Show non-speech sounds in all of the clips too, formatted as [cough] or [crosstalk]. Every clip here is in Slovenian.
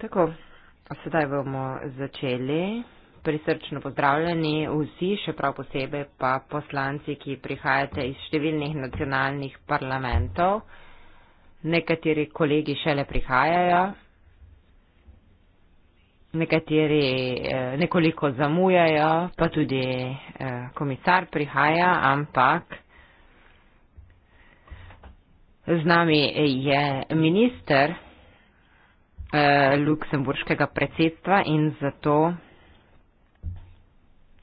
Tako, sedaj bomo začeli. Prisrčno pozdravljeni vsi, še prav posebej pa poslanci, ki prihajate iz številnih nacionalnih parlamentov. Nekateri kolegi šele prihajajo, nekateri eh, nekoliko zamujajo, pa tudi eh, komisar prihaja, ampak. Z nami je minister eh, Luksemburškega predsedstva in zato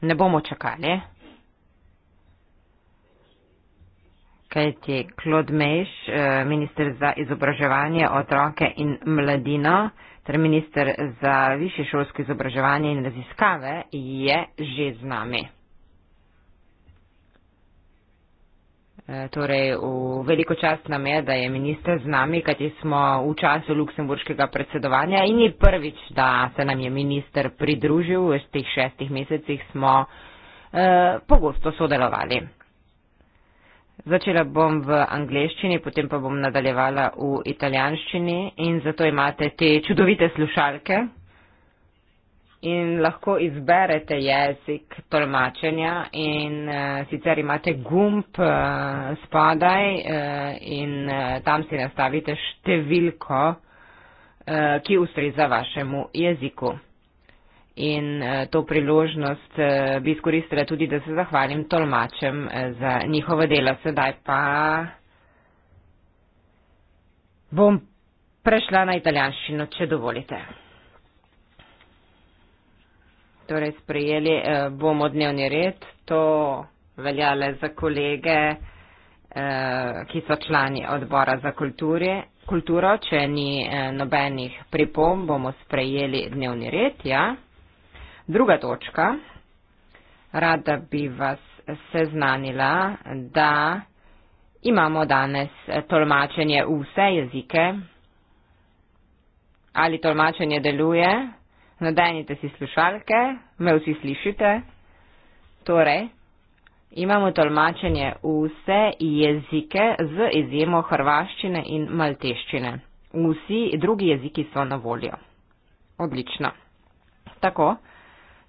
ne bomo čakali, kajti Claude Mejš, eh, minister za izobraževanje otroke in mladino ter minister za višješolsko izobraževanje in raziskave je že z nami. Torej, v veliko čast nam je, da je minister z nami, kajti smo v času luksemburškega predsedovanja in je prvič, da se nam je minister pridružil. V teh šestih mesecih smo eh, pogosto sodelovali. Začela bom v angleščini, potem pa bom nadaljevala v italijanščini in zato imate te čudovite slušalke in lahko izberete jezik tolmačenja in uh, sicer imate gumb uh, eh, spadaj uh, eh, in uh, tam si nastavite številko, uh, ki ustreza vašemu jeziku. In uh, to priložnost uh, bi izkoristila tudi, da se zahvalim tolmačem uh, za njihovo delo. Sedaj pa bom prešla na italijanščino, če dovolite torej sprejeli eh, bomo dnevni red, to velja le za kolege, eh, ki so člani odbora za kulturi. kulturo, če ni eh, nobenih pripomb, bomo sprejeli dnevni red. Ja. Druga točka, rada bi vas seznanila, da imamo danes eh, tolmačenje v vse jezike. Ali tolmačenje deluje, nadenite si slušalke, me vsi slišite. Torej, imamo tolmačenje vse jezike z izjemo hrvaščine in malteščine. Vsi drugi jeziki so na voljo. Odlično. Tako,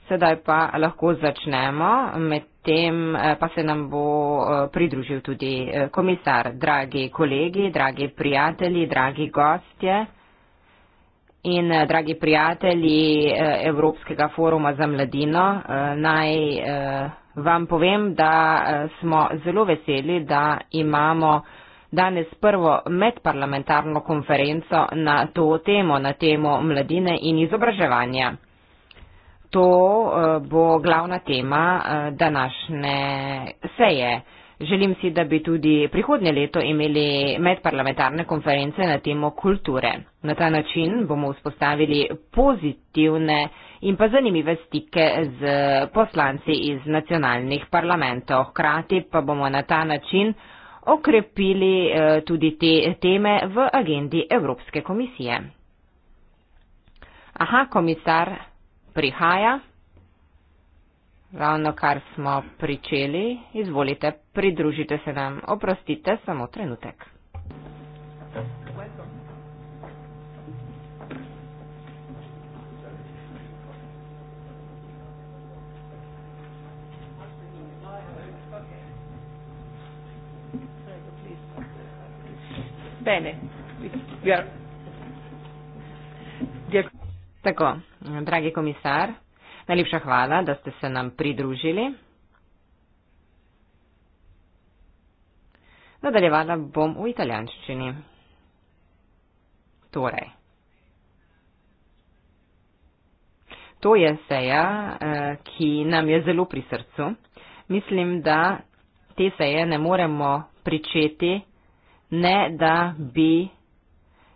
sedaj pa lahko začnemo, medtem eh, pa se nam bo eh, pridružil tudi eh, komisar. Dragi kolegi, dragi prijatelji, dragi gostje in eh, dragi prijatelji eh, Evropskega foruma za mladino, eh, naj vam povem, da smo zelo veseli, da imamo danes prvo medparlamentarno konferenco na to temo, na temo mladine in izobraževanja. To bo glavna tema današnje seje. Želim si, da bi tudi prihodnje leto imeli medparlamentarne konference na temo kulture. Na ta način bomo vzpostavili pozitivne in pa zanimive stike z poslanci iz nacionalnih parlamentov. Hkrati pa bomo na ta način okrepili eh, tudi te teme v agendi Evropske komisije. Aha, komisar prihaja. Ravno kar smo pričeli, izvolite, pridružite se nam. Oprostite, samo trenutek. Tako, dragi komisar, Najlepša hvala, da ste se nam pridružili. Nadaljevala bom v italijanščini. Torej. To je seja, eh, ki nam je zelo pri srcu. Mislim, da te seje ne moremo pričeti, ne da bi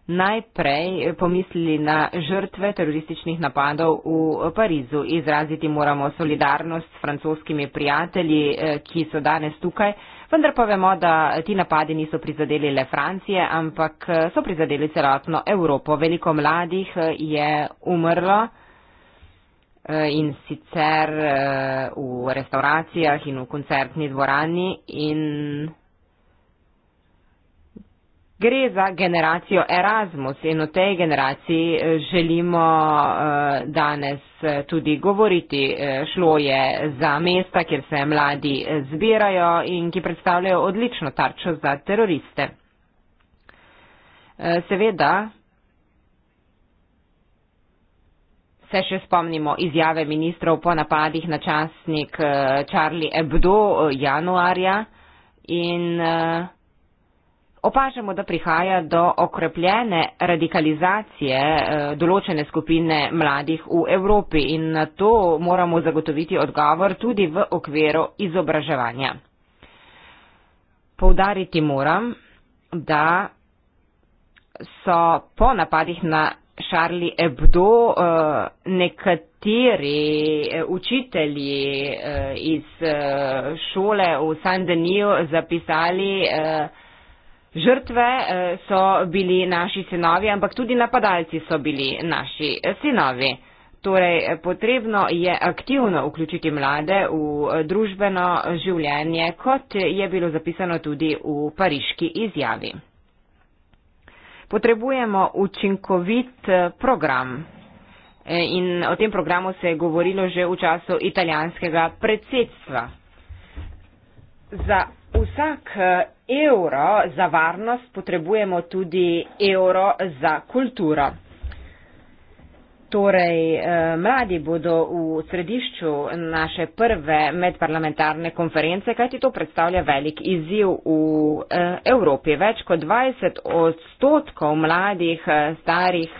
najprej pomislili na žrtve terorističnih napadov v Parizu. Izraziti moramo solidarnost s francoskimi prijatelji, eh, ki so danes tukaj, vendar pa vemo, da ti napadi niso prizadeli le Francije, ampak eh, so prizadeli celotno Evropo. Veliko mladih eh, je umrlo in sicer v restauracijah in v koncertni dvorani in Gre za generacijo Erasmus in o tej generaciji eh, želimo eh, danes eh, tudi govoriti. Šlo je za mesta, kjer se mladi zbirajo in ki predstavljajo odlično tarčo za teroriste. Seveda se še spomnimo izjave ministrov po napadih na časnik Charlie Hebdo januarja in opažamo, da prihaja do okrepljene radikalizacije eh, določene skupine mladih v Evropi in na to moramo zagotoviti odgovor tudi v okviru izobraževanja. Poudariti moram, da so po napadih na Charlie Hebdo eh, nekateri eh, učitelji iz šole v Saint-Denis zapisali, Žrtve eh, so bili naši sinovi, ampak tudi napadalci so bili naši sinovi. Torej, eh, potrebno je aktivno vključiti mlade v eh, družbeno življenje, kot je bilo zapisano tudi v pariški izjavi. Potrebujemo učinkovit program. In o tem programu se je govorilo že v času italijanskega predsedstva. Za vsak evro za varnost, potrebujemo tudi evro za kulturo. Torej, eh, mladi bodo v središču naše prve medparlamentarne konference, kajti to predstavlja velik izziv v eh, Evropi. Več kot 20 odstotkov mladih eh, starih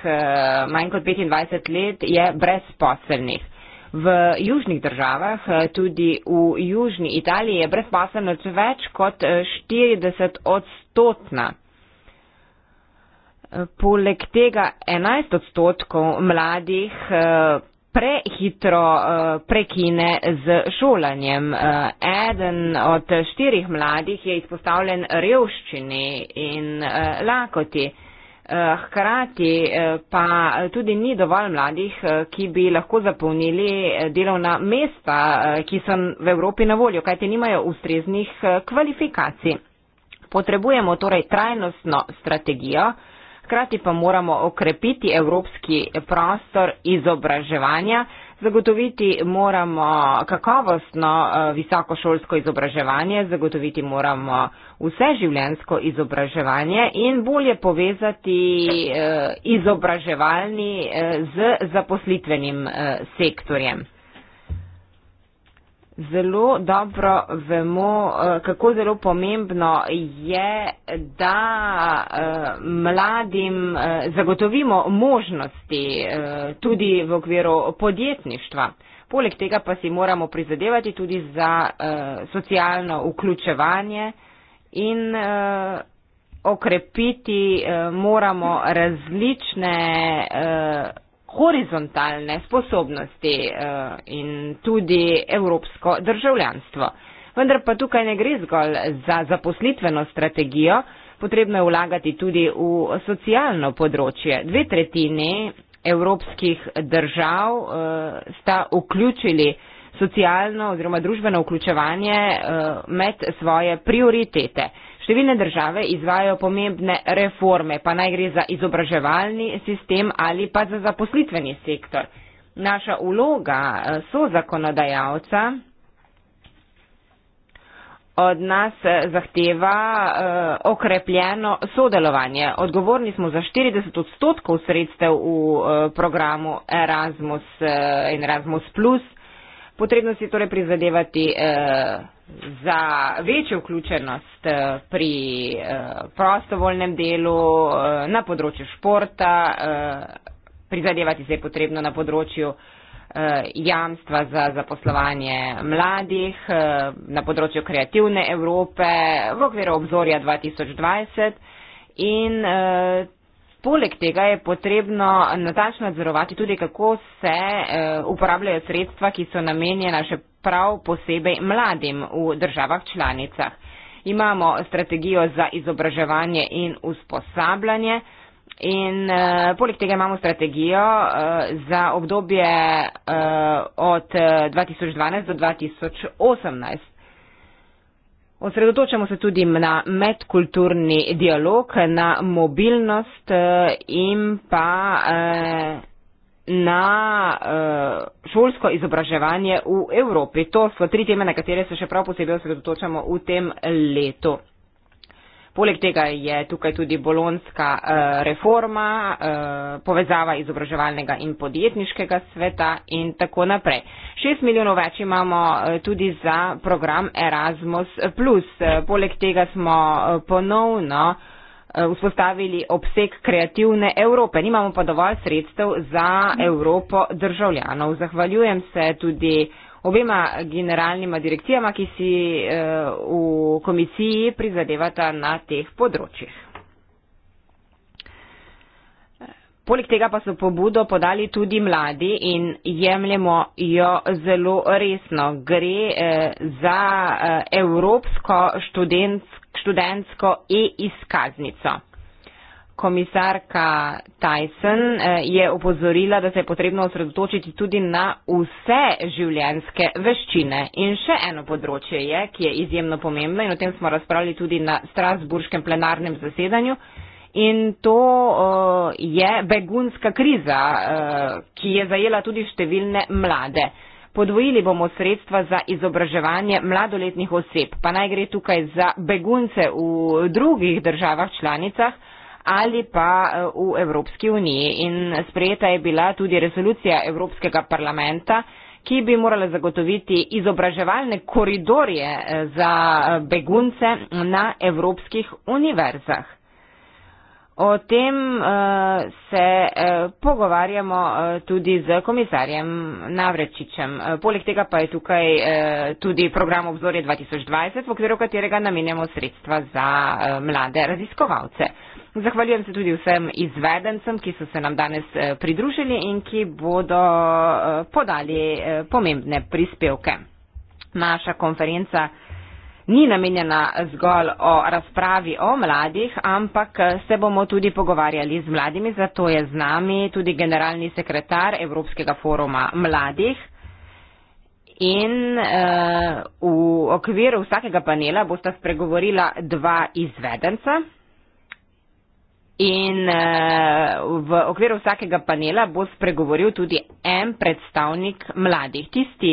manj kot 25 let je brezposelnih. V južnih državah, eh, tudi v južni Italiji, je brezposelnost več kot 40 eh, odstotna. Eh, poleg tega 11 odstotkov mladih prehitro prekine z šolanjem. Eden od štirih mladih je izpostavljen revščini in lakoti. Eh, hkrati eh, pa tudi ni dovolj mladih, eh, ki bi lahko zapolnili delovna mesta, ki so v Evropi na voljo, kajti nimajo ustreznih kvalifikacij. Potrebujemo torej trajnostno strategijo, hkrati pa moramo okrepiti evropski prostor izobraževanja. Zagotoviti moramo kakovostno eh, visokošolsko izobraževanje, zagotoviti moramo vseživljensko izobraževanje in bolje povezati eh, izobraževalni eh, z zaposlitvenim sektorjem zelo dobro vemo, eh, kako zelo pomembno je, da eh, mladim eh, zagotovimo možnosti tudi v okviru podjetništva. Poleg tega pa si moramo prizadevati tudi za socialno vključevanje in okrepiti moramo različne horizontalne sposobnosti eh, in tudi evropsko državljanstvo. Vendar pa tukaj ne gre zgolj za zaposlitveno strategijo, potrebno je vlagati tudi v socialno področje. Dve tretjini evropskih držav eh, sta vključili socialno oziroma družbeno vključevanje eh, med svoje prioritete. Številne države izvajo pomembne reforme, pa naj gre za izobraževalni sistem ali pa za zaposlitveni sektor. Naša vloga eh, so zakonodajalca. Od nas eh, zahteva uh, okrepljeno sodelovanje. Odgovorni smo za 40 odstotkov sredstev v uh, programu Erasmus in uh, Erasmus. Potrebno si torej prizadevati eh, za večjo vključenost eh, pri eh, prostovoljnem delu eh, na področju športa, eh, prizadevati se je potrebno na področju eh, jamstva za zaposlovanje mladih, eh, na področju kreativne Evrope v okviru obzorja 2020 in eh, Poleg tega je potrebno natančno nadzorovati tudi, kako se eh, uporabljajo sredstva, ki so namenjena še prav posebej mladim v državah članicah. Imamo strategijo za izobraževanje in usposabljanje in eh, poleg tega imamo strategijo eh, za obdobje od 2012 do 2018. Osredotočamo se tudi na medkulturni dialog, na mobilnost eh, in pa eh, na eh, šolsko izobraževanje v Evropi. To so tri teme, na katere se še prav posebej osredotočamo v tem letu. Poleg tega je tukaj tudi bolonska uh, eh, reforma, uh, povezava izobraževalnega in podjetniškega sveta in tako naprej. Šest milijonov več imamo uh, tudi za program Erasmus. Uh, poleg tega smo uh, ponovno vzpostavili obseg kreativne Evrope. Nimamo pa dovolj sredstev za Evropo državljanov. Zahvaljujem se tudi obema generalnima direkcijama, ki si eh, v komisiji prizadevata na teh področjih. Poleg tega pa so pobudo podali tudi mladi in jemljemo jo zelo resno. Gre eh, za eh, evropsko študentsko e-izkaznico komisarka Tyson eh, je opozorila, da se je potrebno osredotočiti tudi na vse življenske veščine. In še eno področje je, ki je izjemno pomembno in o tem smo razpravljali tudi na Strasburškem plenarnem zasedanju. In to eh, je begunska kriza, eh, ki je zajela tudi številne mlade. Podvojili bomo sredstva za izobraževanje mladoletnih oseb, pa naj gre tukaj za begunce v drugih državah članicah ali pa eh, v Evropski uniji. In sprejeta je bila tudi resolucija Evropskega parlamenta, ki bi morala zagotoviti izobraževalne koridorje eh, za eh, begunce na evropskih univerzah. O tem se pogovarjamo tudi z komisarjem Navrečičem. Poleg tega pa je tukaj tudi program Obzorje 2020, v okviru katerega namenjamo sredstva za mlade raziskovalce. Zahvaljujem se tudi vsem izvedencem, ki so se nam danes eh, pridružili in ki bodo eh, podali eh, pomembne prispevke. Naša konferenca ni namenjena zgolj o razpravi o mladih, ampak se bomo tudi pogovarjali z mladimi, zato je z nami tudi generalni sekretar Evropskega foruma mladih. In uh, v okviru vsakega panela bosta spregovorila dva izvedenca. In eh, v okviru vsakega panela bo spregovoril tudi en predstavnik mladih. Tisti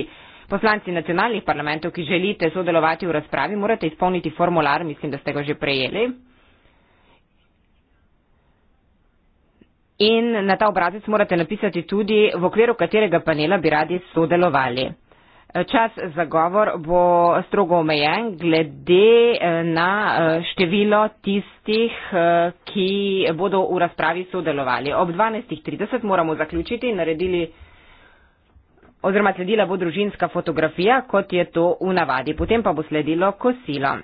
poslanci nacionalnih parlamentov, ki želite sodelovati v razpravi, morate izpolniti formular, mislim, da ste ga že prejeli. In na ta obrazec morate napisati tudi, v okviru katerega panela bi radi sodelovali. Čas za govor bo strogo omejen glede eh, na eh, število tistih, eh, ki bodo v razpravi sodelovali. Ob 12.30 moramo zaključiti, naredili oziroma sledila bo družinska fotografija, kot je to v navadi. Potem pa bo sledilo kosilo.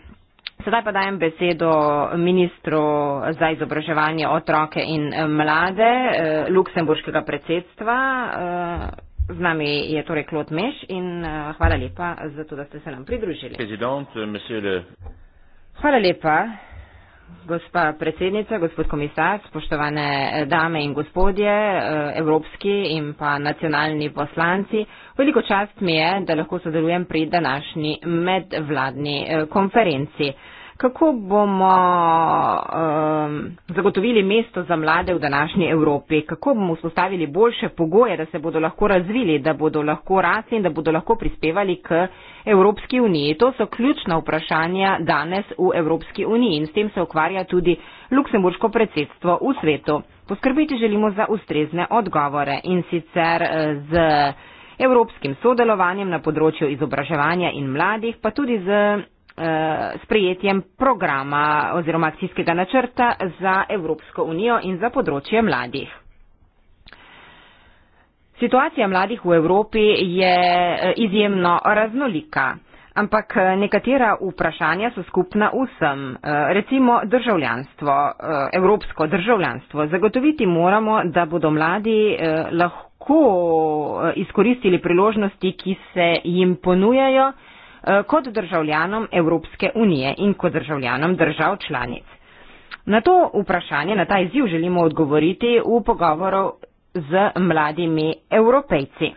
Sedaj pa dajem besedo ministru za izobraževanje otroke in mlade Luksemburškega predsedstva. Z nami je torej Klot Meš in eh, hvala lepa za to, da ste se nam pridružili. Eh, hvala lepa, gospa predsednica, gospod komisar, spoštovane eh, dame in gospodje, evropski in pa nacionalni poslanci. Veliko čast mi je, da lahko sodelujem pri današnji medvladni konferenci kako bomo um, zagotovili mesto za mlade v današnji Evropi, kako bomo vzpostavili boljše pogoje, da se bodo lahko razvili, da bodo lahko rasli in da bodo lahko prispevali k Evropski uniji. To so ključna vprašanja danes v Evropski uniji in s tem se ukvarja tudi luksemburško predsedstvo v svetu. Poskrbiti želimo za ustrezne odgovore in sicer eh, z evropskim sodelovanjem na področju izobraževanja in mladih, pa tudi z sprejetjem programa oziroma akcijskega načrta za Evropsko unijo in za področje mladih. Situacija mladih v Evropi je eh, izjemno raznolika, ampak eh, nekatera vprašanja so skupna vsem. Eh, recimo državljanstvo, evropsko državljanstvo. Zagotoviti moramo, da bodo mladi lahko izkoristili priložnosti, ki se jim ponujajo Eh, kot državljanom Evropske unije in kot državljanom držav članic. Na to vprašanje, na ta izziv želimo odgovoriti v pogovoru z mladimi evropejci.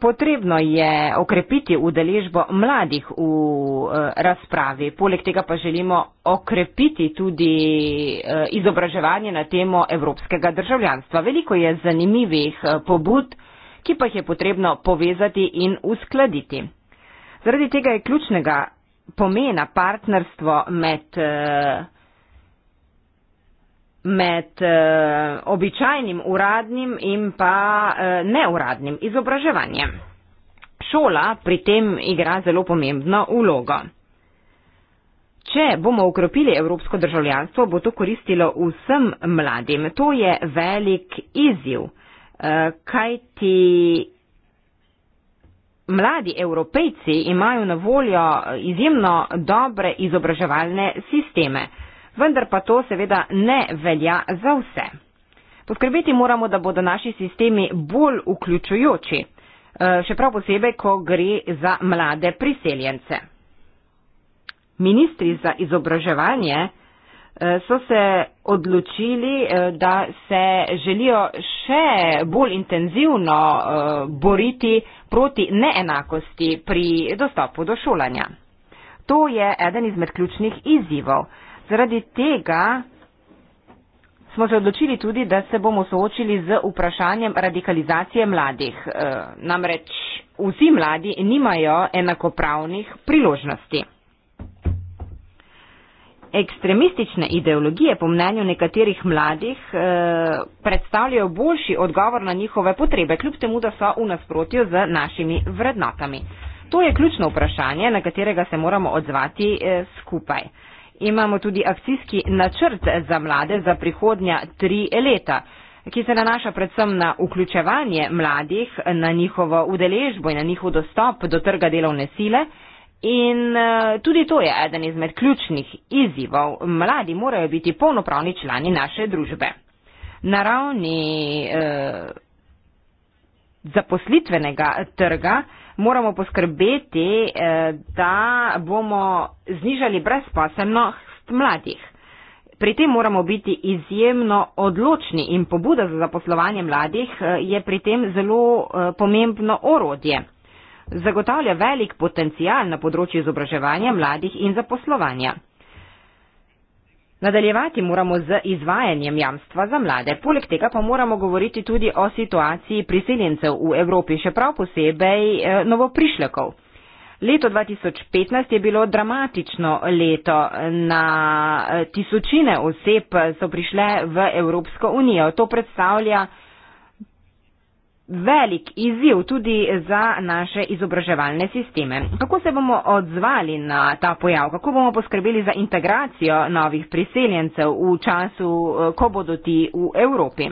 Potrebno je okrepiti udeležbo mladih v eh, razpravi, poleg tega pa želimo okrepiti tudi eh, izobraževanje na temo evropskega državljanstva. Veliko je zanimivih pobud, ki pa jih je potrebno povezati in uskladiti. Zaradi tega je ključnega pomena partnerstvo med, eh, med eh, običajnim uradnim in pa eh, neuradnim izobraževanjem. Šola pri tem igra zelo pomembno ulogo. Če bomo ukropili evropsko državljanstvo, bo to koristilo vsem mladim. To je velik izziv, kajti mladi evropejci imajo na voljo eh, izjemno dobre izobraževalne sisteme, vendar pa to seveda ne velja za vse. Poskrbeti moramo, da bodo naši sistemi bolj vključujoči, eh, še prav posebej, ko gre za mlade priseljence. Ministri za izobraževanje Eh, so se odločili, eh, da se želijo še bolj intenzivno eh, boriti proti neenakosti pri dostopu do šolanja. To je eden izmed ključnih izzivov. Zaradi tega smo se odločili tudi, da se bomo soočili z vprašanjem radikalizacije mladih. Namreč vsi mladi nimajo enakopravnih priložnosti ekstremistične ideologije, po mnenju nekaterih mladih, eh, predstavljajo boljši odgovor na njihove potrebe, kljub temu, da so v nasprotju z našimi vrednotami. To je ključno vprašanje, na katerega se moramo odzvati eh, skupaj. Imamo tudi akcijski načrt za mlade za prihodnja tri leta, ki se nanaša predvsem na vključevanje mladih, na njihovo udeležbo in na njihov dostop do trga delovne sile. In uh, tudi to je eden izmed ključnih izzivov. Mladi morajo biti polnopravni člani naše družbe. Na ravni uh, zaposlitvenega trga moramo poskrbeti, uh, da bomo znižali brezposelnost mladih. Pri tem moramo biti izjemno odločni in pobuda za zaposlovanje mladih je pri tem zelo pomembno orodje zagotavlja velik potencial na področju izobraževanja mladih in zaposlovanja. Nadaljevati moramo z izvajanjem jamstva za mlade. Poleg tega pa moramo govoriti tudi o situaciji priseljencev v Evropi, še prav posebej eh, novoprišlekov. Leto 2015 je bilo dramatično leto. Na eh, tisočine oseb so prišle v Evropsko unijo. To predstavlja velik izziv tudi za naše izobraževalne sisteme. Kako se bomo odzvali na ta pojav? Kako bomo poskrbeli za integracijo novih priseljencev v času, eh, ko bodo ti v Evropi?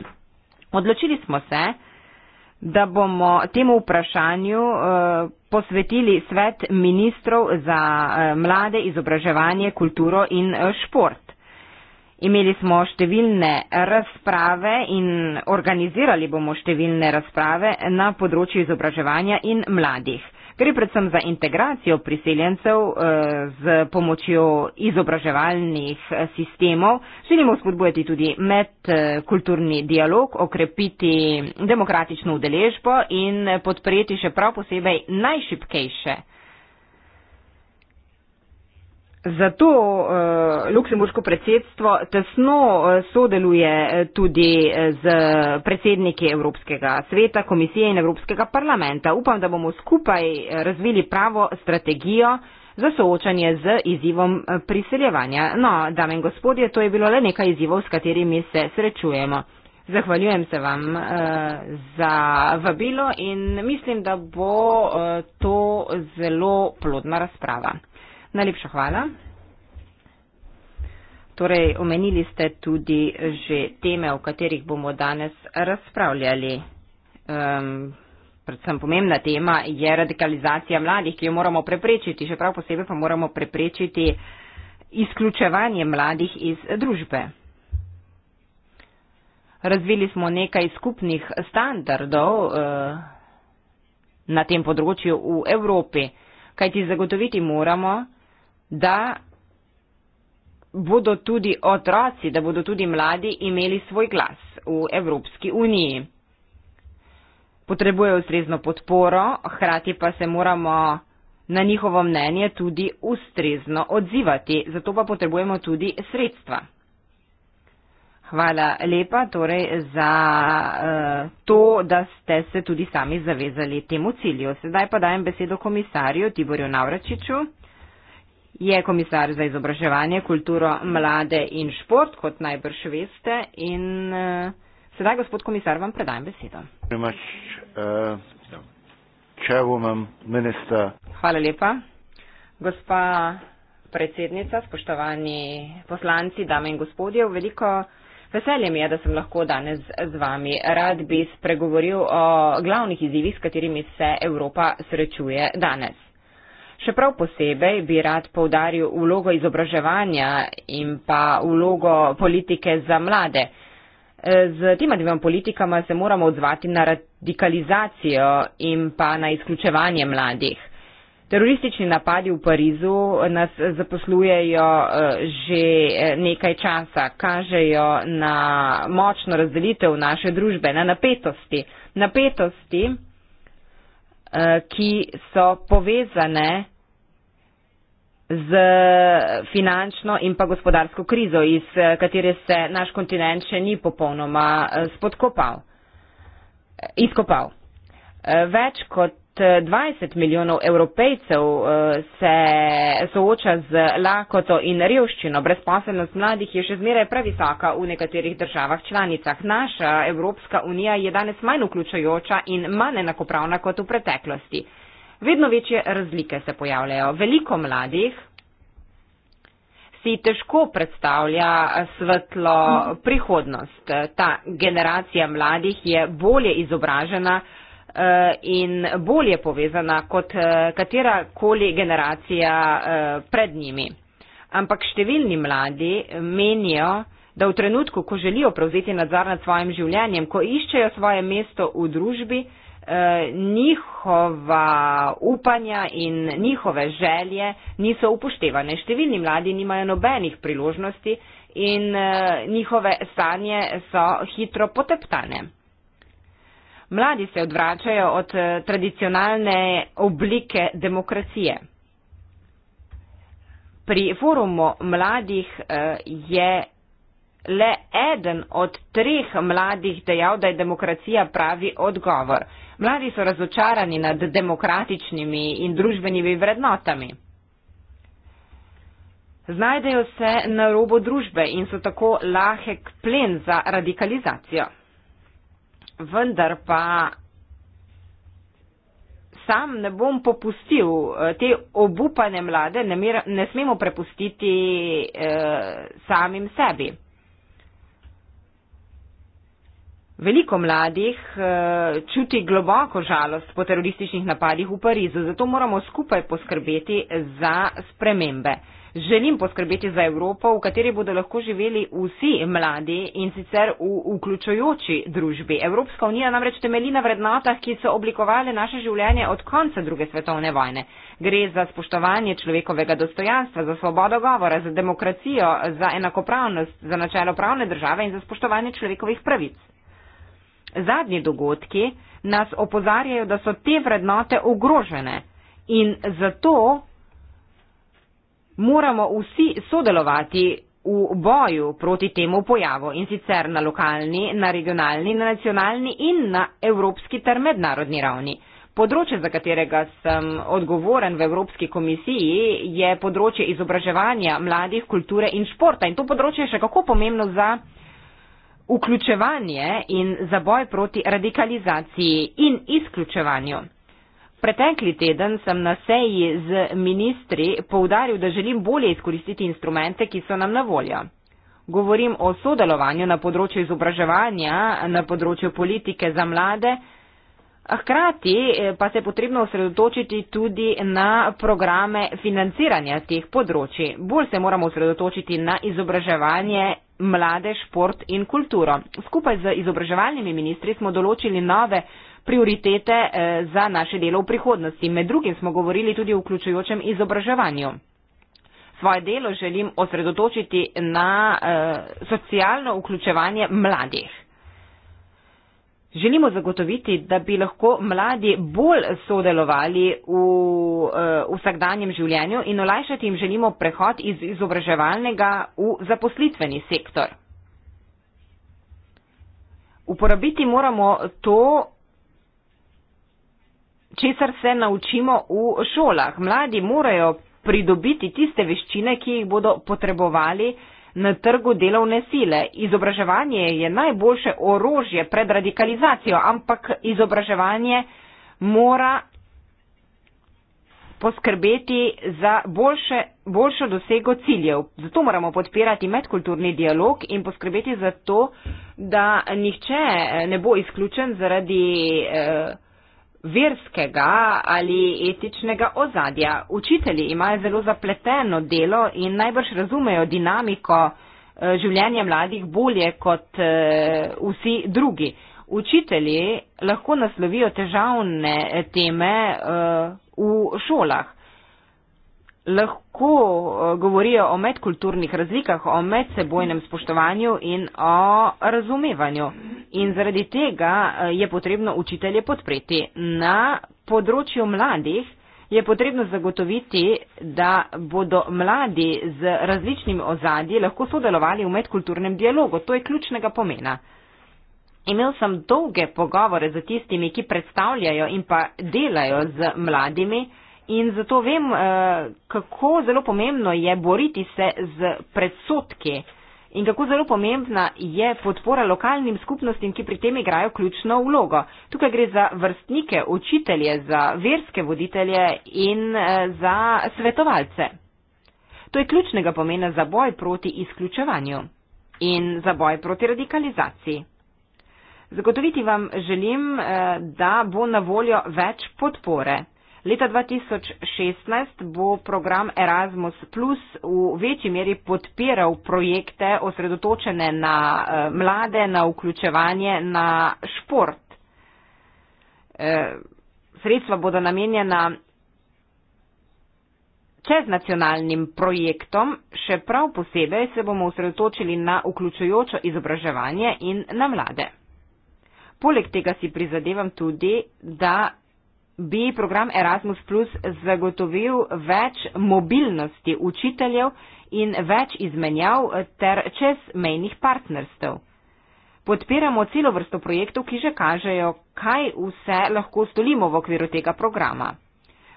Odločili smo se, da bomo temu vprašanju eh, posvetili svet ministrov za eh, mlade, izobraževanje, kulturo in šport. Imeli smo številne razprave in organizirali bomo številne razprave na področju izobraževanja in mladih. Gre predvsem za integracijo priseljencev eh, z pomočjo izobraževalnih eh, sistemov. Želimo spodbujati tudi medkulturni dialog, okrepiti demokratično udeležbo in podpreti še prav posebej najšipkejše. Zato eh, luksemburško predsedstvo tesno eh, sodeluje eh, tudi z predsedniki Evropskega sveta, komisije in Evropskega parlamenta. Upam, da bomo skupaj razvili pravo strategijo za soočanje z izzivom priseljevanja. No, dame in gospodje, to je bilo le nekaj izzivov, s katerimi se srečujemo. Zahvaljujem se vam uh, za vabilo in mislim, da bo uh, to zelo plodna razprava. Najlepša hvala. Torej, omenili ste tudi že teme, o katerih bomo danes razpravljali. Um, predvsem pomembna tema je radikalizacija mladih, ki jo moramo preprečiti, še prav posebej pa moramo preprečiti izključevanje mladih iz družbe. Razvili smo nekaj skupnih standardov uh, na tem področju v Evropi, kajti zagotoviti moramo, da bodo tudi otroci, da bodo tudi mladi imeli svoj glas v Evropski uniji. Potrebujejo ustrezno podporo, hkrati pa se moramo na njihovo mnenje tudi ustrezno odzivati, zato pa potrebujemo tudi sredstva. Hvala lepa torej za uh, to, da ste se tudi sami zavezali temu cilju. Sedaj pa dajem besedo komisarju Tiborju Navračiču. Je komisar za izobraževanje, kulturo, mlade in šport, kot najbrž veste. In uh, sedaj, gospod komisar, vam predajem besedo. Eh, Hvala lepa. Gospa predsednica, spoštovani poslanci, dame in gospodje, veliko veselje mi je, da sem lahko danes z vami. Rad bi spregovoril o glavnih izzivih, s katerimi se Evropa srečuje danes. Še prav posebej bi rad povdaril vlogo izobraževanja in pa vlogo politike za mlade. E, z tema dvema politikama se moramo odzvati na radikalizacijo in pa na izključevanje mladih. Teroristični napadi v Parizu nas zaposlujejo e, že e, nekaj časa, kažejo na močno razdelitev naše družbe, na napetosti. Napetosti, ki so povezane z finančno in pa gospodarsko krizo, iz eh, katere se naš kontinent še ni popolnoma eh, spodkopal, eh, izkopal. Več kot 20 milijonov evropejcev se sooča z lakoto in revščino. Brezposelnost mladih je še zmeraj previsoka v nekaterih državah članicah. Naša Evropska unija je danes manj vključujoča in manj enakopravna kot v preteklosti vedno večje razlike se pojavljajo. Veliko mladih si težko predstavlja svetlo prihodnost. Ta generacija mladih je bolje izobražena eh, in bolje povezana kot eh, katera koli generacija eh, pred njimi. Ampak številni mladi menijo, da v trenutku, ko želijo prevzeti nadzor nad svojim življenjem, ko iščejo svoje mesto v družbi, Eh, njihova upanja in njihove želje niso upoštevane. Številni mladi nimajo nobenih priložnosti in eh, njihove sanje so hitro poteptane. Mladi se odvračajo od eh, tradicionalne oblike demokracije. Pri forumu mladih je le eden od treh mladih dejal, da je demokracija pravi odgovor. Mladi so razočarani nad demokratičnimi in družbenimi vrednotami. Znajdejo se na robu družbe in so tako lahek plen za radikalizacijo. Vendar pa sam ne bom popustil eh, te obupane mlade, ne, mir, ne smemo prepustiti eh, samim sebi. Veliko mladih eh, čuti globoko žalost po terorističnih napadih v Parizu, zato moramo skupaj poskrbeti za spremembe. Želim poskrbeti za Evropo, v kateri bodo lahko živeli vsi mladi in sicer v vključujoči družbi. Evropska unija namreč temelji na vrednotah, ki so oblikovali naše življenje od konca druge svetovne vojne. Gre za spoštovanje človekovega dostojanstva, za svobodo govora, za demokracijo, za enakopravnost, za načelo pravne države in za spoštovanje človekovih pravic. Zadnji dogodki nas opozarjajo, da so te vrednote ogrožene in zato moramo vsi sodelovati v boju proti temu pojavu in sicer na lokalni, na regionalni, na nacionalni in na evropski ter mednarodni ravni. Področje, za katerega sem odgovoren v Evropski komisiji, je področje izobraževanja mladih, kulture in športa. In to področje je še kako pomembno za vključevanje in zaboj proti radikalizaciji in izključevanju. Pretekli teden sem na seji z ministri poudaril, da želim bolje izkoristiti instrumente, ki so nam na voljo. Govorim o sodelovanju na področju izobraževanja, na področju politike za mlade, Hkrati eh, pa se je potrebno osredotočiti tudi na programe financiranja teh področji. Bolj se moramo osredotočiti na izobraževanje mlade, šport in kulturo. Skupaj z izobraževalnimi ministri smo določili nove prioritete eh, za naše delo v prihodnosti. Med drugim smo govorili tudi o vključujočem izobraževanju. Svoje delo želim osredotočiti na eh, socialno vključevanje mladih. Želimo zagotoviti, da bi lahko mladi bolj sodelovali v uh, vsakdanjem življenju in olajšati jim želimo prehod iz izobraževalnega v zaposlitveni sektor. Uporabiti moramo to, česar se naučimo v šolah. Mladi morajo pridobiti tiste veščine, ki jih bodo potrebovali uh, na trgu delovne sile. Izobraževanje je najboljše orožje pred radikalizacijo, ampak izobraževanje mora poskrbeti za boljše, boljšo dosego ciljev. Zato moramo podpirati medkulturni dialog in poskrbeti za to, da nihče ne bo izključen zaradi eh, verskega ali etičnega ozadja. Učitelji imajo zelo zapleteno delo in najbrž razumejo dinamiko eh, življenja mladih bolje kot eh, vsi drugi. Učitelji lahko naslovijo težavne teme eh, v šolah lahko eh, govorijo o medkulturnih razlikah, o medsebojnem spoštovanju in o razumevanju. In zaradi tega eh, je potrebno učitelje podpreti. Na področju mladih je potrebno zagotoviti, da bodo mladi z različnimi ozadji lahko sodelovali v medkulturnem dialogu. To je ključnega pomena. Imel sem dolge pogovore z tistimi, ki predstavljajo in pa delajo z mladimi, In zato vem, eh, kako zelo pomembno je boriti se z predsotki in kako zelo pomembna je podpora lokalnim skupnostim, ki pri tem igrajo ključno vlogo. Tukaj gre za vrstnike, učitelje, za verske voditelje in eh, za svetovalce. To je ključnega pomena za boj proti izključevanju in za boj proti radikalizaciji. Zagotoviti vam želim, eh, da bo na voljo več podpore. Leta 2016 bo program Erasmus Plus v večji meri podpiral projekte osredotočene na eh, mlade, na vključevanje, na šport. Eh, sredstva bodo namenjena čeznacionalnim projektom, še prav posebej se bomo osredotočili na vključujočo izobraževanje in na mlade. Poleg tega si prizadevam tudi, da bi program Erasmus Plus zagotovil več mobilnosti učiteljev in več izmenjav ter čezmejnih partnerstv. Podpiramo celo vrsto projektov, ki že kažejo, kaj vse lahko stolimo v okviru tega programa.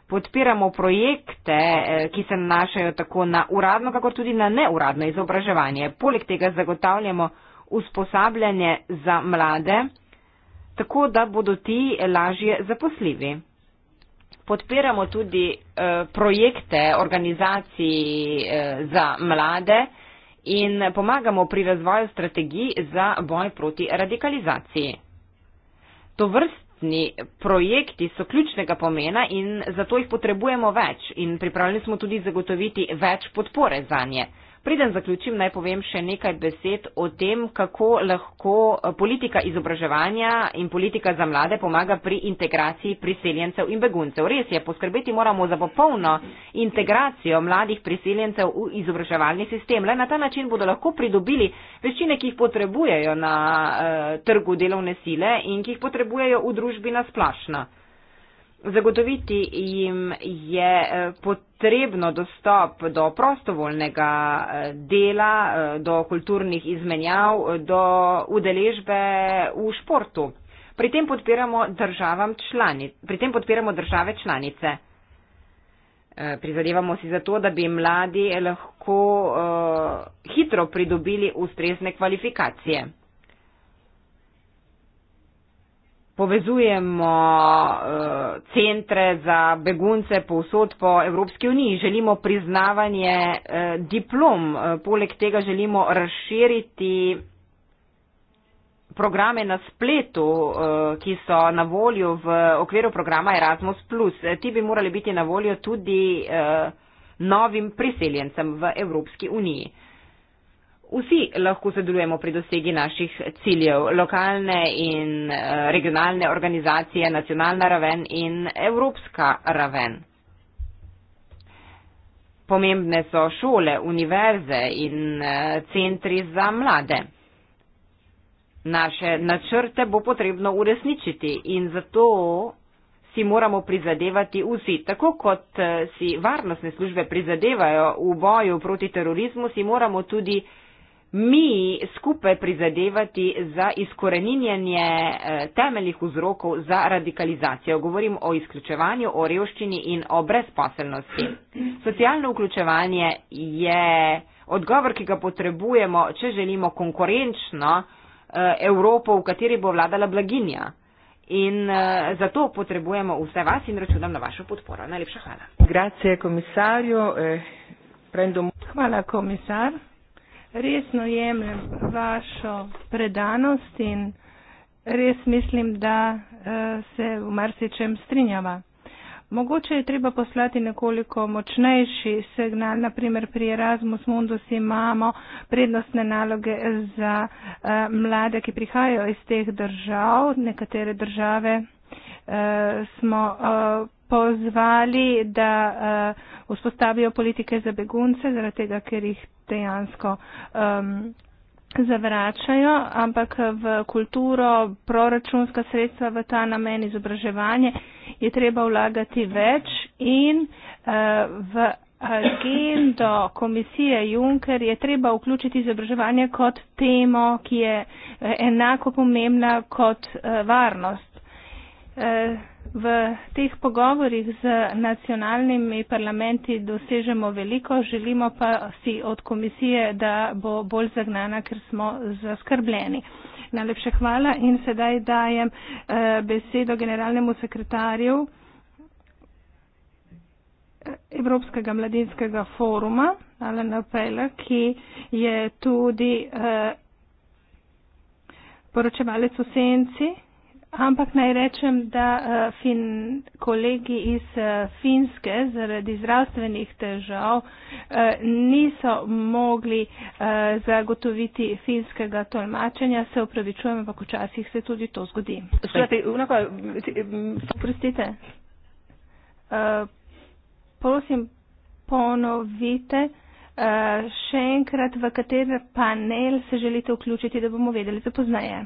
Podpiramo projekte, eh, ki se nanašajo tako na uradno, kako tudi na neuradno izobraževanje. Poleg tega zagotavljamo usposabljanje za mlade, tako da bodo ti lažje zaposljivi. Podpiramo tudi eh, projekte organizacij eh, za mlade in pomagamo pri razvoju strategij za boj proti radikalizaciji. Tovrstni projekti so ključnega pomena in zato jih potrebujemo več in pripravljeni smo tudi zagotoviti več podpore za njih. Preden zaključim, naj povem še nekaj besed o tem, kako lahko eh, politika izobraževanja in politika za mlade pomaga pri integraciji priseljencev in beguncev. Res je, poskrbeti moramo za popolno integracijo mladih priseljencev v izobraževalni sistem. Le na ta način bodo lahko pridobili veščine, ki jih potrebujejo na uh, trgu delovne sile in ki jih potrebujejo v družbi nasplašno. Zagotoviti jim je eh, potrebno dostop do prostovoljnega eh, dela, eh, do kulturnih izmenjav, do udeležbe v športu. Pri tem podpiramo, člani, pri tem podpiramo države članice. Prizadevamo si za to, da bi mladi lahko uh, hitro pridobili ustrezne kvalifikacije. povezujemo uh, centre za begunce povsod po Evropski uniji. Želimo priznavanje uh, diplom. Uh, poleg tega želimo razširiti programe na spletu, uh, ki so na voljo v okviru programa Erasmus. Uh, ti bi morali biti na voljo tudi uh, novim priseljencem v Evropski uniji. Uh, Vsi lahko sodelujemo pri dosegi naših ciljev, lokalne in eh, regionalne organizacije, nacionalna raven in evropska raven. Pomembne so šole, univerze in eh, centri za mlade. Naše načrte bo potrebno uresničiti in zato si moramo prizadevati vsi. Tako kot eh, si varnostne službe prizadevajo v boju proti terorizmu, si moramo tudi prizadevati mi skupaj prizadevati za izkoreninjanje eh, temeljih vzrokov za radikalizacijo. Govorim o izključevanju, o revščini in o brezposelnosti. Socialno vključevanje je odgovor, ki ga potrebujemo, če želimo konkurenčno eh, Evropo, v kateri bo vladala blaginja. In eh, zato potrebujemo vse vas in računam na vašo podporo. Najlepša hvala. Grazie, komisarju. Eh, prendom... Hvala, komisar resno jemljem vašo predanost in res mislim, da eh, se v marsičem strinjava. Mogoče je treba poslati nekoliko močnejši signal, naprimer pri Erasmus Mundus imamo prednostne naloge za uh, mlade, ki prihajajo iz teh držav. Nekatere države uh, smo uh, pozvali, da uh, vzpostavijo politike za begunce, zaradi tega, ker jih dejansko um, zavračajo, ampak v kulturo, proračunska sredstva v ta namen izobraževanje je treba vlagati več in uh, v agendo komisije Juncker je treba vključiti izobraževanje kot temo, ki je eh, enako pomembna kot uh, varnost. Uh, V teh pogovorih z nacionalnimi parlamenti dosežemo veliko, želimo pa si od komisije, da bo bolj zagnana, ker smo zaskrbljeni. Najlepše hvala in sedaj dajem eh, besedo generalnemu sekretarju eh, Evropskega mladinskega foruma, Alena Pela, ki je tudi eh, poročevalec v senci. Ampak naj rečem, da eh, fin, kolegi iz eh, Finske zaradi zdravstvenih težav eh, niso mogli zagotoviti finskega tolmačenja. Se upravičujem, ampak včasih se tudi to zgodi. Oprostite. Prosim, ponovite. Uh, Eh, še enkrat, v kater panel se želite vključiti, da bomo vedeli za poznaje.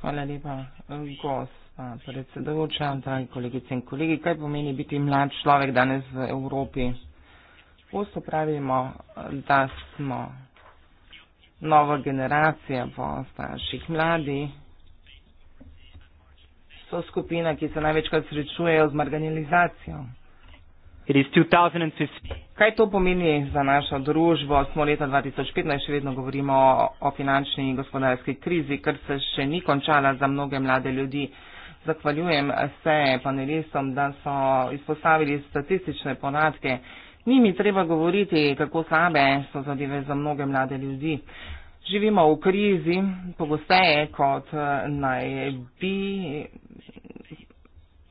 Hvala lepa, gospa predsedovča, dragi kolegice in kolegi. Kaj pomeni biti mlad človek danes v Evropi? Posto pravimo, da smo nova generacija po starših mladi. So skupina, ki se največkrat srečujejo z marginalizacijo. It is 2015. Kaj to pomeni za našo družbo? Smo leta 2015, še vedno govorimo o finančni in gospodarski krizi, ker se še ni končala za mnoge mlade ljudi. Zahvaljujem se panelistom, da so izpostavili statistične podatke. Ni mi treba govoriti, kako slabe so zadeve za mnoge mlade ljudi. Živimo v krizi, pogosteje kot naj bi,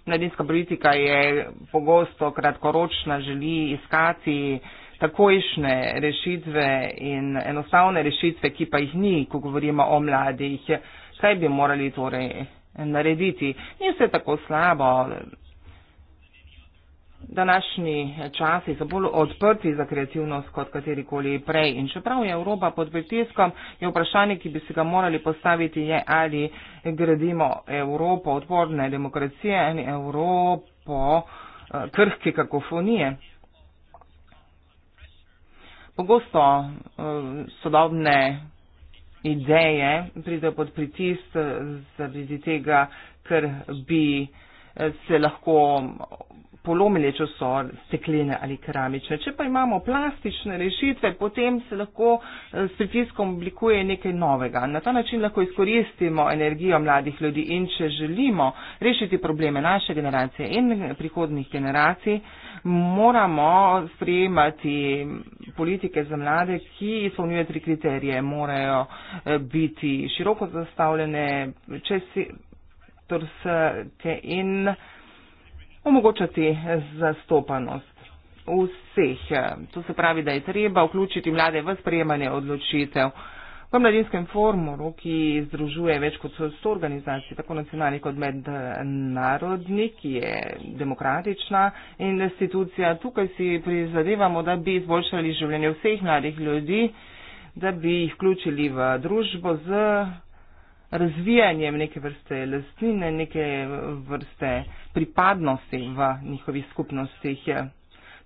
mladinska politika je pogosto kratkoročna, želi iskati takojšne rešitve in enostavne rešitve, ki pa jih ni, ko govorimo o mladih. Kaj bi morali torej narediti? Ni vse tako slabo. Današnji časi so bolj odprti za kreativnost kot katerikoli prej. In čeprav je Evropa pod pritiskom, je vprašanje, ki bi se ga morali postaviti, je, ali gradimo Evropo odporne demokracije in Evropo eh, krhke kakofonije. Pogosto eh, sodobne ideje pridejo pod pritisk eh, zaradi tega, ker bi se lahko polomili, če so steklene ali keramične. Če pa imamo plastične rešitve, potem se lahko eh, s pritiskom oblikuje nekaj novega. Na ta način lahko izkoristimo energijo mladih ljudi in če želimo rešiti probleme naše generacije in prihodnih generacij, moramo sprejemati politike za mlade, ki izpolnjuje tri kriterije. Morajo eh, biti široko zastavljene, čez torse in omogočati zastopanost vseh. To se pravi, da je treba vključiti mlade v sprejemanje odločitev. V mladinskem forumu, ki združuje več kot 100 organizacij, tako nacionalnih kot mednarodnih, ki je demokratična institucija, tukaj si prizadevamo, da bi izboljšali življenje vseh mladih ljudi, da bi jih vključili v družbo z razvijanjem neke vrste lastnine, neke vrste pripadnosti v njihovih skupnostih.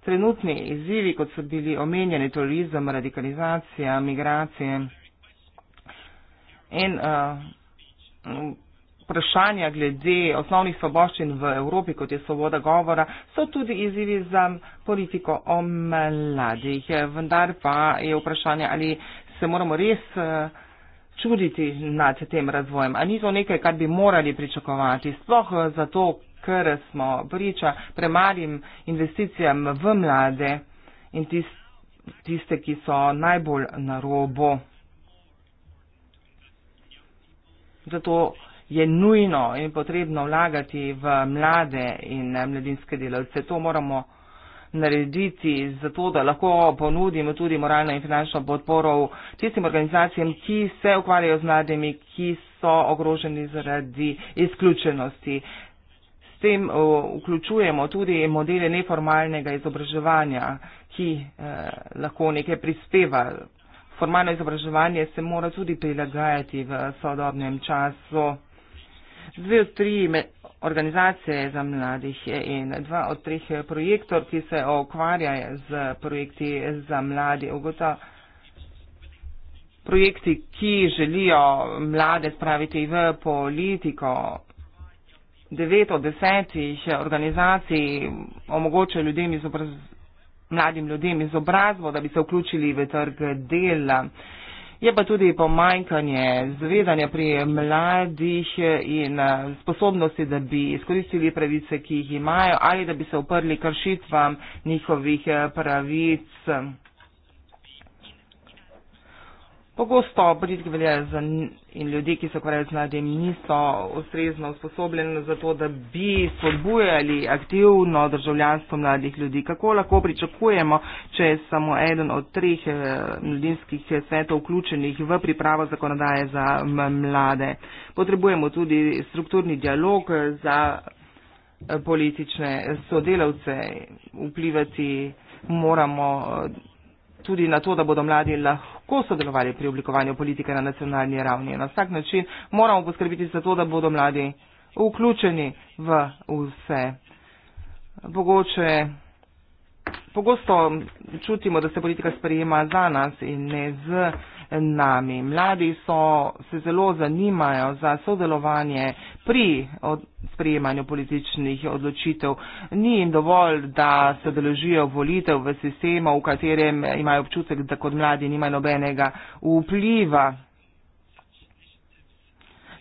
Trenutni izzivi, kot so bili omenjeni, turizem, radikalizacija, migracije in eh, vprašanja uh, glede osnovnih svoboščin v Evropi, kot je svoboda govora, so tudi izzivi za politiko o mladih. Vendar pa je vprašanje, ali se moramo res. Uh, čuditi nad tem razvojem? Ali ni to nekaj, kar bi morali pričakovati? Sploh eh, zato, ker smo priča premalim investicijam v mlade in tiste, ki so najbolj na robu. Zato je nujno in potrebno vlagati v mlade in mladinske delavce. To moramo narediti zato, da lahko ponudimo tudi moralno in finančno podporo tistim organizacijam, ki se ukvarjajo z mladimi, ki so ogroženi zaradi izključenosti. S tem vključujemo tudi modele neformalnega izobraževanja, ki eh, lahko nekaj prispeva. Formalno izobraževanje se mora tudi prilagajati v sodobnem času. Zdaj, tri, med, organizacije za mladih in dva od treh projektor, ki se okvarjajo z projekti za mladi, ugotavljajo projekti, ki želijo mlade spraviti v politiko. Devet od desetih organizacij omogoča ljudem izobraz, mladim ljudem izobrazbo, da bi se vključili v trg dela je pa tudi pomanjkanje zavedanja pri mladih in eh, sposobnosti, da bi izkoristili pravice, ki jih imajo ali da bi se uprli kršitvam njihovih eh, pravic. Pogosto britki veljajo za in ljudje, ki se ukvarjajo z mladimi, niso ustrezno usposobljeni za to, da bi spodbujali aktivno državljanstvo mladih ljudi. Kako lahko pričakujemo, če je samo eden od treh eh, mladinskih svetov vključenih v pripravo zakonodaje za mlade? Potrebujemo tudi strukturni dialog eh, za eh, politične sodelavce, vplivati moramo tudi na to, da bodo mladi lahko sodelovali pri oblikovanju politike na nacionalni ravni. Na vsak način moramo poskrbiti za to, da bodo mladi vključeni v vse. Pogoče, pogosto čutimo, da se politika sprejema za nas in ne z nami. Mladi so, se zelo zanimajo za sodelovanje pri sprejemanju političnih odločitev. Ni jim dovolj, da se deložijo volitev v sistemu, v katerem imajo občutek, da kot mladi nima nobenega vpliva.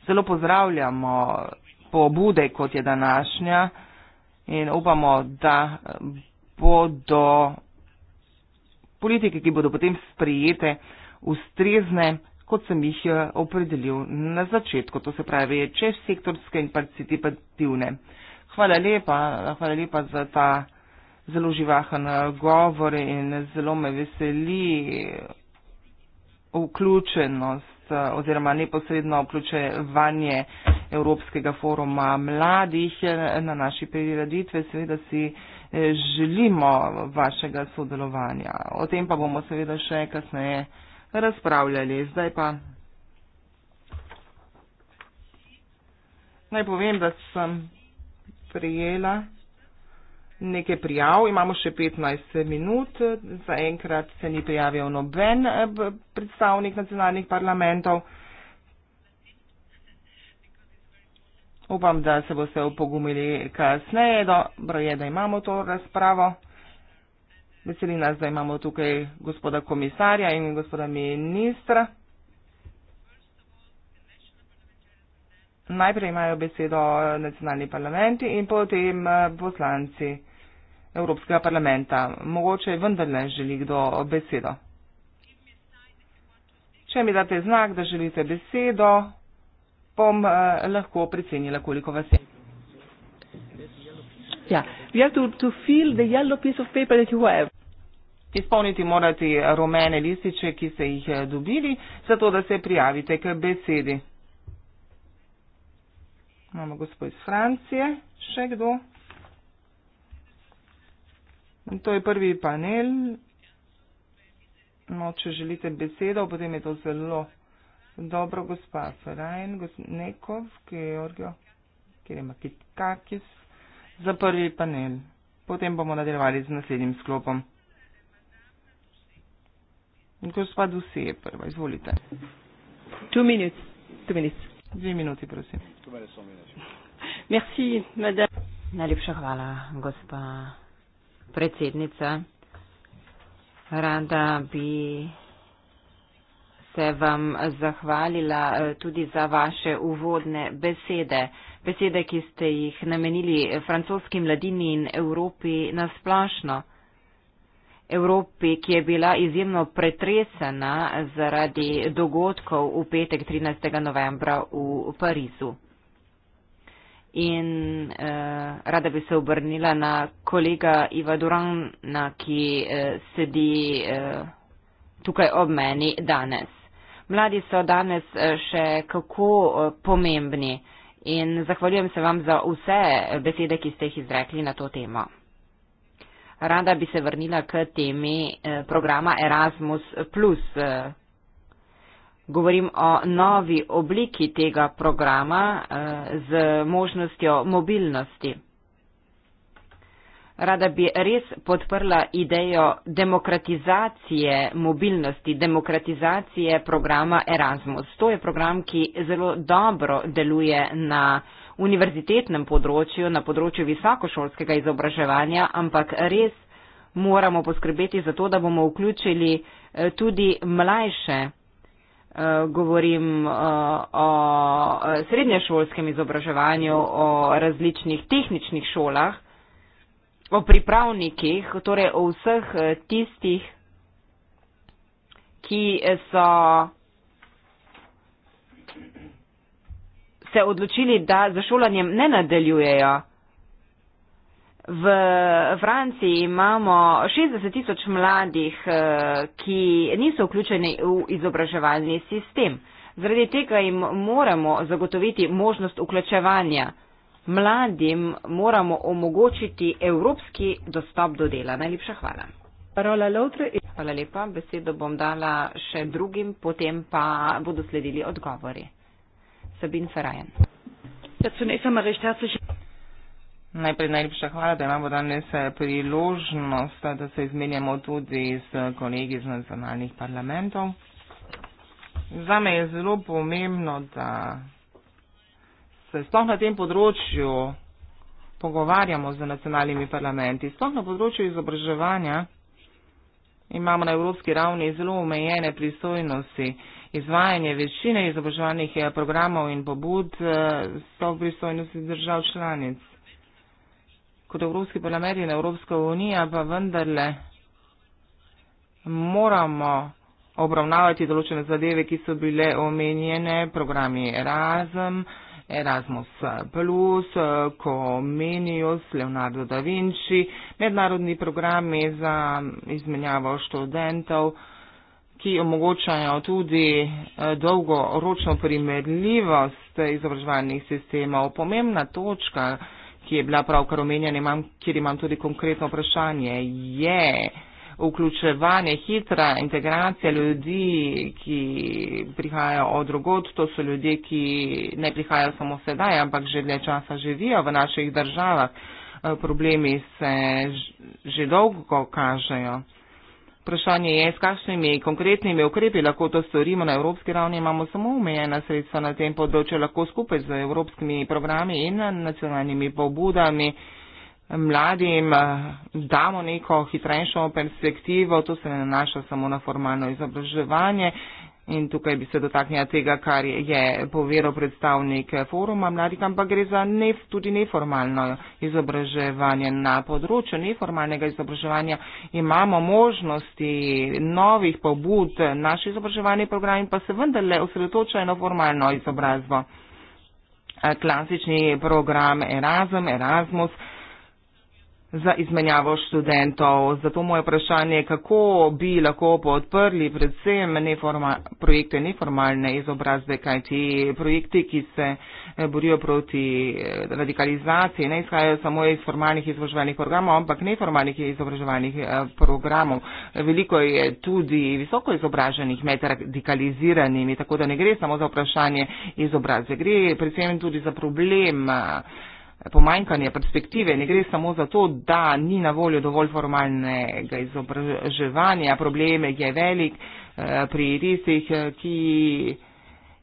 Zelo pozdravljamo pobude, kot je današnja in upamo, da bodo politike, ki bodo potem sprijete, ustrezne, kot sem jih eh, opredelil na začetku, to se pravi čez sektorske in participativne. Hvala lepa, hvala lepa za ta zelo živahen eh, govor in zelo me veseli vključenost eh, oziroma neposredno vključevanje Evropskega foruma mladih na naši prireditve. Seveda si želimo vašega sodelovanja. O tem pa bomo seveda še kasneje razpravljali. Zdaj pa naj povem, da sem prijela nekaj prijav. Imamo še 15 minut. Zaenkrat se ni prijavil noben eh, predstavnik nacionalnih parlamentov. Upam, da se boste upogumili kasneje. Dobro je, da imamo to razpravo. Veseli nas, da imamo tukaj gospoda komisarja in gospoda ministra. Najprej imajo besedo nacionalni parlamenti in potem eh, poslanci Evropskega parlamenta. Mogoče vendar ne želi kdo besedo. Če mi date znak, da želite besedo, bom eh, lahko precenila, koliko vas je. Yeah. Ja, we have to, to fill the yellow piece of paper that you have. Izpolniti morate rumene lističe, ki ste jih eh, dobili, zato da se prijavite k besedi. Imamo gospod iz Francije, še kdo? In to je prvi panel. No, če želite besedo, potem je to zelo dobro, gospod Ferajn, gospod Nekov, Georgio, kjer ima Kitkakis za prvi panel. Potem bomo nadaljevali z naslednjim sklopom. Gospod Vse je prva, izvolite. Two minutes. Two minutes. Dve minuti, prosim. Merci, madame. Najlepša hvala, gospa predsednica. Rada bi se vam zahvalila eh, tudi za vaše uvodne besede besede, ki ste jih namenili francoski mladini in Evropi nasplašno. Evropi, ki je bila izjemno pretresena zaradi dogodkov v petek 13. novembra v Parizu. In eh, rada bi se obrnila na kolega Iva Durana, ki eh, sedi eh, tukaj ob meni danes. Mladi so danes eh, še kako eh, pomembni. Eh, in zahvaljujem se vam za vse besede, ki ste jih izrekli na to temo. Rada bi se vrnila k temi eh, programa Erasmus. Govorim o novi obliki tega programa eh, z možnostjo mobilnosti. Rada bi res podprla idejo demokratizacije mobilnosti, demokratizacije programa Erasmus. To je program, ki zelo dobro deluje na univerzitetnem področju, na področju visokošolskega izobraževanja, ampak res moramo poskrbeti za to, da bomo vključili eh, tudi mlajše, eh, govorim eh, o srednješolskem izobraževanju, o različnih tehničnih šolah o pripravnikih, torej o vseh eh, tistih, ki eh, so se odločili, da za šolanjem ne nadaljujejo. V Franciji imamo 60 tisoč mladih, eh, ki niso vključeni v izobraževalni sistem. Zaradi tega jim moramo zagotoviti možnost vključevanja mladim moramo omogočiti evropski dostop do dela. Najlepša hvala. Hvala lepa, besedo bom dala še drugim, potem pa bodo sledili odgovori. Sabin Ferajen. Ja, Najprej najlepša hvala, da imamo danes eh, priložnost, eh, da se izmenjamo tudi z kolegi iz nacionalnih parlamentov. Zame je zelo pomembno, da se sploh na tem področju pogovarjamo z nacionalnimi parlamenti, sploh na področju izobraževanja, imamo na evropski ravni zelo omejene pristojnosti. Izvajanje večine izobraževalnih eh, programov in pobud eh, so v pristojnosti držav članic. Kot Evropski parlament in Evropska unija pa vendarle moramo obravnavati določene zadeve, ki so bile omenjene, programi Erasmus, Erasmus eh, Plus, eh, Comenius, Leonardo da Vinci, mednarodni programi za izmenjavo študentov, ki omogočajo tudi eh, dolgoročno primerljivost izobraževalnih sistemov. Pomembna točka, ki je bila pravkar omenjena, kjer imam tudi konkretno vprašanje, je. Yeah vključevanje, hitra integracija ljudi, ki prihajajo od drugod. To so ljudje, ki ne prihajajo samo sedaj, ampak že dlje časa živijo v naših državah. E, problemi se že dolgo kažejo. Vprašanje je, s kakšnimi konkretnimi ukrepi lahko to storimo na evropski ravni. Imamo samo omejena sredstva na tem področju, lahko skupaj z evropskimi programi in nacionalnimi pobudami mladim eh, damo neko hitrejšo perspektivo, to se ne nanaša samo na formalno izobraževanje. In tukaj bi se dotaknila tega, kar je povedal predstavnik foruma mladih, ampak gre za ne, tudi neformalno izobraževanje. Na področju neformalnega izobraževanja imamo možnosti novih pobud, naši izobraževalni programi pa se vendarle osredotočajo na formalno izobrazbo. Klasični program Erasmus, Erasmus za izmenjavo študentov. Zato moje vprašanje, kako bi lahko podprli predvsem neforma, projekte neformalne izobrazbe, kajti projekti, ki se eh, borijo proti eh, radikalizaciji, ne izhajajo samo iz formalnih izobraževalnih programov, ampak neformalnih izobraževalnih eh, programov. Veliko je tudi visoko izobraženih med radikaliziranimi, tako da ne gre samo za vprašanje izobrazbe, gre predvsem tudi za problem pomanjkanje perspektive ne gre samo zato, da ni na voljo dovolj formalnega izobraževanja, problem je velik eh, pri tistih, eh, ki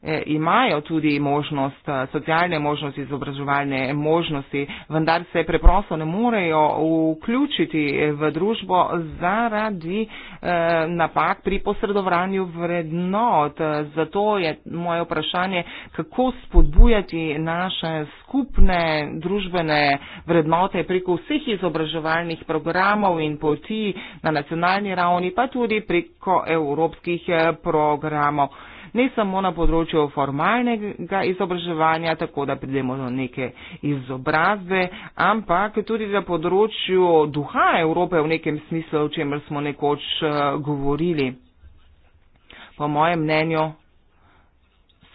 Eh, imajo tudi možnost, eh, socialne možnosti, izobraževalne možnosti, vendar se preprosto ne morejo vključiti v družbo zaradi eh, napak pri posredovanju vrednot. Zato je moje vprašanje, kako spodbujati naše skupne družbene vrednote preko vseh izobraževalnih programov in poti na nacionalni ravni, pa tudi preko evropskih programov ne samo na področju formalnega izobraževanja, tako da pridemo do neke izobrazbe, ampak tudi na področju duha Evrope v nekem smislu, o čemer smo nekoč eh, govorili. Po mojem mnenju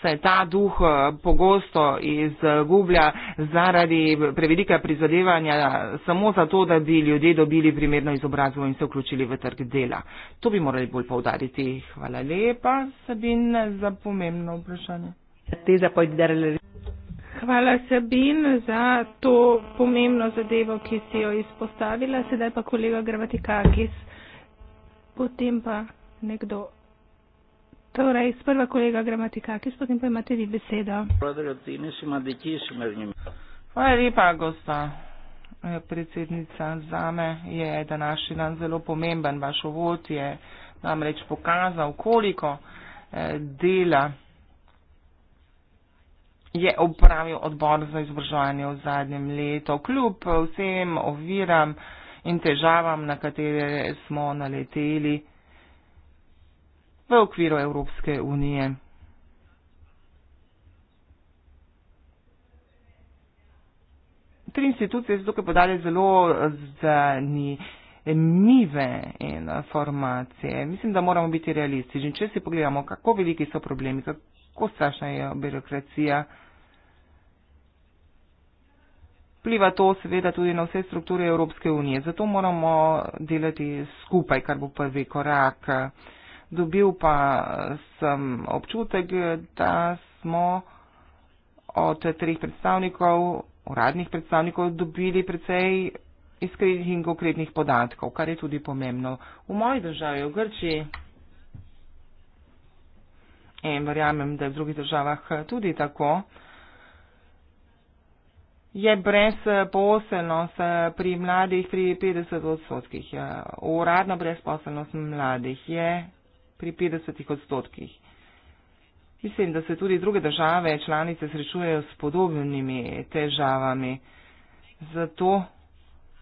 se ta duh eh, pogosto izgublja zaradi prevelika prizadevanja samo zato, da bi ljudje dobili primerno izobrazbo in se vključili v trg dela. To bi morali bolj povdariti. Hvala lepa, Sabin, za pomembno vprašanje. Hvala, Sabin, za to pomembno zadevo, ki si jo izpostavila. Sedaj pa kolega Gravatikakis, potem pa nekdo. Torej, sprva kolega Gramatikakis, potem pa imate vi besedo. Hvala lepa, gosta eh, predsednica. Za me je današnji dan zelo pomemben. Vaš uvod je namreč pokazal, koliko eh, dela je upravil odbor za izobraževanje v zadnjem letu. Kljub vsem oviram in težavam, na katere smo naleteli v okviru Evropske unije. Tri institucije so tukaj podali zelo zanimive eh, informacije. Mislim, da moramo biti realistični. Če si pogledamo, kako veliki so problemi, kako strašna je birokracija, pliva to seveda tudi na vse strukture Evropske unije. Zato moramo delati skupaj, kar bo prvi korak. Uh, dobil pa sem občutek, da smo od treh predstavnikov, uradnih predstavnikov, dobili precej iskrenih in konkretnih podatkov, kar je tudi pomembno. V moji državi, v Grčiji, in verjamem, da je v drugih državah tudi tako, je brezposelnost pri mladih pri 50 odstotkih. Uradna brezposelnost mladih je pri 50 odstotkih. Mislim, da se tudi druge države članice srečujejo s podobnimi težavami. Zato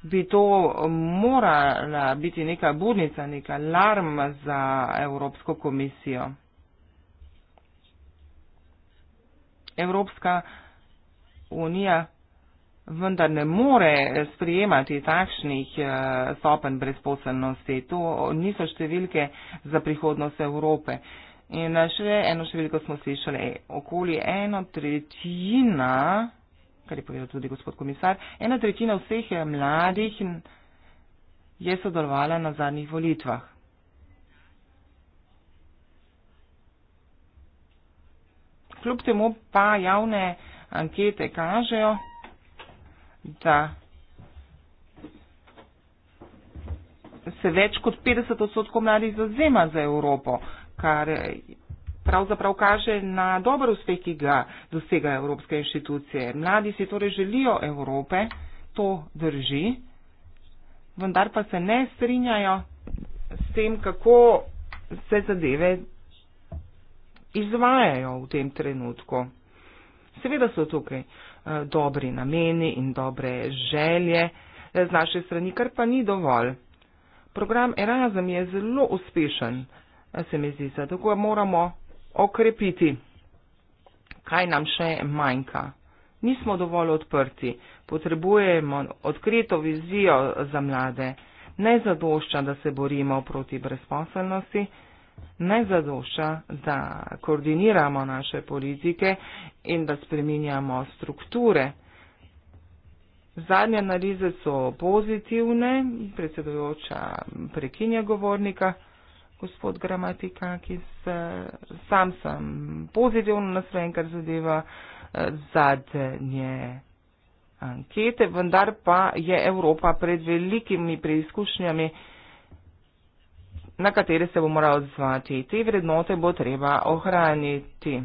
bi to morala biti neka budnica, neka alarm za Evropsko komisijo. Evropska unija vendar ne more sprijemati takšnih eh, stopen brezposelnosti. To niso številke za prihodnost Evrope. In eh, še eno številko smo slišali, okoli eno tretjina, kar je povedal tudi gospod komisar, ena tretjina vseh eh, mladih je sodelovala na zadnjih volitvah. Kljub temu pa javne ankete kažejo, Da. Se več kot 50 odstotkov mladih zazema za Evropo, kar pravzaprav kaže na dober uspeh, ki ga dosega Evropske inštitucije. Mladi si torej želijo Evrope, to drži, vendar pa se ne strinjajo s tem, kako se zadeve izvajajo v tem trenutku. Seveda so tukaj. Okay. Eh, dobri nameni in dobre želje eh, z naše strani, kar pa ni dovolj. Program Erasm je zelo uspešen, eh, se mi zdi, zato ga moramo okrepiti. Kaj nam še manjka? Nismo dovolj odprti, potrebujemo odkrito vizijo za mlade, ne zadošča, da se borimo proti brezposelnosti ne zadoša, da koordiniramo naše politike in da spreminjamo strukture. Zadnje analize so pozitivne, predsedujoča prekinja govornika, gospod Gramatika, ki se, sam sem pozitivno nasven, kar zadeva eh, zadnje ankete, vendar pa je Evropa pred velikimi preizkušnjami na katere se bo moral odzvati. Te vrednote bo treba ohraniti.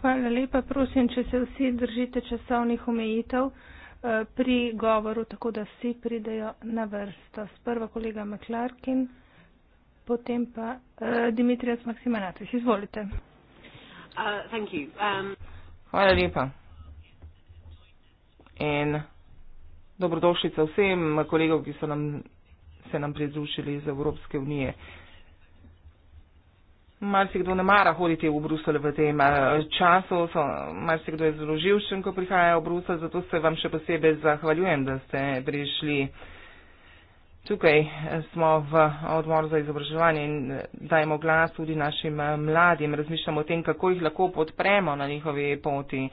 Hvala lepa, prosim, če se vsi držite časovnih omejitev eh, pri govoru, tako da vsi pridejo na vrsto. Sprva kolega Maklarkin, potem pa uh, eh, Dimitrijas Maksimanatis. Izvolite. Uh, um... Hvala lepa. In dobrodošlica vsem kolegom, ki so nam se nam prizrušili iz Evropske unije. Marsikdo ne mara hoditi v Bruselj v tem eh, času, so, marsikdo je zelo živčen, ko prihaja v Bruselj, zato se vam še posebej zahvaljujem, da ste prišli. Tukaj eh, smo v odmoru za izobraževanje in eh, dajemo glas tudi našim mladim, razmišljamo o tem, kako jih lahko podpremo na njihovi poti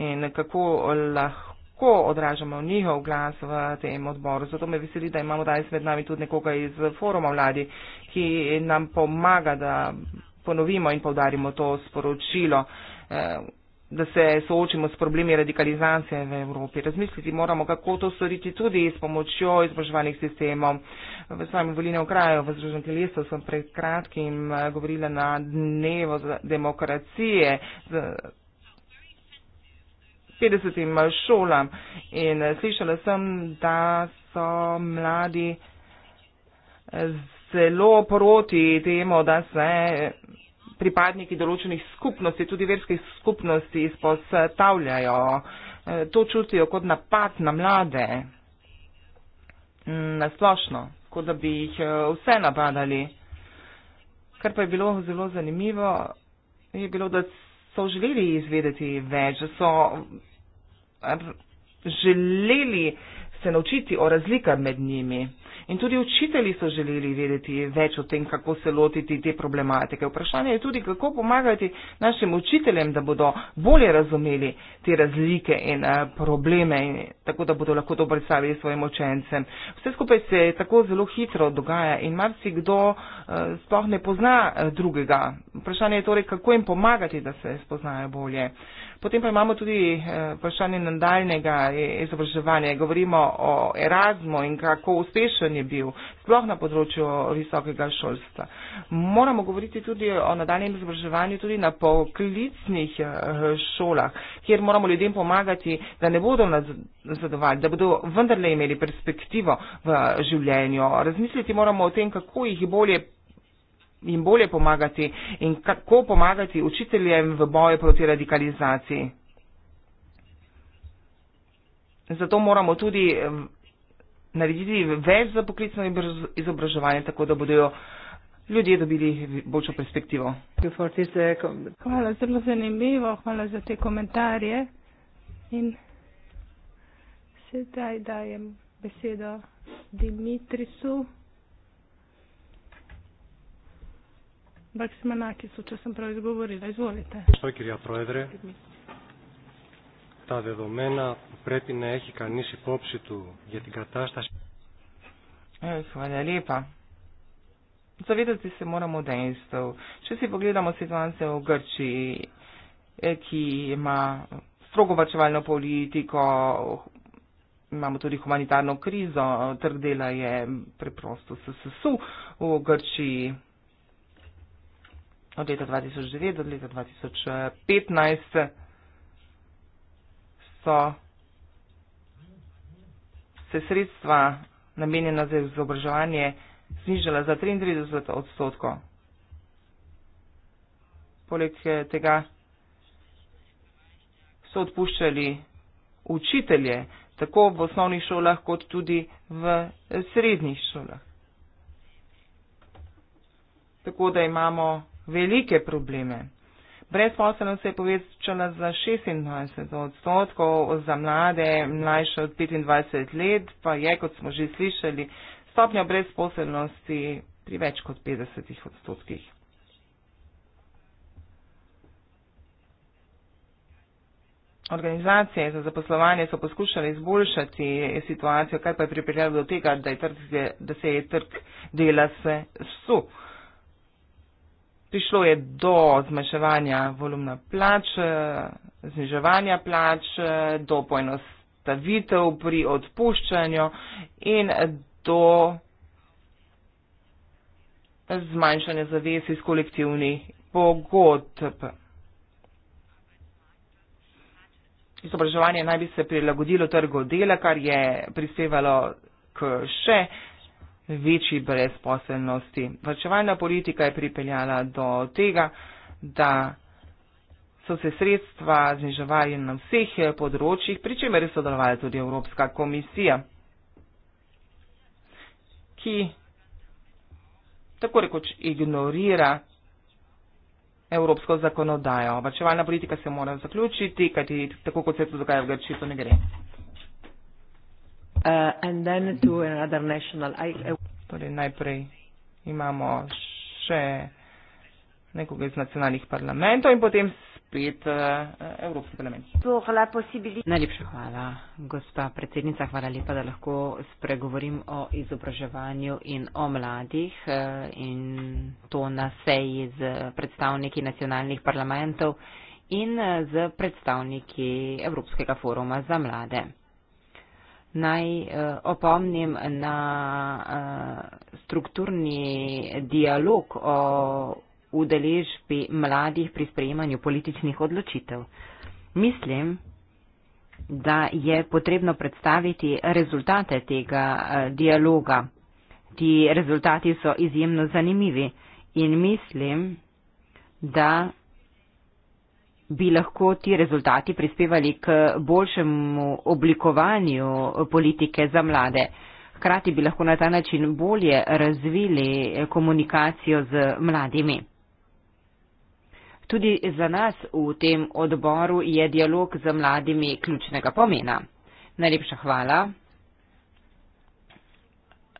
in kako lahko lahko odražamo njihov glas v tem odboru. Zato me veseli, da imamo danes med nami tudi nekoga iz foruma vladi, ki nam pomaga, da ponovimo in povdarimo to sporočilo, eh, da se soočimo s problemi radikalizacije v Evropi. Razmisliti moramo, kako to storiti tudi s pomočjo izboljšovanih sistemov. V svojem volilnem kraju v Združenem telesu sem pred kratkim eh, govorila na dnevo demokracije. 50 šolam in eh, slišala sem, da so mladi eh, zelo proti temu, da se pripadniki določenih skupnosti, tudi verskih skupnosti, izpostavljajo. Eh, to čutijo kot napad na mlade, mm, na splošno, kot da bi jih vse napadali. Kar pa je bilo zelo zanimivo, je bilo, da so želeli izvedeti več, da so želeli se naučiti o razlikah med njimi. In tudi učitelji so želeli vedeti več o tem, kako se lotiti te problematike. Vprašanje je tudi, kako pomagati našim učiteljem, da bodo bolje razumeli te razlike in eh, probleme, in tako da bodo lahko dobro predstavili svojim učencem. Vse skupaj se tako zelo hitro dogaja in marsikdo eh, sploh ne pozna eh, drugega. Vprašanje je torej, kako jim pomagati, da se spoznajo bolje. Potem pa imamo tudi eh, vprašanje nadaljnega eh, izobraževanja. Govorimo o Erasmu in kako uspešen je bil, sploh na področju visokega šolstva. Moramo govoriti tudi o nadaljnem izobraževanju tudi na poklicnih eh, šolah, kjer moramo ljudem pomagati, da ne bodo nazadovali, da bodo vendarle imeli perspektivo v življenju. Razmisliti moramo o tem, kako jih bolje jim bolje pomagati in kako pomagati učiteljem v boju proti radikalizaciji. Zato moramo tudi narediti več za poklicno izobraževanje, tako da bodo ljudje dobili boljšo perspektivo. Hvala, zelo zanimivo, hvala za te komentarje. In sedaj dajem besedo Dimitrisu. Baksimanakis, o čem sem prav izgovorila. Izvolite. Ta dedomena, prepi ne ehi kanisi popsi tu, je ti katastasi. E, hvala lepa. Zavedati se moramo dejstev. Če si pogledamo situacijo v Grčiji, e, ki ima strogo vrčevalno politiko, imamo tudi humanitarno krizo, trg dela je preprosto se sesu v Grčiji od leta 2009 do leta 2015 so se sredstva namenjena za izobraževanje znižala za 33 odstotkov. Poleg eh, tega so odpuščali učitelje tako v osnovnih šolah kot tudi v eh, srednjih šolah. Tako da imamo velike probleme. Brezposelnost se je povečala za 26 odstotkov, za mlade mlajše od 25 let pa je, kot smo že slišali, stopnja brezposelnosti pri več kot 50 odstotkih. Organizacije za zaposlovanje so poskušali izboljšati situacijo, kar pa je pripeljalo do tega, da, trg, da se je trg dela vse suh prišlo je do zmanjševanja volumna plač, eh, zniževanja plač, eh, do poenostavitev pri odpuščanju in do zmanjšanja zavez iz kolektivnih pogodb. Izobraževanje naj bi se prilagodilo trgu dela, kar je prispevalo k še večji brezposelnosti. Vrčevalna politika je pripeljala do tega, da so se sredstva zniževali na vseh področjih, pri čemer je sodelovala tudi Evropska komisija, ki tako rekoč ignorira evropsko zakonodajo. Vrčevalna politika se mora zaključiti, kajti tako kot se to dogaja v Grčiji, to ne gre uh, national, I, I... Torej, najprej imamo še nekoga iz nacionalnih parlamentov in potem spet uh, Evropski parlament. Najlepša hvala, gospa predsednica. Hvala lepa, da lahko spregovorim o izobraževanju in o mladih uh, in to na seji z predstavniki nacionalnih parlamentov in uh, z predstavniki Evropskega foruma za mlade. Naj eh, opomnim na eh, strukturni dialog o udeležbi mladih pri sprejemanju političnih odločitev. Mislim, da je potrebno predstaviti rezultate tega eh, dialoga. Ti rezultati so izjemno zanimivi in mislim, da bi lahko ti rezultati prispevali k boljšemu oblikovanju politike za mlade. Hkrati bi lahko na ta način bolje razvili komunikacijo z mladimi. Tudi za nas v tem odboru je dialog z mladimi ključnega pomena. Najlepša hvala.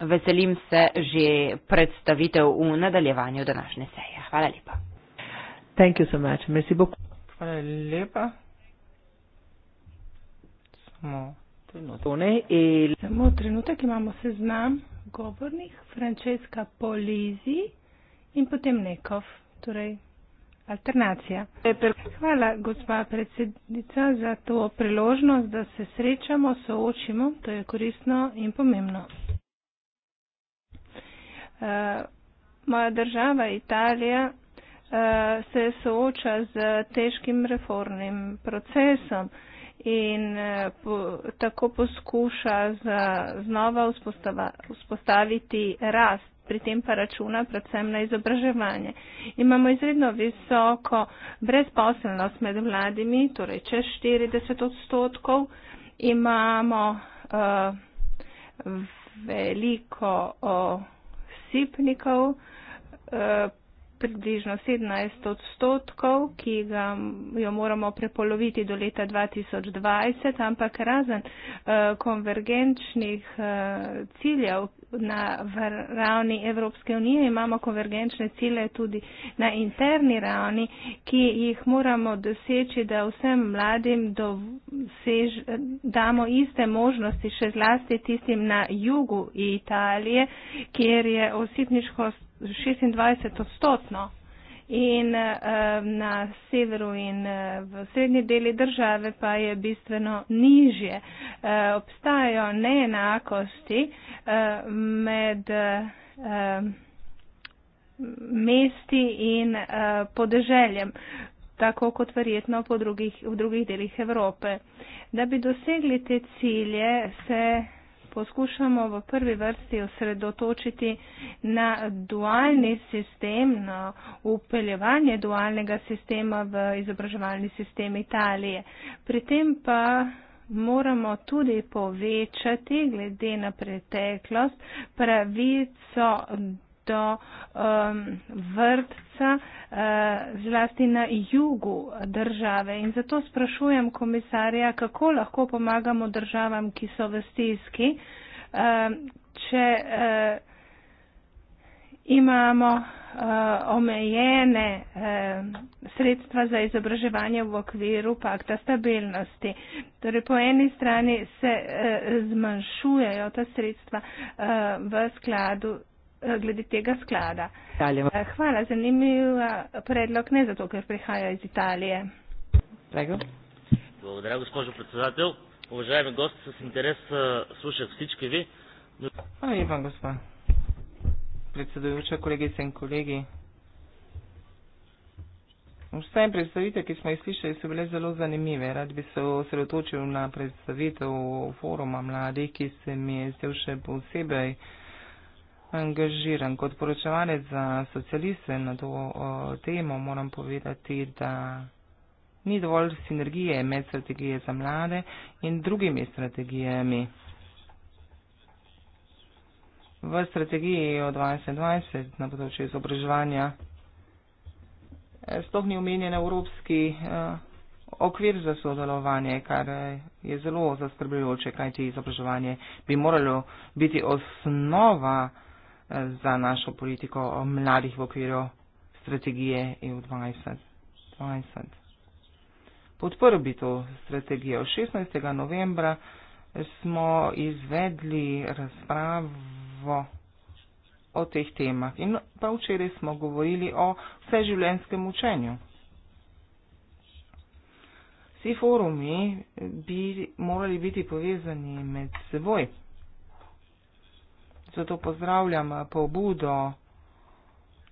Veselim se že predstavitev v nadaljevanju današnje seje. Hvala lepa. Thank you so much. Merci beaucoup. Hvala lepa. Samo trenutek. Samo trenutek imamo seznam govornih. Frančeska Polizi in potem Nekov. Torej, alternacija. Hvala, gospa predsednica, za to priložnost, da se srečamo, soočimo. To je koristno in pomembno. Uh, moja država, Italija, Eh, se sooča z težkim reformnim procesom in eh, po, tako poskuša z, znova vzpostaviti rast, pri tem pa računa predvsem na izobraževanje. Imamo izredno visoko brezposelnost med mladimi, torej čez 40 odstotkov, imamo uh, veliko uh, sipnikov, uh, približno 17 odstotkov, ki ga, jo moramo prepoloviti do leta 2020, ampak razen uh, konvergenčnih uh, ciljev, uh, na ravni Evropske unije, imamo konvergenčne cilje tudi na interni ravni, ki jih moramo doseči, da vsem mladim dosež, damo iste možnosti, še zlasti tistim na jugu Italije, kjer je osipniškost 26 odstotno in eh, na severu in eh, v srednji deli države pa je bistveno nižje. Eh, obstajajo neenakosti med mesti in podeželjem tako kot verjetno po drugih, v drugih delih Evrope. Da bi dosegli te cilje, se poskušamo v prvi vrsti osredotočiti na dualni sistem, na upeljevanje dualnega sistema v izobraževalni sistem Italije. Pri tem pa moramo tudi povečati, glede na preteklost, pravico do um, vrtca, uh, zlasti na jugu države. In zato sprašujem komisarja, kako lahko pomagamo državam, ki so v stiski, uh, če uh, imamo uh, omejene uh, sredstva za izobraževanje v okviru pakta stabilnosti. Torej, po eni strani se uh, zmanjšujejo ta sredstva uh, v skladu Eh, glede tega sklada. Italijama. Eh, hvala, zanimiv eh, predlog, ne zato, ker prihaja iz Italije. Prego. Благодаря, госпожо председател. Уважаеми гости, с интерес слушах всички ви. А, Иван, господа. Председуюча, колеги и колеги. Vse predstavitve, ki smo jih slišali, so bile zelo zanimive. Rad bi se osredotočil na predstavitev foruma mladih, ki se mi je zdel še posebej angažiran. Kot poročevalec za socialiste na to o, temo moram povedati, da ni dovolj sinergije med strategije za mlade in drugimi strategijami. V strategiji od 2020 na področju izobraževanja eh, sploh ni omenjen evropski eh, okvir za sodelovanje, kar eh, je zelo zaskrbljujoče, kajti izobraževanje bi moralo biti osnova za našo politiko mladih v okviru strategije EU 2020. Podprl bi to strategijo. 16. novembra smo izvedli razpravo o teh temah in pa včeraj smo govorili o vseživljenjskem učenju. Vsi forumi bi morali biti povezani med seboj. Zato pozdravljam pobudo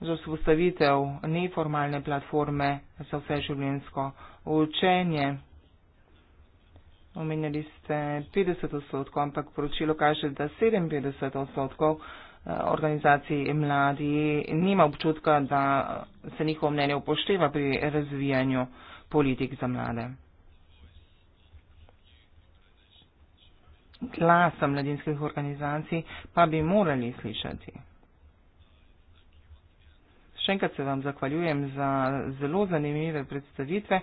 za vzpostavitev neformalne platforme za vse življensko učenje. Omenjali ste 50 odstotkov, ampak poročilo kaže, da 57 odstotkov eh, organizacij mladi nima občutka, da se njihovo mnenje upošteva pri razvijanju politik za mlade. glasa mladinskih organizacij pa bi morali slišati. Še enkrat se vam zahvaljujem za zelo zanimive predstavitve.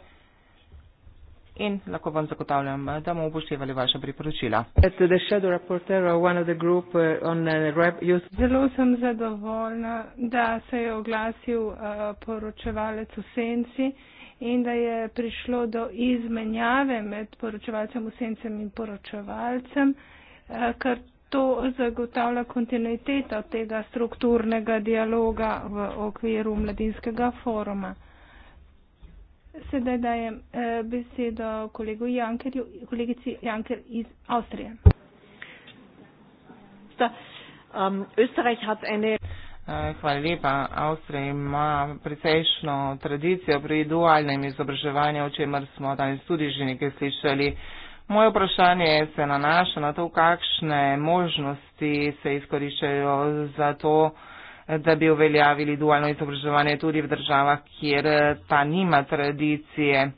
In lahko vam zagotavljam, da bomo upoštevali vaše priporočila. Zelo sem zadovoljna, da se je oglasil uh, poročevalec v senci in da je prišlo do izmenjave med poročevalcem, usencem in poročevalcem, eh, kar to zagotavlja kontinuiteto tega strukturnega dialoga v okviru mladinskega foruma. Sedaj dajem eh, besedo kolegu Jankerju, kolegici Janker iz Avstrije. Um, Österreich hat eine Eh, hvala lepa. Avstrija ima precejšno tradicijo pri dualnem izobraževanju, o čemer smo danes tudi že nekaj slišali. Moje vprašanje se nanaša na to, kakšne možnosti se izkoriščajo za to, da bi uveljavili dualno izobraževanje tudi v državah, kjer eh, ta nima tradicije.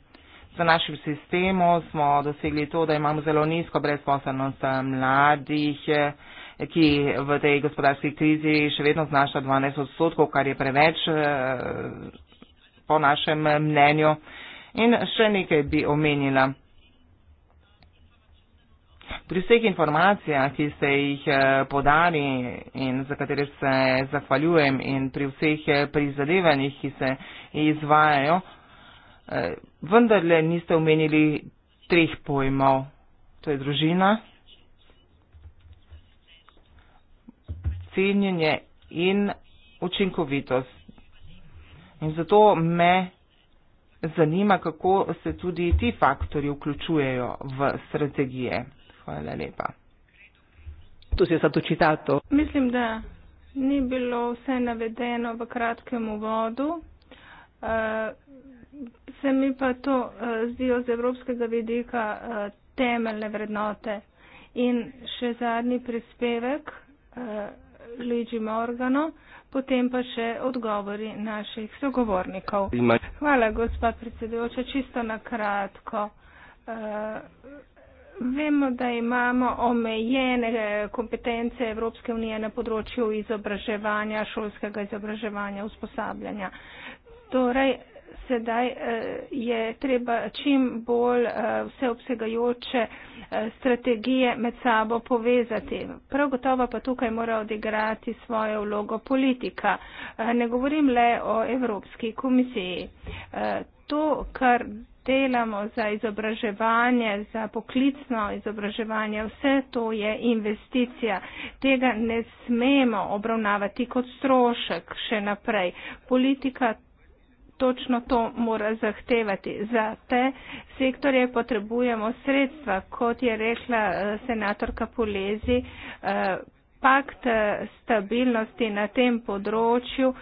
Za našim sistemom smo dosegli to, da imamo zelo nizko brezposobnost eh, mladih ki v tej gospodarski krizi še vedno znaša 12 odstotkov, kar je preveč eh, po našem mnenju. In še nekaj bi omenila. Pri vseh informacijah, ki ste jih eh, podali in za katere se zahvaljujem in pri vseh eh, prizadevanjih, ki se izvajajo, vendarle niste omenili treh pojmov. To je družina, rastlinjenje in učinkovitost. In zato me zanima, kako se tudi ti faktori vključujejo v strategije. Hvala lepa. Tu si sad očitato. Mislim, da ni bilo vse navedeno v kratkem uvodu. Eh, se mi pa to eh, zdijo z evropskega vidika eh, temeljne vrednote. In še zadnji prispevek. Luigi Morgano, potem pa še odgovori naših sogovornikov. Hvala, gospa predsedujoča. Čisto na kratko. Eh, vemo, da imamo omejene kompetence Evropske unije na področju izobraževanja, šolskega izobraževanja, usposabljanja. Torej, sedaj eh, je treba čim bolj eh, vseobsegajoče eh, strategije med sabo povezati. Prav gotovo pa tukaj mora odigrati svojo vlogo politika. Ne govorim le o Evropski komisiji. To, kar delamo za izobraževanje, za poklicno izobraževanje, vse to je investicija. Tega ne smemo obravnavati kot strošek še naprej. Politika točno to mora zahtevati. Za te sektorje potrebujemo sredstva, kot je rekla eh, senatorka Polezi. Eh, pakt eh, stabilnosti na tem področju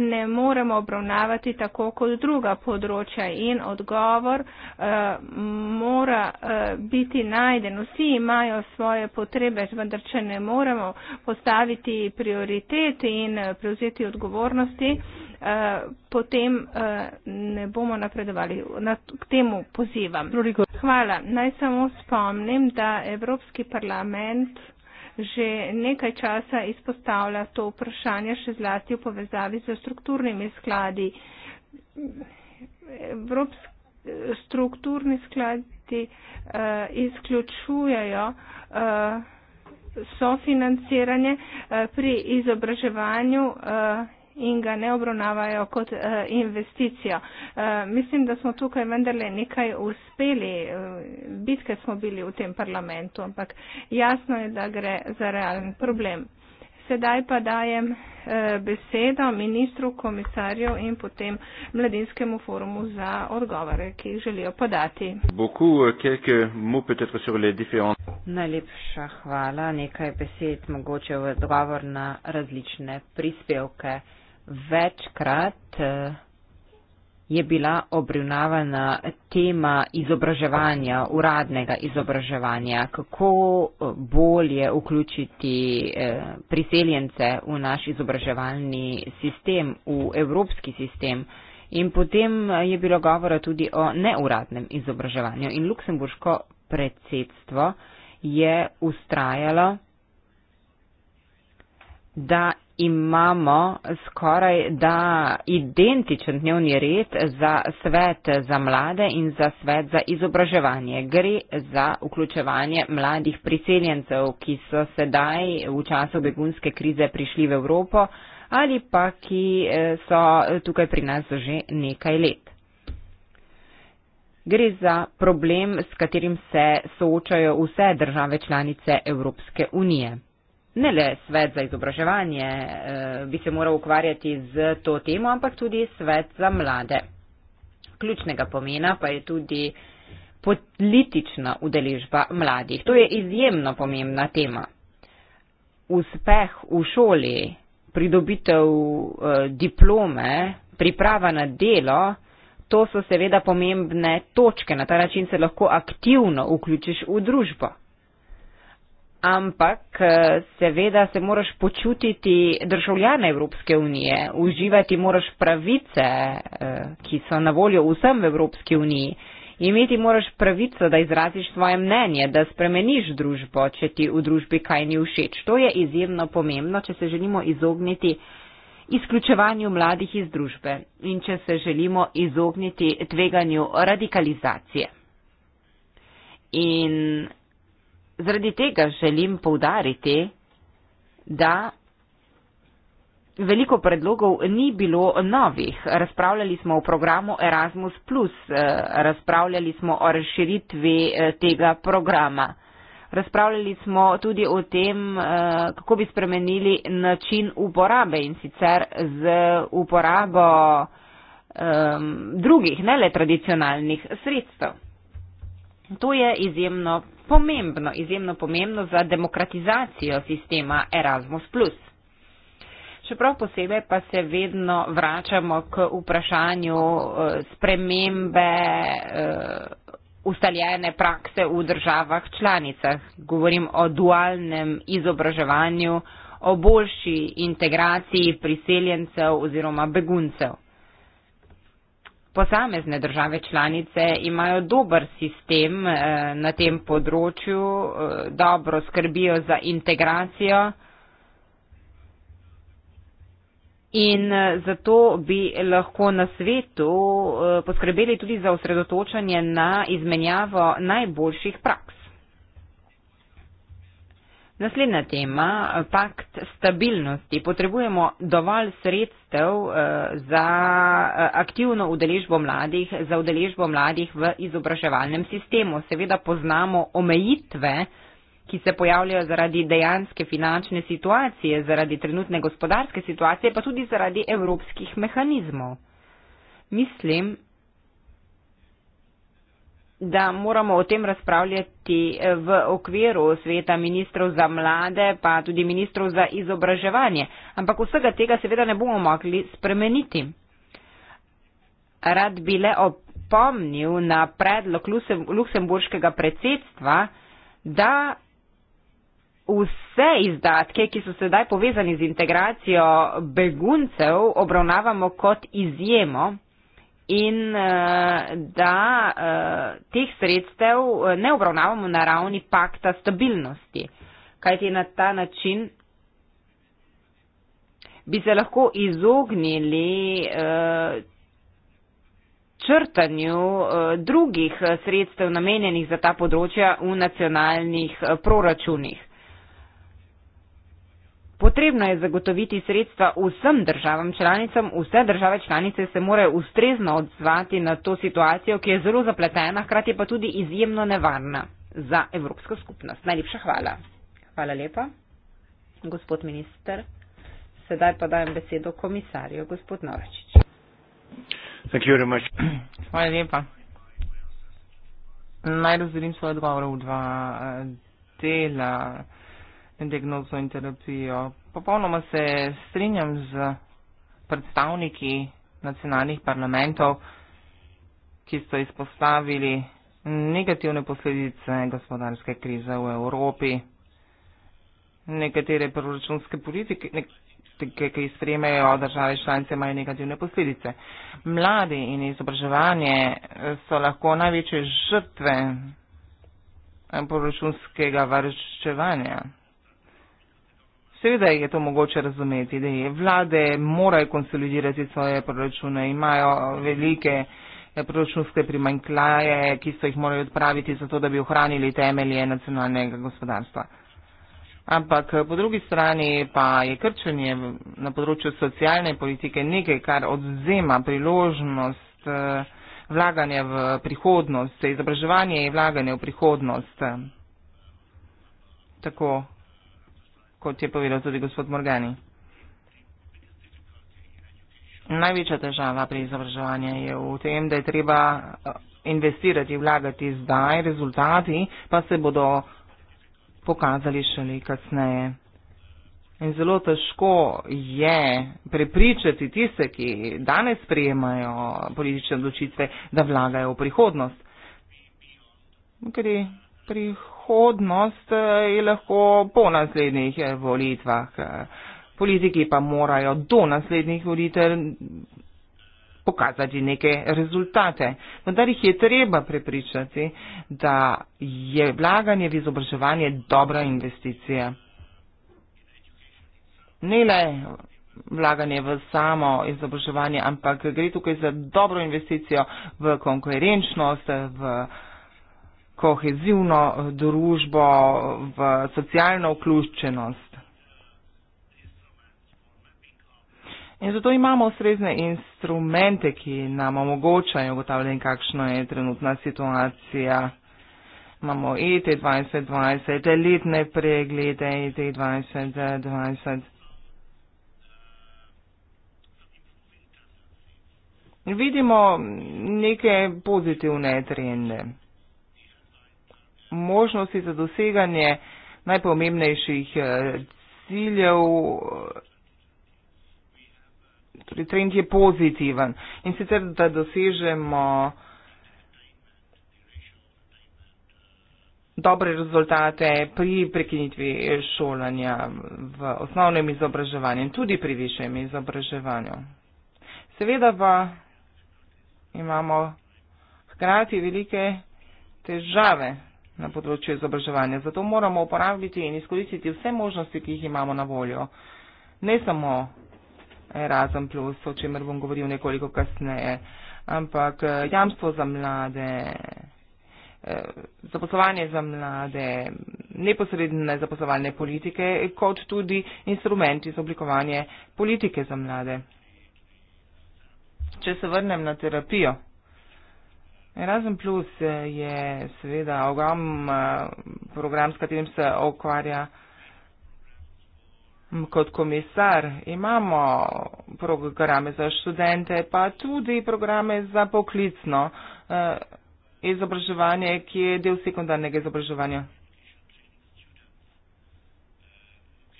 ne moremo obravnavati tako kot druga področja in odgovor mora biti najden. Vsi imajo svoje potrebe, vendar če ne moremo postaviti prioritete in prevzeti odgovornosti, Eh, potem eh, ne bomo napredovali. Na temu pozivam. Hvala. Naj samo spomnim, da Evropski parlament že nekaj časa izpostavlja to vprašanje, še zlasti v povezavi z strukturnimi skladi. Evropski strukturni skladi uh, izključujejo uh, sofinanciranje uh, pri izobraževanju uh, in ga ne obravnavajo kot uh, investicijo. Uh, mislim, da smo tukaj vendarle nekaj uspeli, uh, bitke smo bili v tem parlamentu, ampak jasno je, da gre za realen problem. Sedaj pa dajem uh, besedo ministru, komisarju in potem mladinskemu forumu za odgovore, ki jih želijo podati. Beaucoup, euh, Najlepša hvala. Nekaj besed mogoče v odgovor na različne prispevke večkrat eh, je bila obravnavana tema izobraževanja, uradnega izobraževanja, kako eh, bolje vključiti eh, priseljence v naš izobraževalni sistem, v evropski sistem. In potem je bilo govora tudi o neuradnem izobraževanju. In luksemburško predsedstvo je ustrajalo, da imamo skoraj da identičen dnevni red za svet za mlade in za svet za izobraževanje. Gre za vključevanje mladih priseljencev, ki so sedaj v času begunske krize prišli v Evropo ali pa ki eh, so tukaj pri nas že nekaj let. Gre za problem, s katerim se soočajo vse države članice Evropske unije ne le svet za izobraževanje eh, bi se moral ukvarjati z to temo, ampak tudi svet za mlade. Ključnega pomena pa je tudi politična udeležba mladih. To je izjemno pomembna tema. Uspeh v šoli, pridobitev eh, diplome, priprava na delo, to so seveda pomembne točke. Na ta način se lahko aktivno vključiš v družbo ampak eh, seveda se moraš počutiti državljana Evropske unije, uživati moraš pravice, eh, ki so na voljo vsem v Evropski uniji. Imeti moraš pravico, da izraziš svoje mnenje, da spremeniš družbo, če ti v družbi kaj ni všeč. To je izjemno pomembno, če se želimo izogniti izključevanju mladih iz družbe in če se želimo izogniti tveganju radikalizacije. In Zaradi tega želim povdariti, da veliko predlogov ni bilo novih. Razpravljali smo o programu Erasmus, eh, razpravljali smo o razširitvi eh, tega programa. Razpravljali smo tudi o tem, eh, kako bi spremenili način uporabe in sicer z uporabo ehm, drugih, ne le tradicionalnih sredstev. To je izjemno pomembno, izjemno pomembno za demokratizacijo sistema Erasmus. Še prav posebej pa se vedno vračamo k vprašanju eh, spremembe eh, ustaljene prakse v državah članicah. Govorim o dualnem izobraževanju, o boljši integraciji priseljencev oziroma beguncev posamezne države članice imajo dober sistem eh, na tem področju, eh, dobro skrbijo za integracijo in eh, zato bi lahko na svetu poskrbeli tudi za osredotočanje na izmenjavo najboljših praks. Naslednja tema, pakt stabilnosti. Potrebujemo dovolj sredstev eh, za eh, aktivno udeležbo mladih, za udeležbo mladih v izobraževalnem sistemu. Seveda poznamo omejitve, ki se pojavljajo zaradi dejanske finančne situacije, zaradi trenutne gospodarske situacije, pa tudi zaradi evropskih mehanizmov. Mislim, da moramo o tem razpravljati eh, v okviru sveta ministrov za mlade, pa tudi ministrov za izobraževanje. Ampak vsega tega seveda ne bomo mogli spremeniti. Rad bi le opomnil na predlog luksemburškega predsedstva, da vse izdatke, ki so sedaj povezani z integracijo beguncev, obravnavamo kot izjemo in eh, da eh, teh sredstev eh, ne obravnavamo na ravni pakta stabilnosti, kajti na ta način bi se lahko izognili črtanju drugih sredstev namenjenih za ta področja v nacionalnih proračunih. Potrebno je zagotoviti sredstva vsem državam članicam, vse države članice se morajo ustrezno odzvati na to situacijo, ki je zelo zapletena, hkrati pa tudi izjemno nevarna za Evropsko skupnost. Najlepša hvala. Hvala lepa, gospod minister. Sedaj pa dajem besedo komisarju, gospod Novačič. [clears throat] Hvala lepa. Naj razdelim svoje odgovore v dva eh, dela diagnozo in terapijo. Popolnoma se strinjam z predstavniki nacionalnih parlamentov, ki so izpostavili negativne posledice gospodarske krize v Evropi. Nekatere proračunske politike, nekatere, ki jih sprejmejo države članice, imajo negativne posledice. Mladi in izobraževanje so lahko največje žrtve proračunskega varčevanja. Seveda je to mogoče razumeti, da je vlade morajo konsolidirati svoje proračune, imajo velike eh, proračunske primankljaje, ki so jih morali odpraviti, zato da bi ohranili temelje nacionalnega gospodarstva. Ampak eh, po drugi strani pa je krčenje na področju socialne politike nekaj, kar odzema priložnost eh, vlaganja v prihodnost. Izobraževanje je vlaganje v prihodnost. Tako kot je povedal tudi gospod Morgani. Največja težava pri izobraževanju je v tem, da je treba eh, investirati, vlagati zdaj, rezultati pa se bodo pokazali šele kasneje. In zelo težko je prepričati tiste, ki danes prijemajo politične odločitve, da vlagajo v prihodnost. Ker je prihodnost prihodnost eh, je lahko po naslednjih eh, volitvah. Eh, politiki pa morajo do naslednjih volitev pokazati neke rezultate. Vendar jih je treba prepričati, da je vlaganje v izobraževanje dobra investicija. Ne le vlaganje v samo izobraževanje, ampak gre tukaj za dobro investicijo v konkurenčnost, v kohezivno eh, družbo, v socialno vključenost. In zato imamo ustrezne instrumente, ki nam omogočajo ugotavljanje, kakšna je trenutna situacija. Imamo e ET2020, letne preglede e ET2020. Vidimo neke pozitivne trende možnosti za doseganje najpomembnejših eh, ciljev. Eh, torej, trend je pozitiven in sicer, da dosežemo dobre rezultate pri prekinitvi šolanja v osnovnem izobraževanju in tudi pri višjem izobraževanju. Seveda pa imamo hkrati velike težave na področju izobraževanja. Zato moramo uporabiti in izkoristiti vse možnosti, ki jih imamo na voljo. Ne samo Erasmus Plus, o čemer bom govoril nekoliko kasneje, ampak eh, jamstvo za mlade, eh, zaposlovanje za mlade, neposredne zaposlovalne politike, kot tudi instrumenti za oblikovanje politike za mlade. Če se vrnem na terapijo. Erasmus Plus eh, je seveda ogromen eh, program, s katerim se okvarja mm, kot komisar. Imamo programe za študente, pa tudi programe za poklicno eh, izobraževanje, ki je del sekundarnega izobraževanja.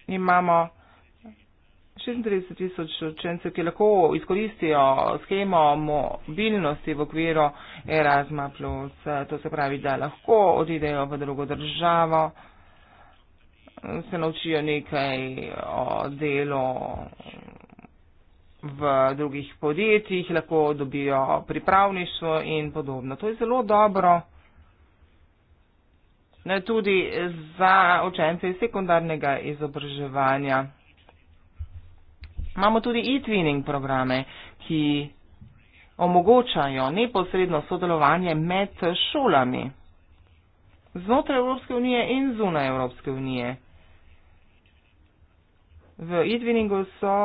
Imamo 36 tisoč učencev, ki lahko izkoristijo schemo mobilnosti v okviru Erasma+, to se pravi, da lahko odidejo v drugo državo, se naučijo nekaj o delu v drugih podjetjih, lahko dobijo pripravništvo in podobno. To je zelo dobro. Ne, tudi za učence iz sekundarnega izobraževanja. Imamo tudi e-twinning programe, ki omogočajo neposredno sodelovanje med šolami znotraj Evropske unije in zunaj Evropske unije. V e-twinningu so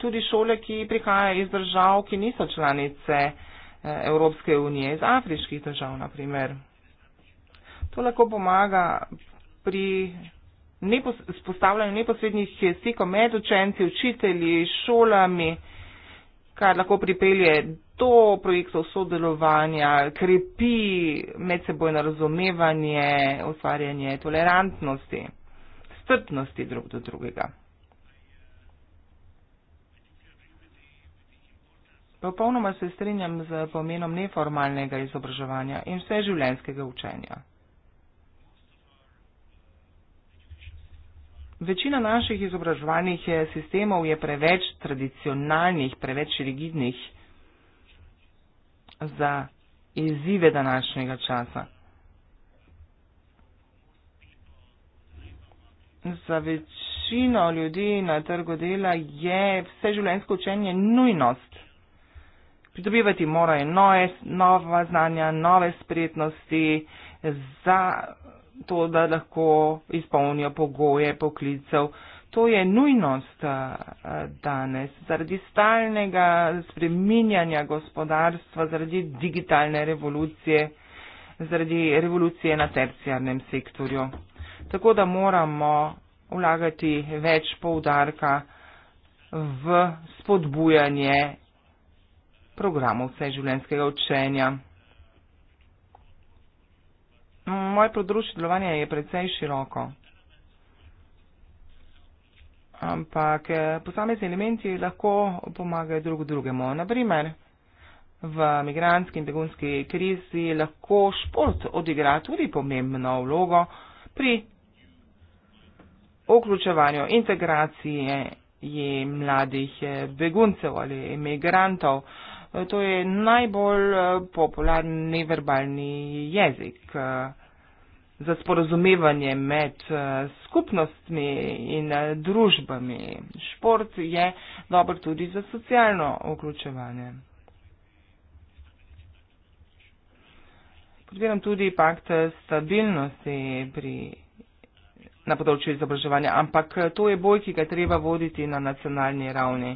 tudi šole, ki prihajajo iz držav, ki niso članice eh, Evropske unije, iz afriških držav naprimer. To lahko pomaga pri nepos, spostavljanju neposrednih stikov med učenci, učitelji, šolami, kar lahko pripelje do projektov sodelovanja, krepi medsebojno razumevanje, ustvarjanje tolerantnosti, strpnosti drug do drugega. Popolnoma se strinjam z pomenom neformalnega izobraževanja in vseživljenjskega učenja. Večina naših izobraževalnih eh, sistemov je preveč tradicionalnih, preveč rigidnih za izzive današnjega časa. Za večino ljudi na trgu dela je vse življenjsko učenje nujnost. Pridobivati morajo nove, nova znanja, nove spretnosti za to, da lahko izpolnijo pogoje poklicev. To je nujnost eh, danes zaradi stalnega spreminjanja gospodarstva, zaradi digitalne revolucije, zaradi revolucije na tercijarnem sektorju. Tako da moramo vlagati več poudarka v spodbujanje programov vseživljenjskega učenja. Moje področje delovanja je precej široko. Ampak eh, posamezni elementi lahko pomagajo drug drugemu. Naprimer, v migranski in begunski krizi lahko šport odigra tudi pomembno vlogo pri vključevanju integracije mladih eh, beguncev ali imigrantov to je najbolj eh, popularni verbalni jezik eh, za sporozumevanje med eh, skupnostmi in družbami. Šport je dober tudi za socialno vključevanje. Podpiram tudi pakt stabilnosti pri, na področju izobraževanja, ampak to je boj, ki ga treba voditi na nacionalni ravni.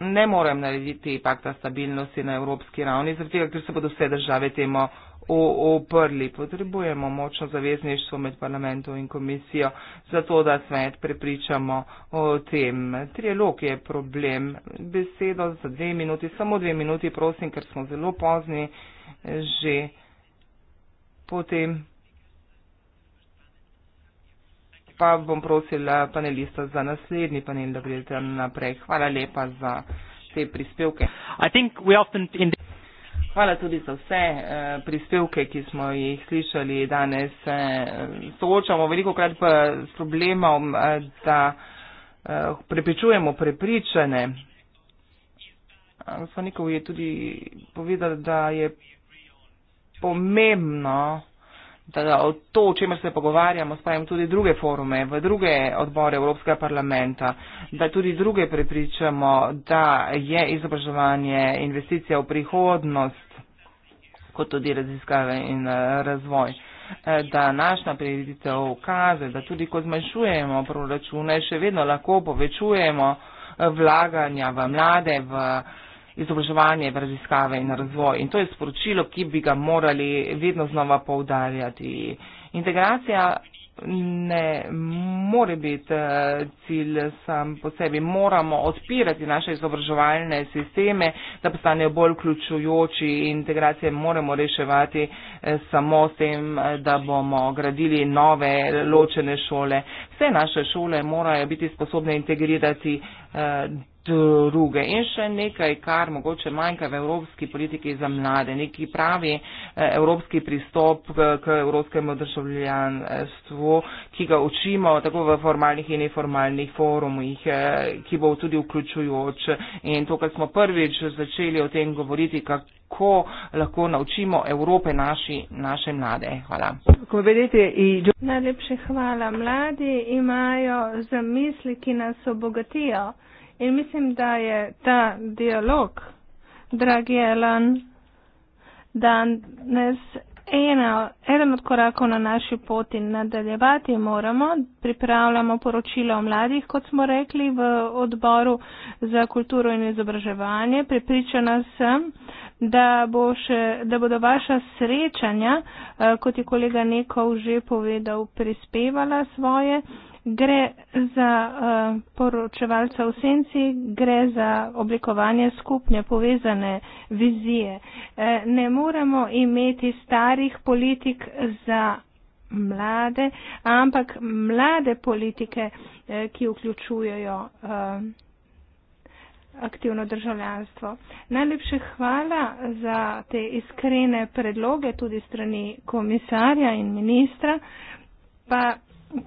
ne morem narediti pakta stabilnosti na evropski ravni, zaradi tega, ker se bodo vse države temu oprli. Potrebujemo močno zavezništvo med parlamentom in komisijo, zato da svet prepričamo o tem. Trialog je problem. Besedo za dve minuti, samo dve minuti, prosim, ker smo zelo pozni že. Potem pa bom prosila panelista za naslednji panel, da pridete naprej. Hvala lepa za te prispevke. Hvala tudi za vse eh, prispevke, ki smo jih slišali danes. Eh, soočamo veliko krat pa s problemom, eh, da prepričujemo prepričane. Gospod Nikov je tudi povedal, da je pomembno, od to, o čemer se pogovarjamo, spravim tudi druge forume, v druge odbore Evropskega parlamenta, da tudi druge prepričamo, da je izobraževanje investicija v prihodnost, kot tudi raziskave in eh, razvoj eh, da našna prireditev kaze, da tudi ko zmanjšujemo proračune, še vedno lahko povečujemo eh, vlaganja v mlade, v uh, izobraževanje, v raziskave in razvoj. In to je sporočilo, ki bi ga morali vedno znova poudarjati. Integracija ne more biti eh, cilj sam po sebi. Moramo odpirati naše izobraževalne sisteme, da postanejo bolj vključujoči. Integracije moramo reševati eh, samo s tem, eh, da bomo gradili nove ločene šole. Vse naše šole morajo biti sposobne integrirati Eh, druge. In še nekaj, kar mogoče manjka v evropski politiki za mlade, neki pravi eh, evropski pristop k, k evropskemu državljanstvu, ki ga učimo tako v formalnih in neformalnih forumih, eh, ki bo tudi vključujoč. In to, kar smo prvič začeli o tem govoriti, kako lahko naučimo Evrope naši, naše mlade. Hvala. Najlepše hvala. Mladi imajo zamisli, ki nas obogatijo. In mislim, da je ta dialog, dragi Elan, danes ena, eden od korakov na naši poti. Nadaljevati moramo. Pripravljamo poročilo o mladih, kot smo rekli v odboru za kulturo in izobraževanje. Pripričana sem, da, bo še, da bodo vaša srečanja, eh, kot je kolega Nekov že povedal, prispevala svoje gre za uh, poročevalca v senci, gre za oblikovanje skupne povezane vizije. E, ne moremo imeti starih politik za mlade, ampak mlade politike, eh, ki vključujejo eh, aktivno državljanstvo. Najlepše hvala za te iskrene predloge tudi strani komisarja in ministra. Pa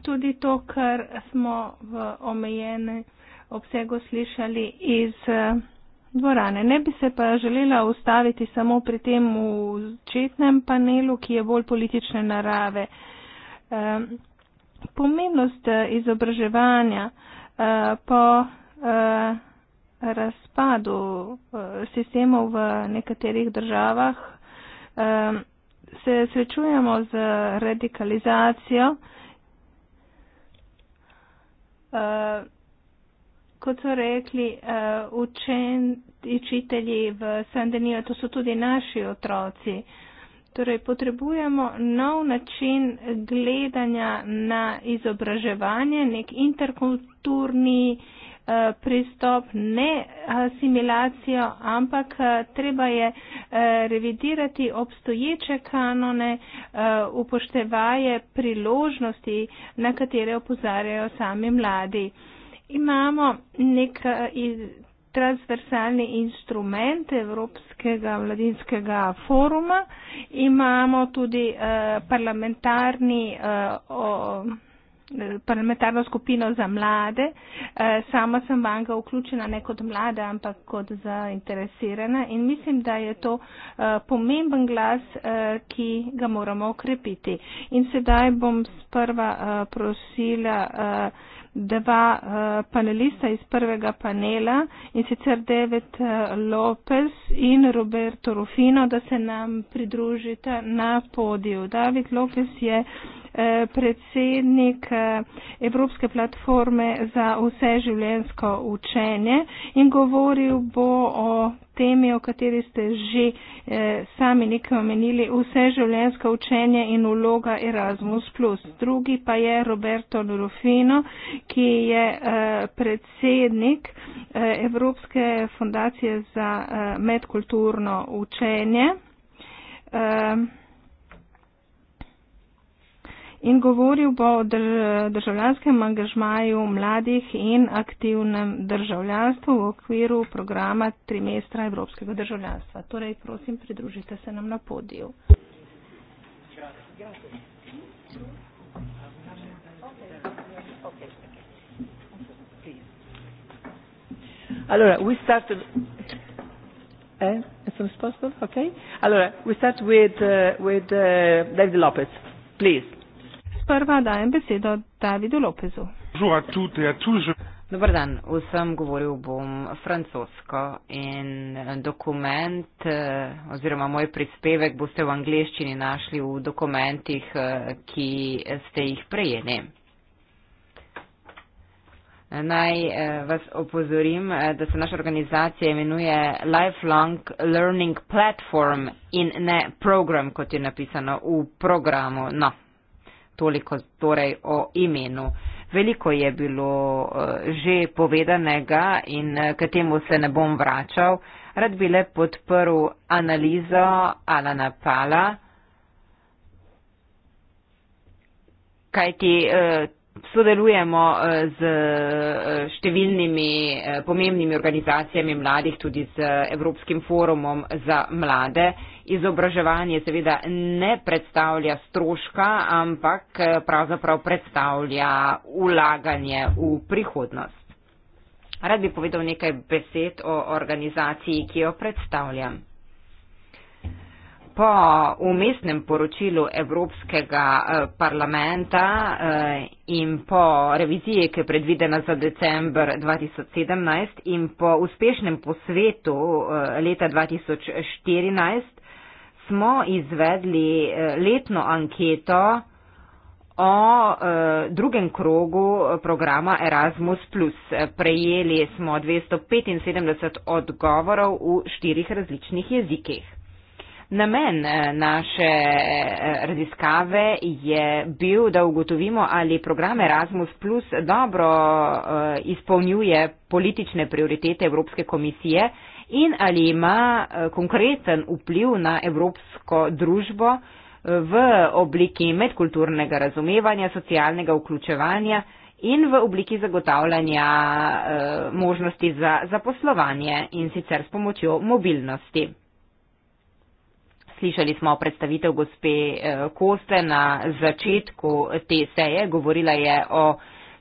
tudi to, kar smo v omejene obsegu slišali iz eh, dvorane. Ne bi se pa želela ustaviti samo pri tem v začetnem panelu, ki je bolj politične narave. Ehm, pomembnost eh, izobraževanja eh, po razpadu sistemov v nekaterih državah ehm, se srečujemo z radikalizacijo. Eh, kot so rekli uh, učenci, učitelji v Sandeniju, to so tudi naši otroci. Torej, potrebujemo nov način gledanja na izobraževanje, nek interkulturni uh, Eh, pristop, ne asimilacijo, ampak eh, treba je eh, revidirati obstoječe kanone, upoštevaje priložnosti, na katere opozarjajo sami mladi. Imamo nek transversalni instrument Evropskega mladinskega foruma, imamo tudi parlamentarni. O, Eh, parlamentarno skupino za mlade. Eh, sama sem vanga vključena ne kot mlada, ampak kot zainteresirana in mislim, da je to eh, pomemben glas, ki ga moramo okrepiti. In sedaj bom sprva prosila dva panelista iz prvega panela in sicer David Lopez in Roberto Rufino, da se nam pridružita na podiju. David Lopez je Eh, predsednik eh, Evropske platforme za vse življensko učenje in govoril bo o temi, o kateri ste že eh, sami nekaj omenili, vse življensko učenje in vloga Erasmus. Drugi pa je Roberto Lurofino, ki je predsednik Evropske fundacije za medkulturno učenje. Uh, in govoril bo o državljanskem angažmaju mladih in aktivnem državljanstvu v okviru programa trimestra evropskega državljanstva. Torej, prosim, pridružite se nam na podiju. Allora, we started. Eh, some possible? Okay. Allora, we start with uh, with uh, David Lopez, please sprva dajem besedo Davidu Lopezu. Dobar dan, vsem govoril bom francosko in eh, dokument eh, oziroma moj prispevek boste v angleščini našli v dokumentih, eh, ki ste jih prejeli. Naj vas opozorim, da se naša organizacija imenuje Lifelong Learning Platform in ne program, kot je napisano v programu. No, toliko torej o imenu. Veliko je bilo eh, že povedanega in eh, k temu se ne bom vračal. Rad bi le podprl analizo Alana Pala, kajti eh, sodelujemo z številnimi pomembnimi organizacijami mladih, tudi z Evropskim forumom za mlade izobraževanje seveda ne predstavlja stroška, ampak eh, pravzaprav predstavlja ulaganje v prihodnost. Rad bi povedal nekaj besed o organizaciji, ki jo predstavljam. Po umestnem poročilu Evropskega eh, parlamenta eh, in po reviziji, ki je predvidena za december 2017 in po uspešnem posvetu leta 2014, smo izvedli eh, letno anketo o eh, drugem krogu programa Erasmus. Prejeli smo 275 odgovorov v štirih različnih jezikih. Namen eh, naše raziskave je bil, da ugotovimo, ali program Erasmus dobro izpolnjuje politične prioritete Evropske komisije in ali ima eh, konkreten vpliv na evropsko družbo eh, v obliki medkulturnega razumevanja, socialnega vključevanja in v obliki zagotavljanja eh, možnosti za zaposlovanje in sicer s pomočjo mobilnosti. Slišali smo predstavitev gospe Koste na začetku te seje, govorila je o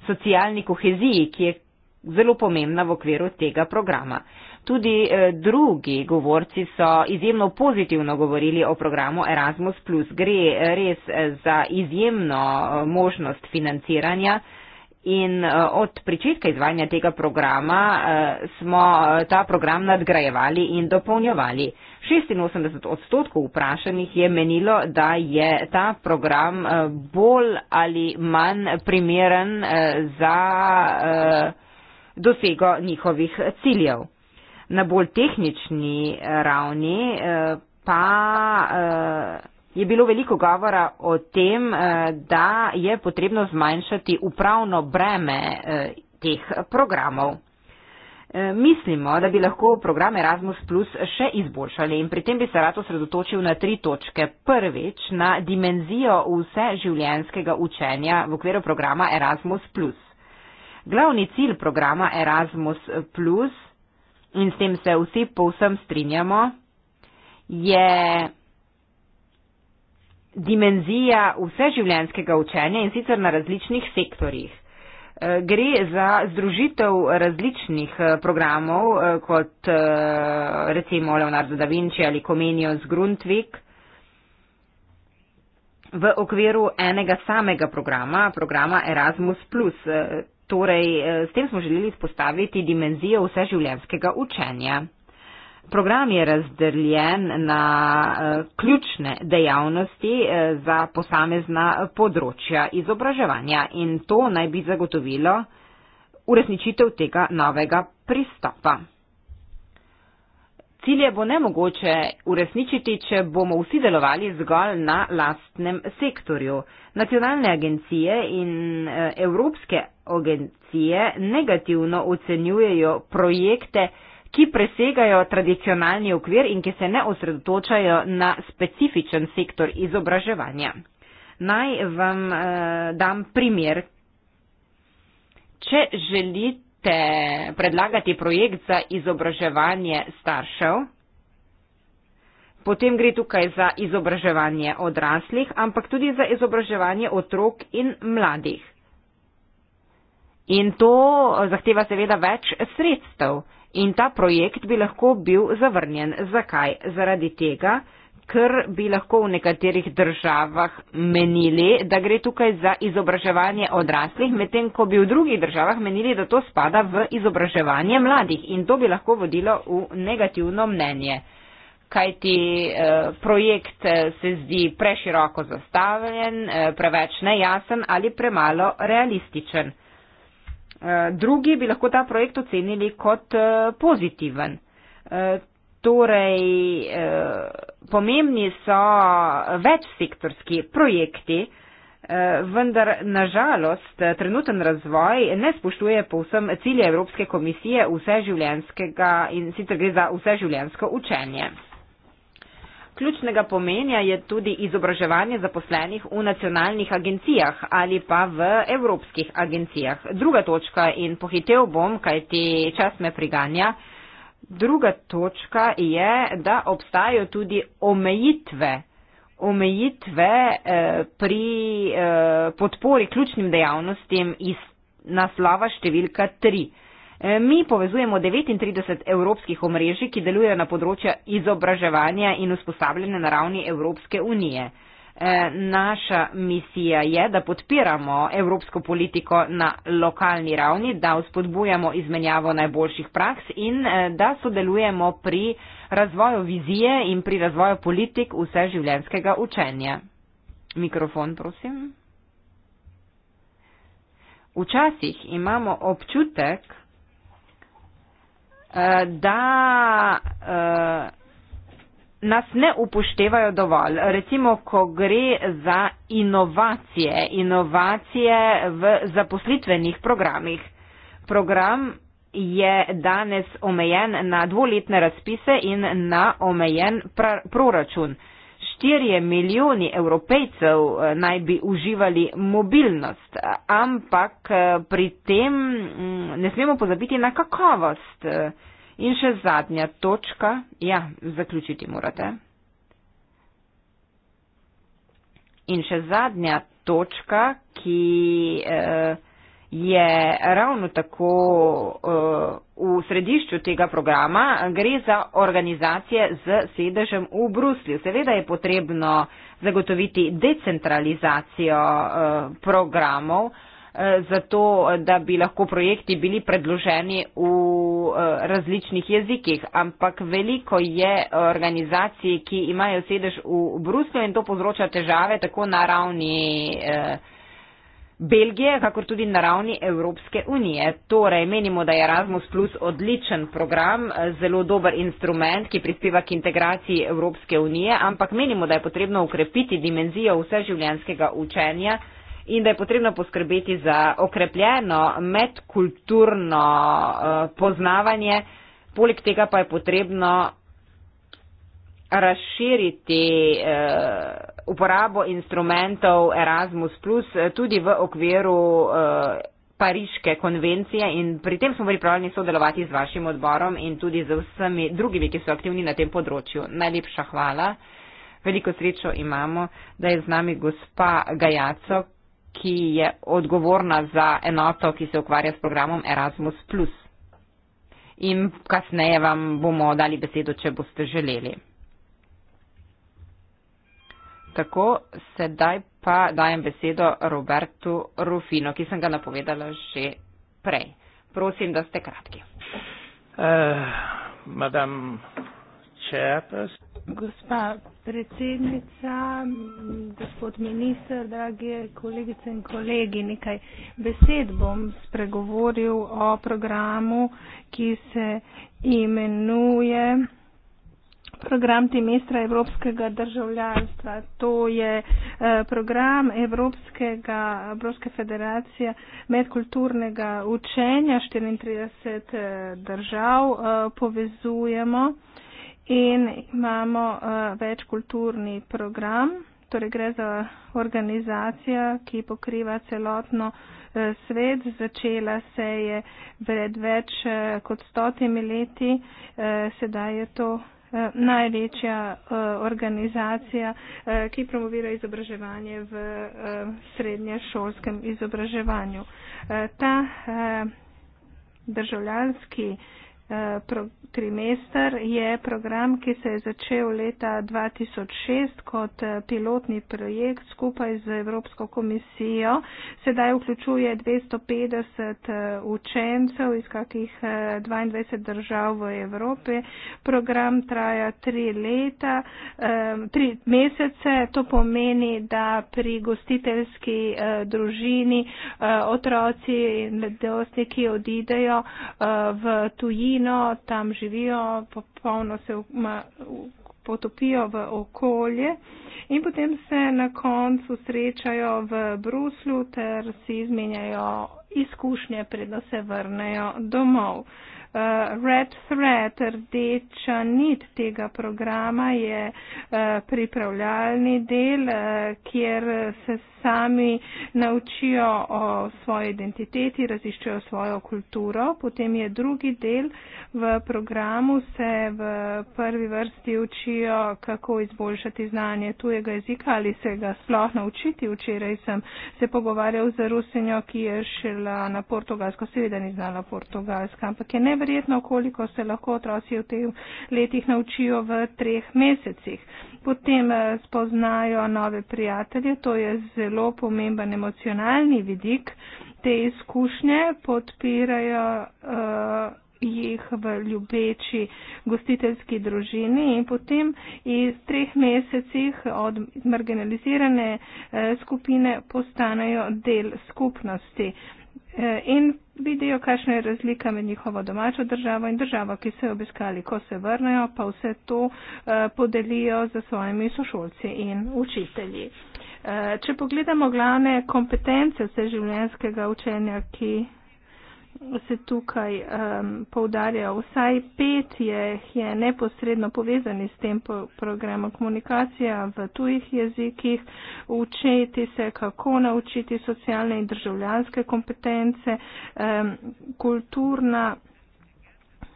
socialni koheziji, ki je zelo pomembna v okviru tega programa. Tudi eh, drugi govorci so izjemno pozitivno govorili o programu Erasmus. Gre eh, res eh, za izjemno eh, možnost financiranja. In od pričetka izvajanja tega programa smo ta program nadgrajevali in dopolnjevali. 86 odstotkov vprašanih je menilo, da je ta program bolj ali manj primeren za dosego njihovih ciljev na bolj tehnični eh, ravni eh, pa eh, je bilo veliko govora o tem, da je potrebno zmanjšati upravno breme teh programov. Mislimo, da bi lahko program Erasmus Plus še izboljšali in pri tem bi se rad osredotočil na tri točke. Prvič, na dimenzijo vse življenjskega učenja v okviru programa Erasmus Plus. Glavni cilj programa Erasmus Plus in s tem se vsi povsem strinjamo, je dimenzija vseživljenskega učenja in sicer na različnih sektorjih. E, gre za združitev različnih e, programov, e, kot recimo Leonardo da Vinci ali Comenius Grundtvig, v okviru enega samega programa, programa Erasmus. Torej, eh, s tem smo želeli spostaviti dimenzijo vseživljenskega učenja. Program je razdeljen na eh, ključne dejavnosti eh, za posamezna področja izobraževanja in to naj bi zagotovilo uresničitev tega novega pristopa. Cilje bo nemogoče uresničiti, če bomo vsi delovali zgolj na lastnem sektorju. Nacionalne agencije in evropske agencije negativno ocenjujejo projekte, ki presegajo tradicionalni okvir in ki se ne osredotočajo na specifičen sektor izobraževanja. Naj vam eh, dam primer. Če želite predlagati projekt za izobraževanje staršev, potem gre tukaj za izobraževanje odraslih, ampak tudi za izobraževanje otrok in mladih. In to eh, zahteva seveda več sredstev. In ta projekt bi lahko bil zavrnjen. Zakaj? Zaradi tega, ker bi lahko v nekaterih državah menili, da gre tukaj za izobraževanje odraslih, medtem ko bi v drugih državah menili, da to spada v izobraževanje mladih. In to bi lahko vodilo v negativno mnenje. Kaj ti eh, projekt eh, se zdi preširoko zastavljen, preveč nejasen ali premalo realističen. Eh, drugi bi lahko ta projekt ocenili kot eh, pozitiven. Eh, torej, pomembni so večsektorski projekti, vendar nažalost trenuten razvoj ne spoštuje povsem cilje Evropske komisije vseživljenskega in sicer gre za vseživljensko učenje ključnega pomenja je tudi izobraževanje zaposlenih v nacionalnih agencijah ali pa v evropskih agencijah. Druga točka in pohitev bom, kaj ti čas me priganja. Druga točka je, da obstajajo tudi omejitve, omejitve eh, pri eh, podpori ključnim dejavnostim iz naslova številka 3. Eh, mi povezujemo 39 evropskih omrežij, ki delujejo na področju izobraževanja in usposabljanja na ravni Evropske unije. Eh, naša misija je, da podpiramo evropsko politiko na lokalni ravni, da vzpodbujamo izmenjavo najboljših praks in eh, da sodelujemo pri razvoju vizije in pri razvoju politik vseživljenjskega učenja. Mikrofon, prosim. Včasih imamo občutek, Eh, da eh, nas ne upoštevajo dovolj. Recimo, ko gre za inovacije, inovacije v zaposlitvenih programih. Program je danes omejen na dvoletne razpise in na omejen pra, proračun. Uh, štirje milijoni evropejcev eh, naj bi uživali mobilnost, ampak eh, pri tem mm, ne smemo pozabiti na kakovost. Eh, in še zadnja točka, ja, zaključiti morate. In še zadnja točka, ki. Eh, je ravno tako eh, v središču tega programa. Gre za organizacije z sedežem v Bruslju. Seveda je potrebno zagotoviti decentralizacijo eh, programov, eh, zato da bi lahko projekti bili predloženi v različnih jezikih. Ampak veliko je organizacij, ki imajo sedež v Bruslju in to povzroča težave tako na ravni. Belgije, kakor tudi na ravni Evropske unije. Torej, menimo, da je Erasmus Plus odličen program, zelo dober instrument, ki prispeva k integraciji Evropske unije, ampak menimo, da je potrebno ukrepiti dimenzijo vseživljenjskega učenja in da je potrebno poskrbeti za okrepljeno medkulturno eh, poznavanje. Poleg tega pa je potrebno razširiti. Eh, uporabo instrumentov Erasmus, eh, tudi v okviru eh, Pariške konvencije in pri tem smo bili pravilni sodelovati z vašim odborom in tudi z vsemi drugimi, ki so aktivni na tem področju. Najlepša hvala. Veliko srečo imamo, da je z nami gospa Gajaco, ki je odgovorna za enoto, ki se ukvarja s programom Erasmus. In kasneje vam bomo dali besedo, če boste želeli. Tako, sedaj pa dajem besedo Robertu Rufino, ki sem ga napovedala že prej. Prosim, da ste kratki. Eh, madam Čepes. Gospa predsednica, gospod minister, dragi kolegice in kolegi, nekaj besed bom spregovoril o programu, ki se imenuje program trimestra evropskega državljanstva. To je eh, program Evropskega, Evropske federacije medkulturnega učenja, 34 eh, držav eh, povezujemo in imamo večkulturni program. Torej gre za organizacijo, ki pokriva celotno svet. Začela se je pred več kot stotimi leti, sedaj je to največja eh, organizacija, eh, ki promovira izobraževanje v eh, srednješolskem izobraževanju. Ta državljanski Eh, trimester je program, ki se je začel leta 2006 kot eh, pilotni projekt skupaj z Evropsko komisijo. Sedaj vključuje 250 eh, učencev iz kakih 22 držav v Evropi. Program traja tri leta, tri mesece. To pomeni, da pri gostiteljski družini otroci in mladostniki odidejo v tujino družino, tam živijo, popolno se potopijo v okolje in potem se na koncu srečajo v Bruslu ter si izmenjajo izkušnje, predno se vrnejo domov uh, red thread, rdeča nit tega programa je uh, pripravljalni del, uh, kjer se sami naučijo o svoji identiteti, raziščajo svojo kulturo. Potem je drugi del v programu, se v prvi vrsti učijo, kako izboljšati znanje tujega jezika ali se ga sploh naučiti. Včeraj sem se pogovarjal z Rusinjo, ki je šla na portugalsko, seveda ni znala portugalska, ampak je ne neverjetno, koliko se lahko otroci v teh letih naučijo v treh mesecih. Potem eh, spoznajo nove prijatelje, to je zelo pomemben emocionalni vidik. Te izkušnje podpirajo uh, jih v ljubeči gostiteljski družini in potem iz treh mesecih od marginalizirane uh, skupine postanejo del skupnosti. Uh, in vidijo, kakšna je razlika med njihovo domačo državo in državo, ki so jo obiskali, ko se vrnejo, pa vse to eh, podelijo za svojimi sošolci in učitelji. Eh, če pogledamo glavne kompetence vseživljenjskega učenja, ki se tukaj um, povdarja. Vsaj pet je, je neposredno povezani s tem programom komunikacija v tujih jezikih, učiti se, kako naučiti socialne in državljanske kompetence, um, kulturna e,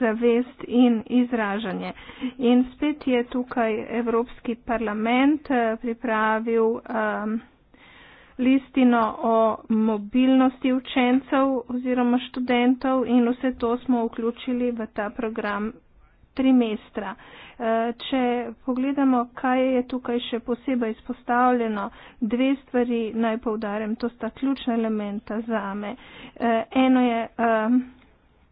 zavest in izražanje. In spet je tukaj Evropski parlament e, pripravil um, listino o mobilnosti učencev oziroma študentov in vse to smo vključili v ta program trimestra. E, če pogledamo, kaj je tukaj še posebej izpostavljeno, dve stvari naj povdarjam, to sta ključna elementa za me. E, eno je e,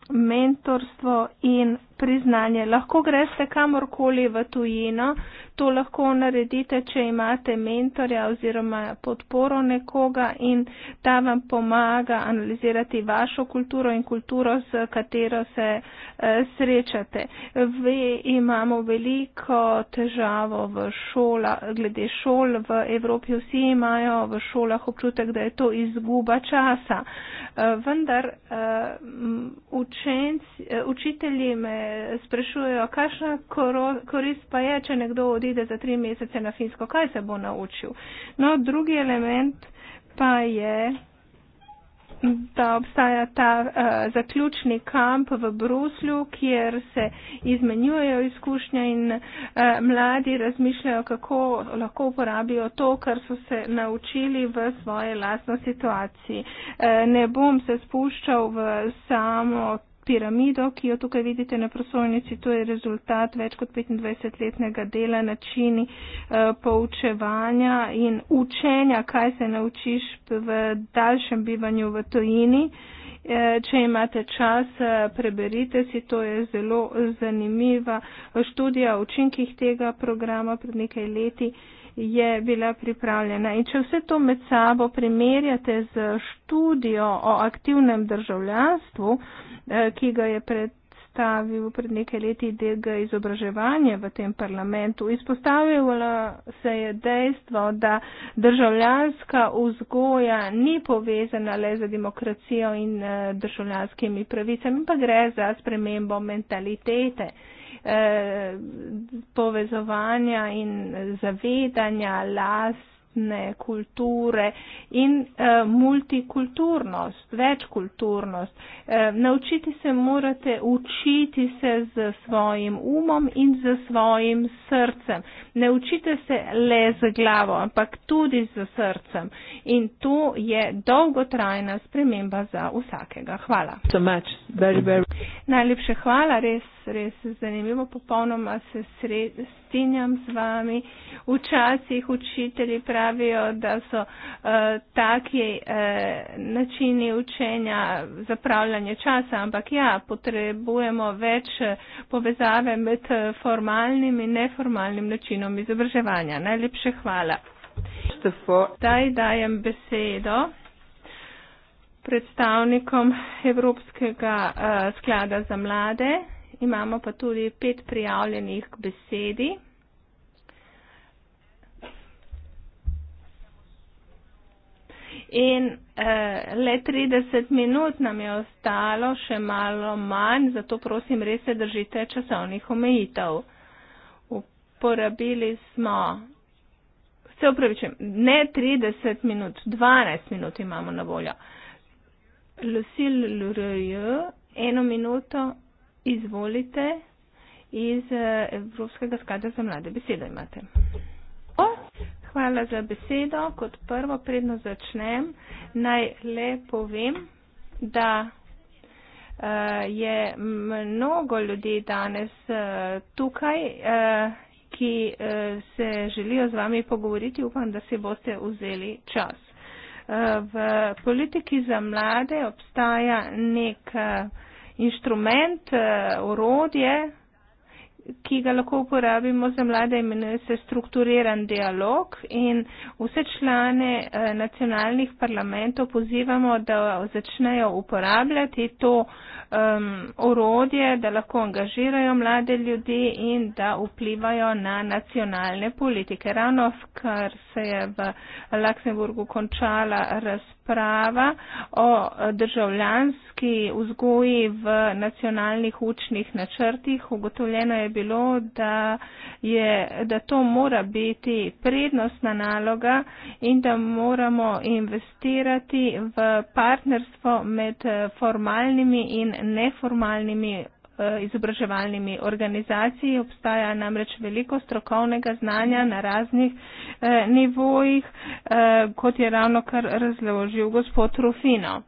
mentorstvo in priznanje. Lahko greste kamorkoli v tujino, to lahko naredite, če imate mentorja oziroma podporo nekoga in ta vam pomaga analizirati vašo kulturo in kulturo, s katero se eh, srečate. Vi imamo veliko težavo v šola, glede šol v Evropi. Vsi imajo v šolah občutek, da je to izguba časa. Eh, Eh, vendar eh, učenci, eh, učitelji me sprašujejo, kakšna korist pa je, če nekdo odide za tri mesece na finsko, kaj se bo naučil. No, drugi element pa je, da obstaja ta uh, zaključni kamp v Bruslju, kjer se izmenjujejo izkušnje in uh, mladi razmišljajo, kako lahko uporabijo to, kar so se naučili v svoje lastno situaciji. Uh, ne bom se spuščal v samo piramido, ki jo tukaj vidite na prosojnici, to je rezultat več kot 25-letnega dela, načini eh, poučevanja in učenja, kaj se naučiš v daljšem bivanju v tojini. Eh, če imate čas, eh, preberite si, to je zelo zanimiva študija o učinkih tega programa pred nekaj leti je bila pripravljena. In če vse to med sabo primerjate z študijo o aktivnem državljanstvu, Eh, ki ga je predstavil pred nekaj leti del ga izobraževanje v tem parlamentu. Izpostavilo se je dejstvo, da državljanska vzgoja ni povezana le za demokracijo in eh, državljanskimi pravicami, pa gre za spremembo mentalitete eh, povezovanja in zavedanja las etne kulture in uh, multikulturnost, večkulturnost. Uh, naučiti se morate učiti se z svojim umom in z svojim srcem. Uh, ne učite se le z glavo, ampak tudi z srcem. In to je dolgotrajna sprememba za vsakega. Hvala. So much. Very, very. Najlepše hvala, res, res zanimivo, popolnoma se strinjam z vami. Včasih učitelji pravijo, da so uh, taki uh, načini učenja zapravljanje časa, ampak ja, potrebujemo več eh, povezave med formalnim in neformalnim načinom namenom izobraževanja. Najlepše hvala. Zdaj dajem besedo predstavnikom Evropskega uh, sklada za mlade. Imamo pa tudi pet prijavljenih k besedi. In eh, le 30 minut nam je ostalo, še malo manj, zato prosim, res se držite časovnih omejitev porabili smo, se upravičujem, ne 30 minut, 12 minut imamo na voljo. Lucil L.R.J., eno minuto, izvolite, iz eh, Evropskega sklada za mlade besede imate. Hvala za besedo. Kot prvo, predno začnem, naj le povem, da uh, je mnogo ljudi danes uh, tukaj. Uh, ki eh, se želijo z vami pogovoriti, upam, da si boste vzeli čas. Eh, v politiki za mlade obstaja nek eh, inštrument, orodje, ki ga lahko uporabimo za mlade, imenuje se strukturiran dialog in vse člane eh, nacionalnih parlamentov pozivamo, da začnejo uporabljati to um, orodje, da lahko angažirajo mlade ljudi in da vplivajo na nacionalne politike. Ravno kar se je v Luksemburgu končala razprava, prava o državljanski vzgoji v nacionalnih učnih načrtih. Ugotovljeno je bilo, da, je, da to mora biti prednostna naloga in da moramo investirati v partnerstvo med formalnimi in neformalnimi Eh, izobraževalnimi organizacijami. Obstaja namreč veliko strokovnega znanja na raznih eh, nivojih, eh, kot je ravno kar razložil gospod Rufino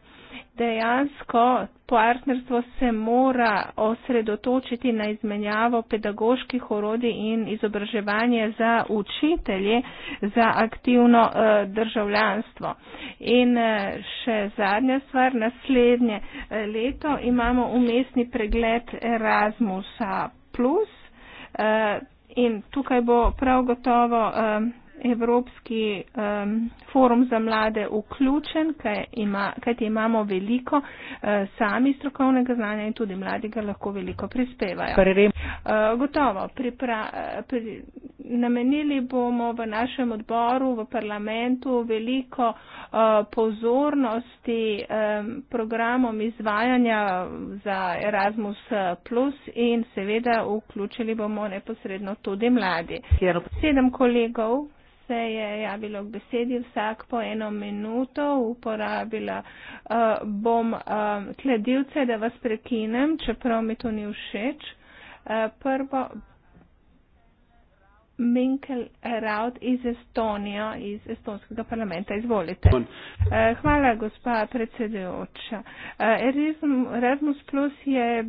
dejansko partnerstvo se mora osredotočiti na izmenjavo pedagoških orodij in izobraževanje za učitelje za aktivno uh, državljanstvo. In uh, še zadnja stvar, naslednje uh, leto imamo umestni pregled Erasmusa. Plus, uh, in tukaj bo prav gotovo. Uh, Evropski um, forum za mlade vključen, kajti ima, kaj imamo veliko uh, sami strokovnega znanja in tudi mladi ga lahko veliko prispevajo. Uh, gotovo, pripravljamo. Pri, namenili bomo v našem odboru, v parlamentu veliko uh, pozornosti um, programom izvajanja za Erasmus Plus in seveda vključili bomo neposredno tudi mladi. Sedem kolegov se je javilo k besedi, vsak po eno minuto uporabila uh, bom uh, kladivce, da vas prekinem, čeprav mi to ni všeč. Prvo Minkel Raud iz Estonijo, iz Estonskega parlamenta. Izvolite. Hvala, eh, gospa predsedujoča. Eh, Erasmus Plus je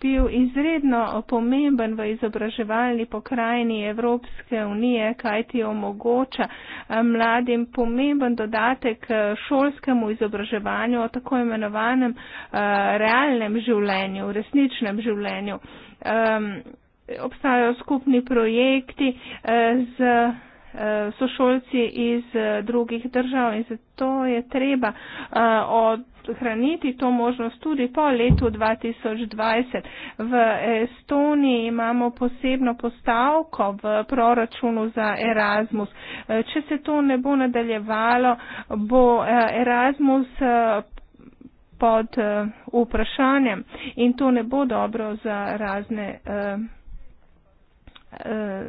bil izredno pomemben v izobraževalni pokrajini Evropske unije, kaj ti omogoča eh, mladim pomemben dodatek šolskemu izobraževanju o tako imenovanem realnem življenju, resničnem življenju obstajajo skupni projekti eh, z eh, sošolci iz eh, drugih držav in zato je treba ohraniti to možnost tudi po letu 2020. V Estoniji imamo posebno postavko v proračunu za Erasmus. Če se to ne bo nadaljevalo, bo Erasmus pod vprašanjem in to ne bo dobro za razne eh,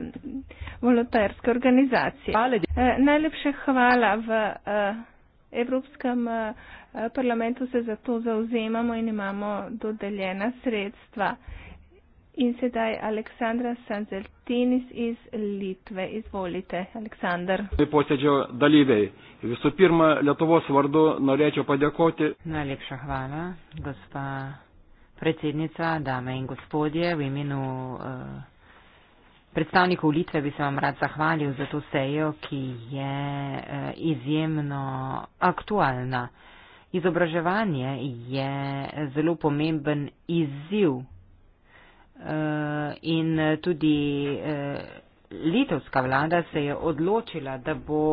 volonterske organizacije. Hvala, eh, najlepše hvala v eh, Evropskem eh, parlamentu se za to zauzemamo in imamo dodeljena sredstva. In sedaj Aleksandra Sanzeltinis iz Litve. Izvolite, Aleksandar. Najlepša hvala, gospa predsednica, dame in gospodje, v imenu. Eh, Predstavnikov Litve bi se vam rad zahvalil za to sejo, ki je eh, izjemno aktualna. Izobraževanje je zelo pomemben izziv eh, in tudi eh, litovska vlada se je odločila, da bo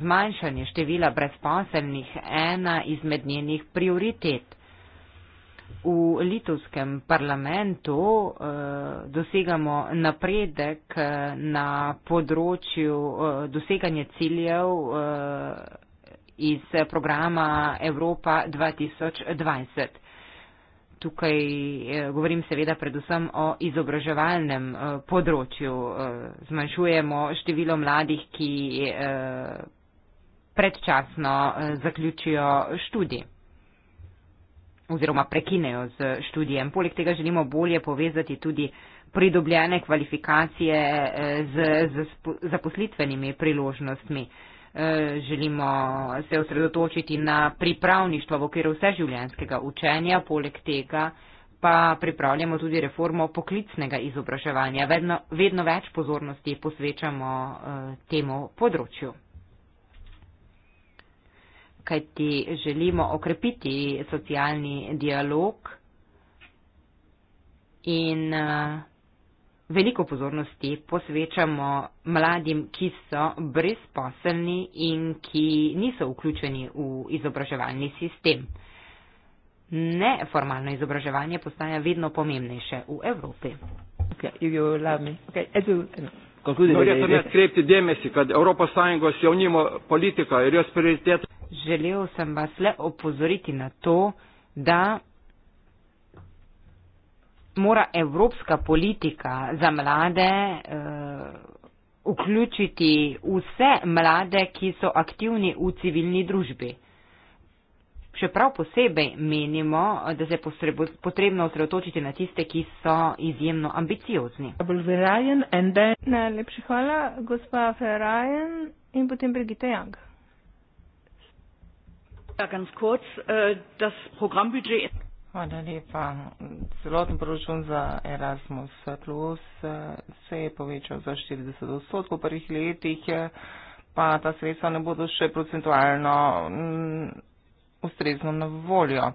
zmanjšanje števila brezposelnih ena izmed njenih prioritet. V litovskem parlamentu eh, dosegamo napredek eh, na področju eh, doseganja ciljev eh, iz programa Evropa 2020. Tukaj eh, govorim seveda predvsem o izobraževalnem eh, področju. Eh, zmanjšujemo število mladih, ki eh, predčasno eh, zaključijo študij oziroma prekinejo z študijem. Poleg tega želimo bolje povezati tudi pridobljene kvalifikacije eh, z, z zaposlitvenimi priložnostmi. Eh, želimo se osredotočiti na pripravništvo v okviru vseživljenskega učenja, poleg tega pa pripravljamo tudi reformo poklicnega izobraževanja. Vedno, vedno več pozornosti posvečamo eh, temu področju kajti želimo okrepiti socialni dialog in eh, veliko pozornosti posvečamo mladim, ki so brezposelni in ki niso vključeni v izobraževalni sistem. Neformalno izobraževanje postaja vedno pomembnejše v Evropi. Okay, Norėtumėt kreipti dėmesį, kad ES jaunimo politika ir jos prioritetai želel sem vas le opozoriti na to, da mora evropska politika za mlade uh, vključiti vse mlade, ki so aktivni v civilni družbi. Še prav posebej menimo, da se je potrebno osredotočiti na tiste, ki so izjemno ambiciozni. Najlepša hvala, gospa Ferajen in potem Brigitte Young. Ja, ganz kurz. Äh, das Programmbudget. Hvala lepa. Celoten proračun za Erasmus Plus äh, se je povečal za 40 odstotkov v prvih letih, äh, pa ta sredstva ne bodo še procentualno mm, ustrezno na voljo.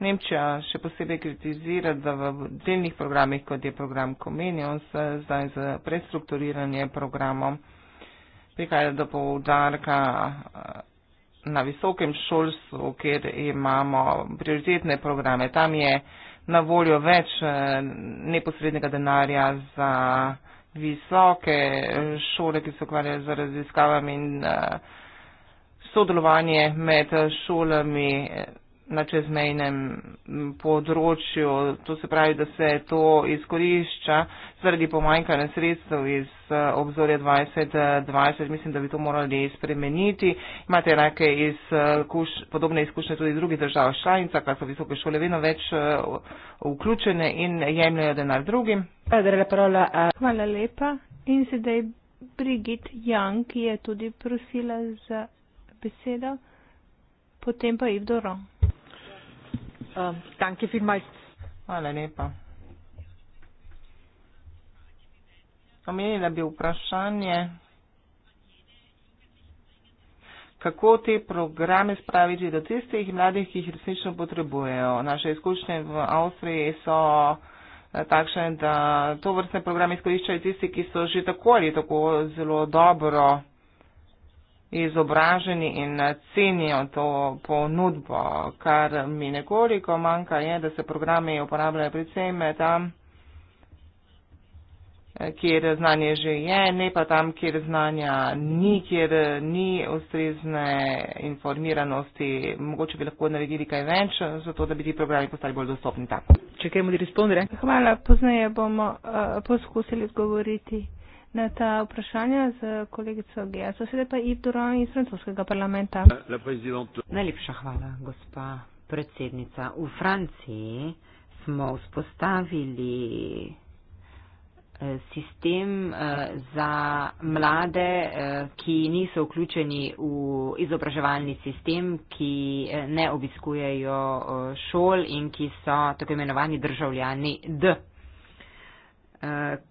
Nemčija še posebej kritizira, da v delnih programih, kot je program Comenius, zdaj za prestrukturiranje programov prihaja do poudarka na visokem šolstvu, kjer imamo prioritetne programe. Tam je na voljo več eh, neposrednega denarja za visoke eh, šole, ki se ukvarjajo z raziskavami in eh, sodelovanje med šolami na čezmejnem področju, to se pravi, da se to izkorišča zaradi pomanjkanja sredstev iz eh, obzorja 2020. Mislim, da bi to morali spremeniti. Imate enake izkuš eh, podobne izkušnje tudi drugih držav članica, kar so visoke šole vedno več eh, vključene in jemljajo denar drugim. Hvala lepa. In sedaj Brigit Jan, ki je tudi prosila za besedo, potem pa Ivdo Ron. Um, danke vielmals. Hvala lepa. Omenila bi vprašanje, kako te programe spraviti do tistih mladih, ki jih resnično potrebujejo. Naše izkušnje v Avstriji so eh, takšne, da to vrstne programe izkoriščajo tisti, ki so že tako ali tako zelo dobro izobraženi in cenijo to ponudbo. Kar mi nekoliko manjka je, da se programe uporabljajo predvsem tam, kjer znanje že je, ne pa tam, kjer znanja ni, kjer ni ustrezne informiranosti. Mogoče bi lahko naredili kaj več, zato da bi ti programi postali bolj dostopni tako. Čekaj, modi respondere. Hvala, poznaje bomo uh, poskusili odgovoriti na ta vprašanja z kolegico Gea. Sosede pa Yves Durand iz francoskega parlamenta. Najlepša hvala, gospa predsednica. V Franciji smo vzpostavili eh, sistem eh, za mlade, eh, ki niso vključeni v izobraževalni sistem, ki ne obiskujejo šol in ki so tako imenovani državljani D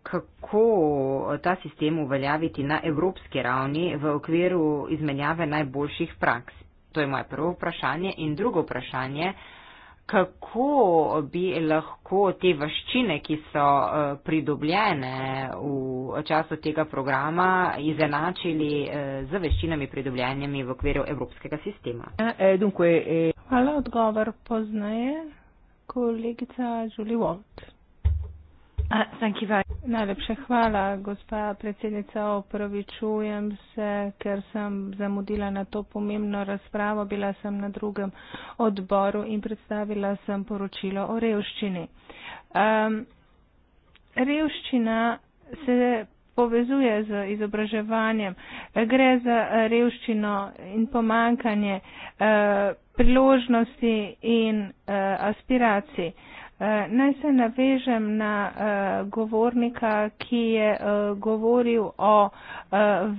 kako ta sistem uveljaviti na evropski ravni v okviru izmenjave najboljših praks? To je moje prvo vprašanje. In drugo vprašanje, kako bi lahko te vaščine, ki so eh, pridobljene v času tega programa, izenačili eh, z veščinami pridobljenimi v okviru evropskega sistema? Eh, Hvala, odgovor poznaje kolegica Julie Walt. Uh, Najlepša hvala, gospa predsednica. Opravičujem se, ker sem zamudila na to pomembno razpravo. Bila sem na drugem odboru in predstavila sem poročilo o revščini. Um, revščina se povezuje z izobraževanjem. Gre za revščino in pomankanje uh, priložnosti in uh, aspiracij. Uh, Eh, naj se navežem na eh, govornika, ki je eh, govoril o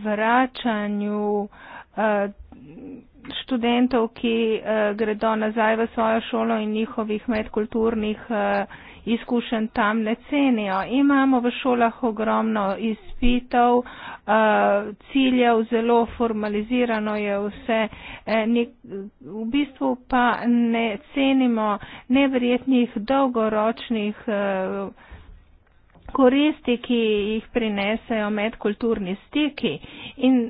vračanju študentov, ki gredo nazaj v svojo šolo in njihovih medkulturnih izkušenj tam ne cenijo. Imamo v šolah ogromno izpitev, eh, ciljev, zelo formalizirano je vse. Eh, v bistvu pa ne cenimo neverjetnih dolgoročnih eh, koristi, ki jih prinesejo medkulturni stiki. In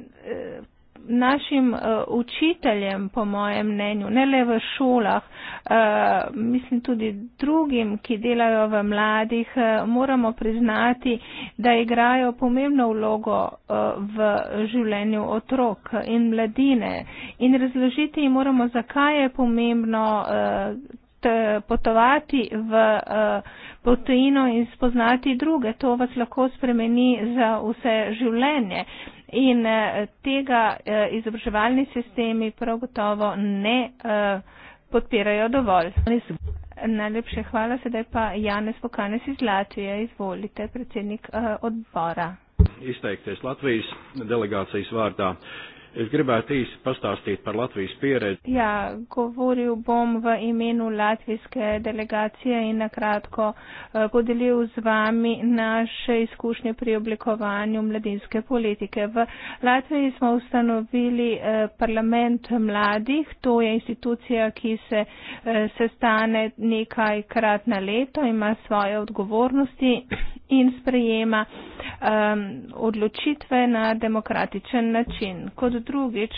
našim uh, učiteljem, po mojem mnenju, ne le v šolah, uh, mislim tudi drugim, ki delajo v mladih, uh, moramo priznati, da igrajo pomembno vlogo uh, v življenju otrok in mladine in razložiti jim moramo, zakaj je pomembno. Uh, potovati v potojino in spoznati druge. To vas lahko spremeni za vse življenje. In eh, tega eh, izobraževalni sistemi prav gotovo ne eh, podpirajo dovolj. Najlepše hvala, sedaj pa Janez Pokanes iz Latvije, izvolite, predsednik odbora. Izteikties Latvijas delegācijas vārdā. Uh, Es gribētu īsi pastāstīt par Latvijas pieredzi. Jā, govoriu bom v imenu Latvijske delegācija in nakratko eh, podeliu z vami naše izkušnje pri oblikovanju mladinske politike. V Latviji smo ustanovili eh, parlament mladih, to je institucija, ki se eh, sestane nekajkrat na leto, ima svoje odgovornosti in sprejema um, odločitve na demokratičen način. Kot drugič,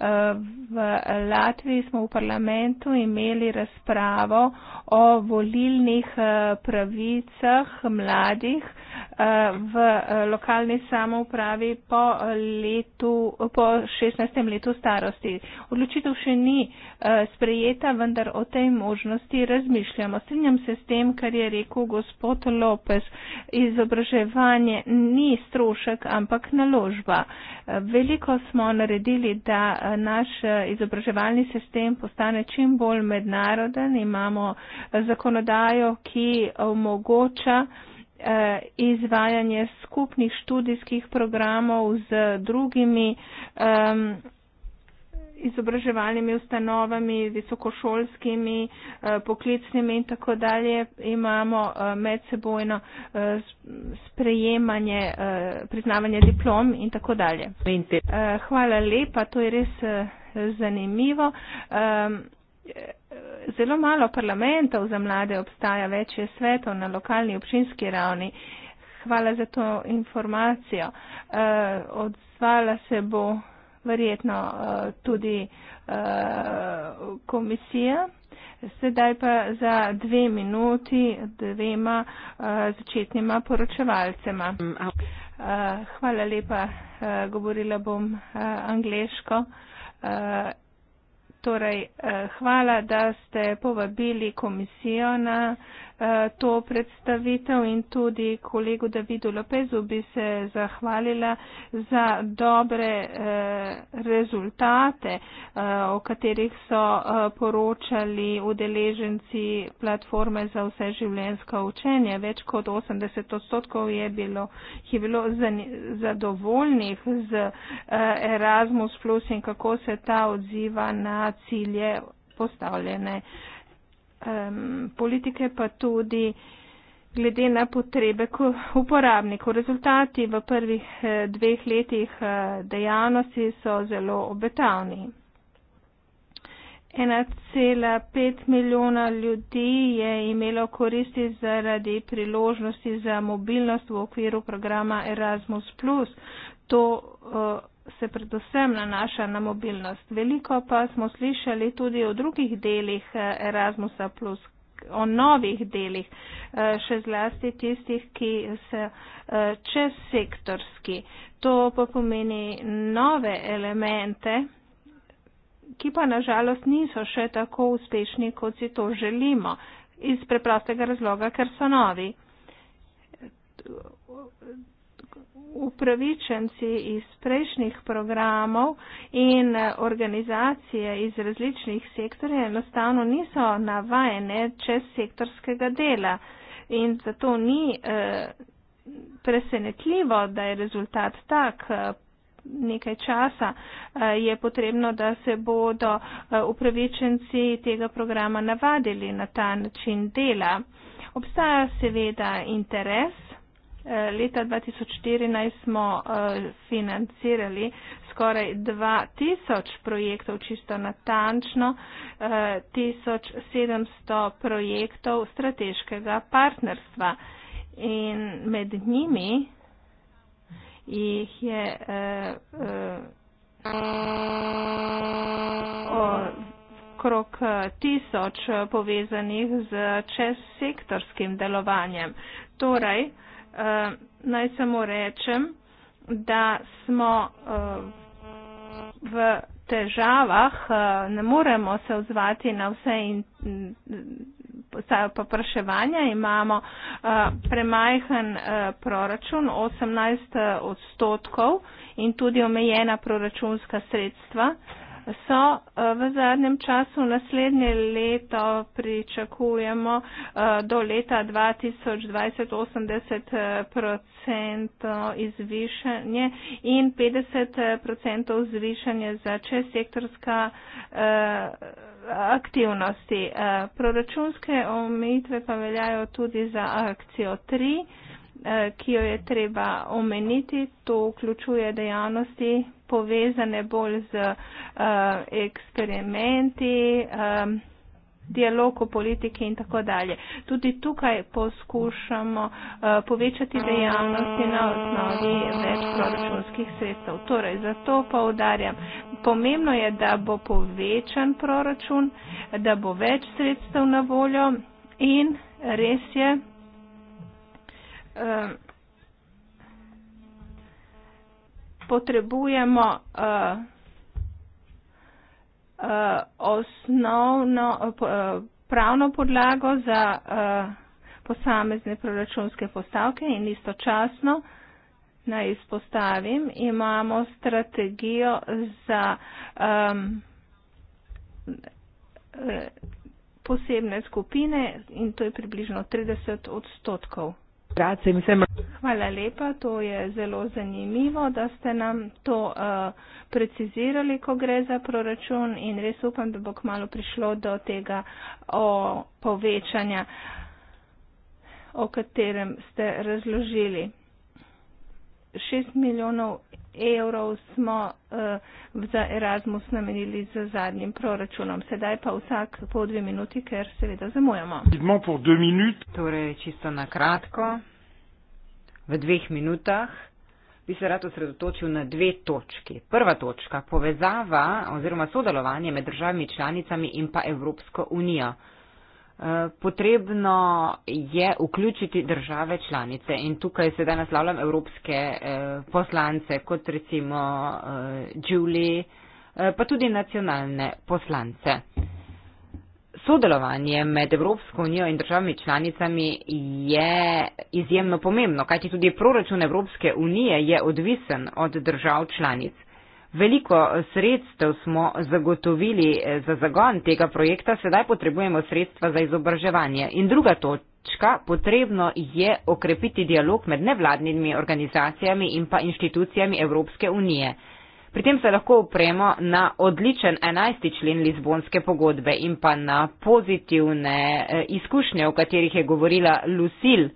uh, V Latviji smo v parlamentu imeli razpravo o volilnih uh, pravicah mladih, Eh, v eh, lokalni samoupravi po, letu, po 16. letu starosti. Odločitev še ni eh, sprejeta, vendar o tej možnosti razmišljamo. Strinjam se s tem, kar je rekel gospod Lopez. Izobraževanje ni strošek, ampak naložba. Veliko smo naredili, da naš izobraževalni sistem postane čim bolj mednaroden. Imamo zakonodajo, ki omogoča, Eh, izvajanje skupnih študijskih programov z drugimi um, izobraževalnimi ustanovami, visokošolskimi, eh, poklicnimi in tako dalje. Imamo eh, medsebojno sprejemanje, priznavanje diplom in tako dalje. Hvala lepa, to je res zanimivo zelo malo parlamentov za mlade obstaja, več je svetov na lokalni občinski ravni. Hvala za to informacijo. Uh, odzvala se bo verjetno uh, tudi uh, komisija. Sedaj pa za dve minuti dvema uh, začetnima poročevalcema. Uh, hvala lepa, uh, govorila bom uh, angliško. Uh, Torej, eh, hvala, da ste povabili komisijo na Eh, to predstavitev in tudi kolegu Davidu Lopezu bi se zahvalila za dobre eh, rezultate, eh, o katerih so poročali udeleženci platforme za vse življenjsko učenje. Več kot 80 odstotkov je bilo, je bilo zadovoljnih z Erasmus Plus in kako se ta odziva na cilje postavljene politike, pa tudi glede na potrebe uporabnikov. Rezultati v prvih eh, dveh letih eh, dejavnosti so zelo obetavni. 1,5 milijona ljudi je imelo koristi zaradi priložnosti za mobilnost v okviru programa Erasmus. To uh, se predvsem nanaša na mobilnost. Veliko pa smo slišali tudi o drugih delih eh, Erasmusa, o novih delih, eh, še zlasti tistih, ki se eh, čez sektorski. To pa pomeni nove elemente, ki pa nažalost niso še tako uspešni, kot si to želimo, iz preprostega razloga, ker so novi upravičenci iz prejšnjih programov in organizacije iz različnih sektorjev enostavno niso navajene čez sektorskega dela. In zato ni eh, presenetljivo, da je rezultat tak. Eh, nekaj časa eh, je potrebno, da se bodo upravičenci tega programa navadili na ta način dela. Obstaja seveda interes Eh, leta 2014 smo eh, financirali skoraj 2000 projektov, čisto natančno 1700 eh, projektov strateškega partnerstva. In med njimi jih je okrog tisoč povezanih z čezsektorskim delovanjem. Torej, Eh, naj samo rečem, da smo eh, v težavah, eh, ne moremo se odzvati na vse in mm, popraševanja, imamo premajhen proračun 18 odstotkov in tudi omejena proračunska sredstva so eh, v zadnjem času naslednje leto pričakujemo eh, do leta 2020 80% eh, izvišanje in 50% zvišanje za česektorska aktivnosti. Proračunske omejitve pa veljajo tudi za akcijo 3 ki jo je treba omeniti, to vključuje dejavnosti povezane bolj z uh, eksperimenti, um, dialog o politiki in tako dalje. Tudi tukaj poskušamo uh, povečati dejavnosti na osnovi več proračunskih sredstev. Torej, zato pa udarjam. Pomembno je, da bo povečan proračun, da bo več sredstev na voljo in res je. Uh, potrebujemo uh, uh, osnovno uh, pravno podlago za uh, posamezne proračunske postavke in istočasno, naj izpostavim, imamo strategijo za um, posebne skupine in to je približno 30 odstotkov. Grace, mislim. Hvala lepa, to je zelo zanimivo, da ste nam to uh, precizirali, ko gre za proračun in res upam, da bo kmalo prišlo do tega o, povečanja, o katerem ste razložili. 6 milijonov evrov smo uh, za Erasmus namenili z zadnjim proračunom. Sedaj pa vsak po dve minuti, ker seveda zamujamo. Torej, čisto na kratko, v dveh minutah bi se rad osredotočil na dve točki. Prva točka, povezava oziroma sodelovanje med državami članicami in pa Evropsko unijo. Eh, potrebno je vključiti države članice in tukaj sedaj naslavljam evropske eh, poslance, kot recimo eh, Julie, pa tudi nacionalne poslance. Sodelovanje med Evropsko unijo in državami članicami je izjemno pomembno, kajti tudi proračun Evropske unije je odvisen od držav članic. Veliko sredstev smo zagotovili eh, za zagon tega projekta, sedaj potrebujemo sredstva za izobraževanje. In druga točka, potrebno je okrepiti dialog med nevladnimi organizacijami in pa inštitucijami Evropske unije. Pri tem se lahko upremo na odličen 11. člen Lizbonske pogodbe in pa na pozitivne eh, izkušnje, o katerih je govorila Lucille.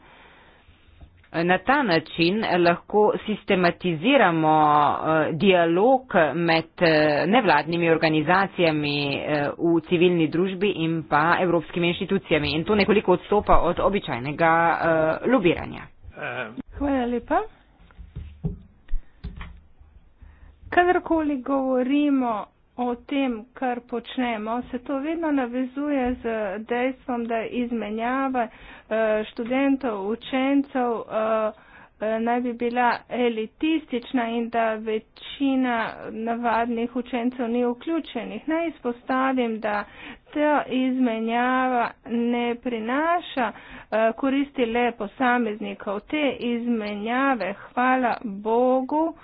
Na ta način lahko sistematiziramo eh, dialog med eh, nevladnimi organizacijami eh, v civilni družbi in pa evropskimi inštitucijami in to nekoliko odstopa od običajnega lobiranja. Hvala lepa. Kadarkoli govorimo o tem, kar počnemo, se to vedno navezuje z dejstvom, da izmenjava eh, študentov, učencev eh, eh, naj bi bila elitistična in da večina navadnih učencev ni vključenih. Naj izpostavim, da ta izmenjava ne prinaša koristi le posameznikov. Te izmenjave, hvala Bogu,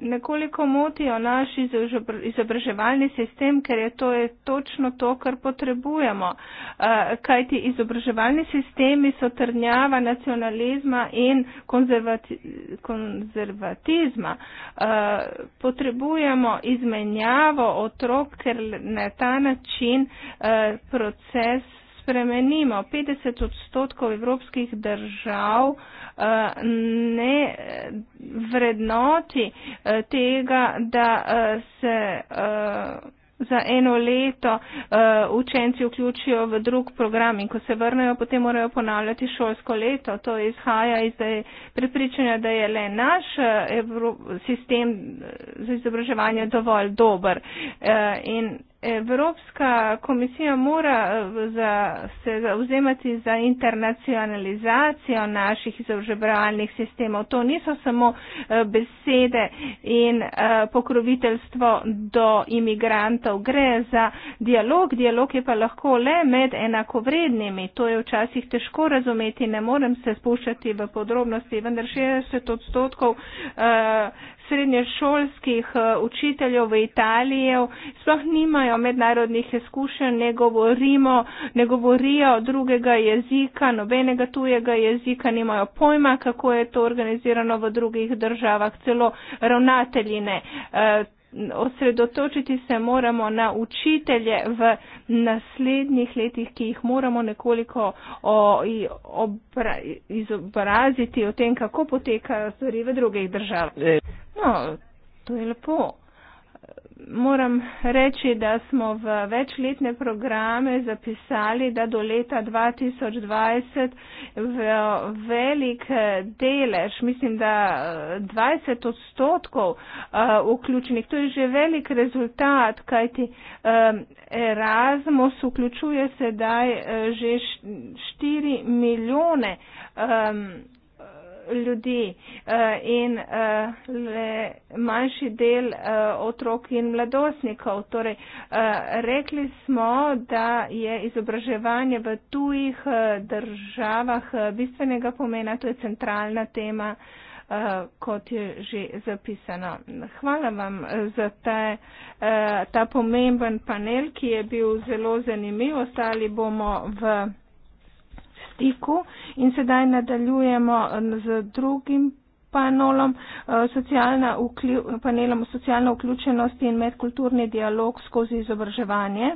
nekoliko motijo naš izobraževalni sistem, ker je to je točno to, kar potrebujemo. Eh, Kaj ti izobraževalni sistemi so trdnjava nacionalizma in konzervati, konzervatizma. Eh, potrebujemo izmenjavo otrok, ker na ta način eh, proces spremenimo. 50 odstotkov evropskih držav eh, ne eh, vrednoti eh, tega, da se za eno leto učenci vključijo v drug program in ko se vrnejo, potem morajo ponavljati šolsko leto. To izhaja iz prepričanja, da je le naš sistem za izobraževanje dovolj dober. In Evropska komisija mora eh, za, se zauzemati za internacionalizacijo naših izobraževalnih sistemov. To niso samo eh, besede in eh, pokroviteljstvo do imigrantov. Gre za dialog. Dialog je pa lahko le med enakovrednimi. To je včasih težko razumeti. Ne morem se spuščati v podrobnosti, vendar 60 odstotkov srednješolskih eh, učiteljev v Italiji sploh nimajo mednarodnih izkušenj, ne, govorimo, ne govorijo drugega jezika, nobenega tujega jezika, nimajo pojma, kako je to organizirano v drugih državah, celo ravnateljine. E, eh, osredotočiti se moramo na učitelje v naslednjih letih, ki jih moramo nekoliko izobraziti o tem, kako potekajo stvari v drugih državah. E. No, to je lepo moram reči, da smo v večletne programe zapisali, da do leta 2020 v velik eh, delež, mislim, da 20 eh, odstotkov eh, vključenih, to je že velik rezultat, kajti Erasmus vključuje sedaj že 4 milijone ljudi eh, in eh, le manjši del eh, otrok in mladostnikov. Torej, rekli smo, da je izobraževanje v tujih državah bistvenega pomena, to je centralna tema, kot je že zapisano. Hvala vam za ta, ta pomemben panel, ki je bil zelo zanimiv. Ostali bomo v stiku in sedaj nadaljujemo z drugim panelom, eh, panelom socialna vključenost in medkulturni dialog skozi izobraževanje.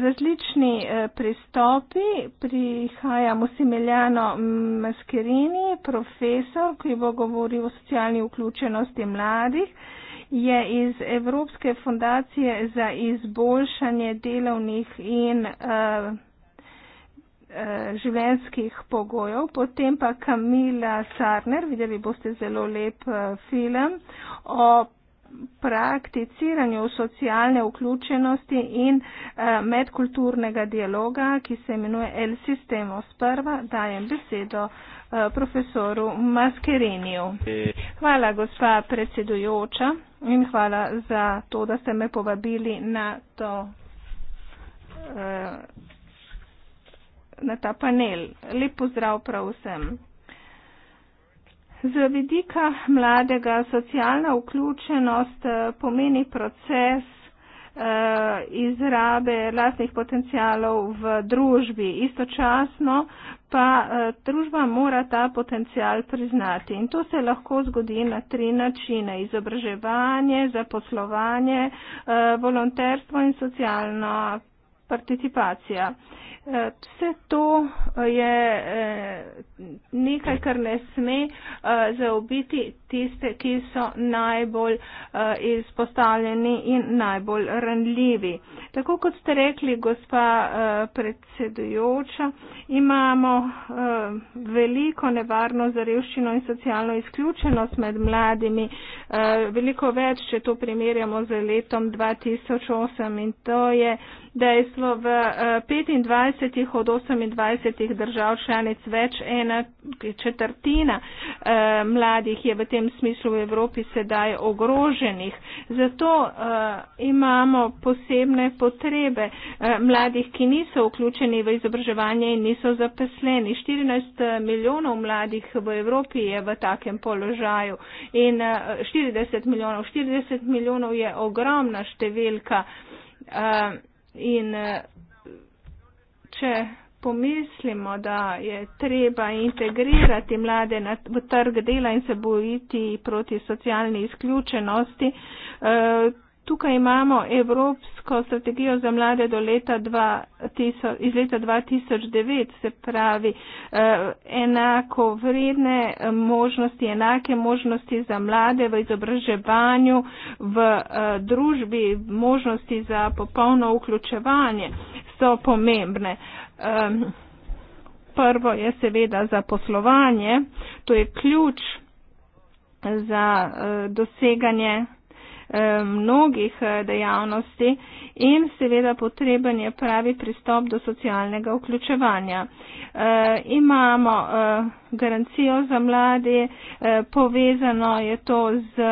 Različni eh, pristopi, prihajamo s Emiljano Maskerini, profesor, ki bo govoril o socialni vključenosti mladih, je iz Evropske fondacije za izboljšanje delovnih in uh, Eh, življenjskih pogojev. Potem pa Kamila Sarner, videli boste zelo lep eh, film o prakticiranju socialne vključenosti in eh, medkulturnega dialoga, ki se imenuje El Sistemo. Sprva dajem besedo profesoru Maskeriniju. Hvala, gospa predsedujoča, in hvala za to, da ste me povabili na to na ta panel. Lep pozdrav prav vsem. Z vidika mladega socialna vključenost eh, pomeni proces eh, izrabe lastnih potencialov v družbi. Istočasno pa eh, družba mora ta potencial priznati. In to se lahko zgodi na tri načine. Izobraževanje, zaposlovanje, volonterstvo in socialna participacija. Vse to eh, je eh, nekaj, kar ne sme eh, zaobiti tiste, ki so najbolj izpostavljeni in najbolj ranljivi. Tako kot ste rekli, gospa predsedujoča, imamo veliko nevarnost za revščino in socialno izključenost med mladimi, veliko več, če to primerjamo z letom 2008 in to je dejstvo v 25. 20 od 28 držav članic več ena četrtina e, mladih je v tem smislu v Evropi sedaj ogroženih. Zato e, imamo posebne potrebe e, mladih, ki niso vključeni v izobraževanje in niso zapesleni. 14 milijonov mladih v Evropi je v takem položaju in e, 40 milijonov. 40 milijonov je ogromna številka. E, in, e, če pomislimo, da je treba integrirati mlade na, v trg dela in se bojiti proti socialni izključenosti, eh, tukaj imamo Evropsko strategijo za mlade do leta 2000, iz leta 2009, se pravi eh, enako vredne eh, možnosti, enake možnosti za mlade v izobraževanju, v družbi, možnosti za popolno vključevanje so pomembne. Um, prvo je seveda zaposlovanje, to je ključ za uh, doseganje e, mnogih e, dejavnosti in seveda potreben je pravi pristop do socialnega vključevanja. E, imamo e, garancijo za mladi, e, povezano je to z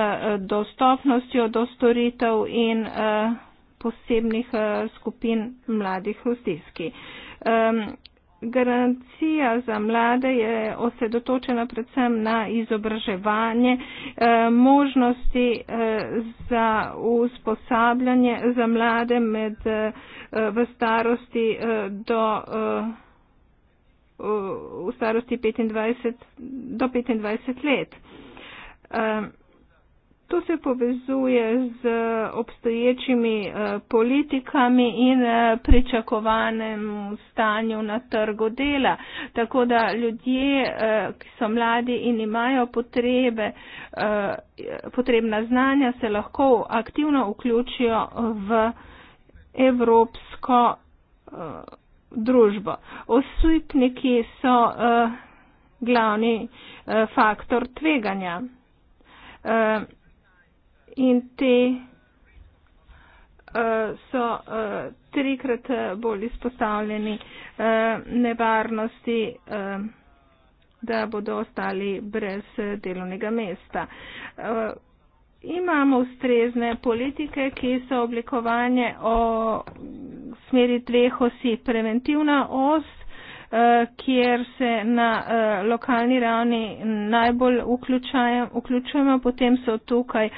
dostopnostjo do storitev in e, posebnih eh, skupin mladih v stiski. Garancija za mlade je osredotočena predvsem na izobraževanje, eh, možnosti eh, za usposabljanje za mlade med, v starosti do v starosti 25, do 25 let. To se povezuje z obstoječimi eh, politikami in eh, pričakovanem stanju na trgu dela. Tako da ljudje, eh, ki so mladi in imajo potrebe, potrebna znanja, se lahko aktivno vključijo v evropsko družbo. Osupniki so glavni faktor tveganja in te eh, so eh, trikrat eh, bolj izpostavljeni nevarnosti, da bodo ostali brez delovnega mesta. Imamo ustrezne politike, ki so oblikovanje o smeri dveh osi. Preventivna os Eh, kjer se na eh, lokalni ravni najbolj vključujemo. Potem so tukaj eh,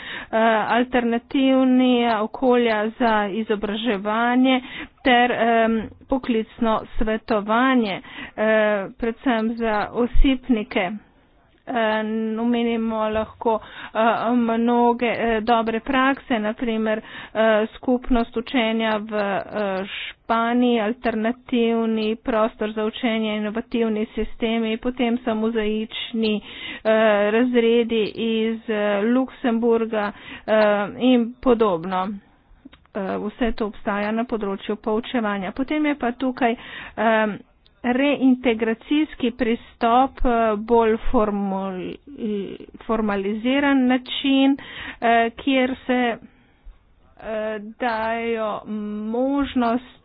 alternativni okolja za izobraževanje ter um, poklicno svetovanje, uh, predvsem za osipnike. Eh, omenimo lahko eh, mnoge eh, dobre prakse, naprimer skupnost učenja v Španiji, alternativni prostor za učenje, inovativni sistemi, potem samozaični razredi iz Luksemburga in podobno. Vse to obstaja na področju poučevanja. Potem je pa tukaj reintegracijski pristop, eh, bolj formul, formaliziran način, eh, kjer se eh, dajo možnost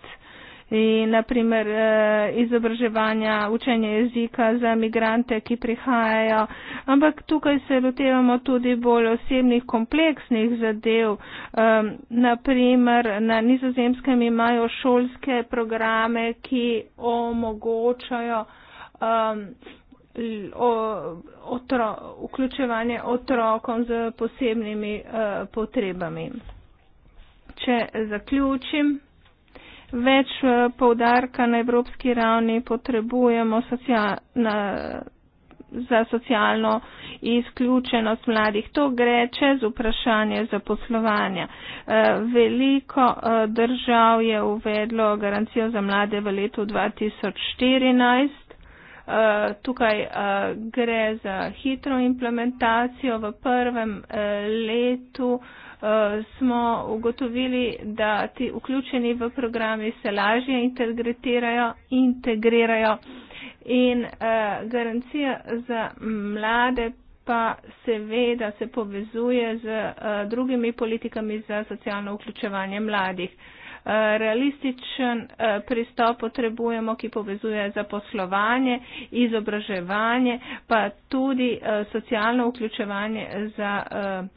in naprimer eh, izobraževanja, učenje jezika za migrante, ki prihajajo. Ampak tukaj se lotevamo tudi bolj osebnih kompleksnih zadev. Naprimer, na nizozemskem imajo šolske programe, ki omogočajo otro, vključevanje otrokom z posebnimi eh, potrebami. Če zaključim več eh, poudarka na evropski ravni potrebujemo socia na, za socialno izključenost mladih. To gre čez vprašanje zaposlovanja. Eh, veliko eh, držav je uvedlo garancijo za mlade v letu 2014. Uh, tukaj uh, gre za hitro implementacijo. V prvem uh, letu uh, Eh, smo ugotovili, da ti vključeni v programe se lažje integrirajo in uh, garancija za mlade pa seveda se povezuje z uh, drugimi politikami za socialno vključevanje mladih. Realističen pristop potrebujemo, ki povezuje zaposlovanje, izobraževanje, pa tudi socialno vključevanje za uh,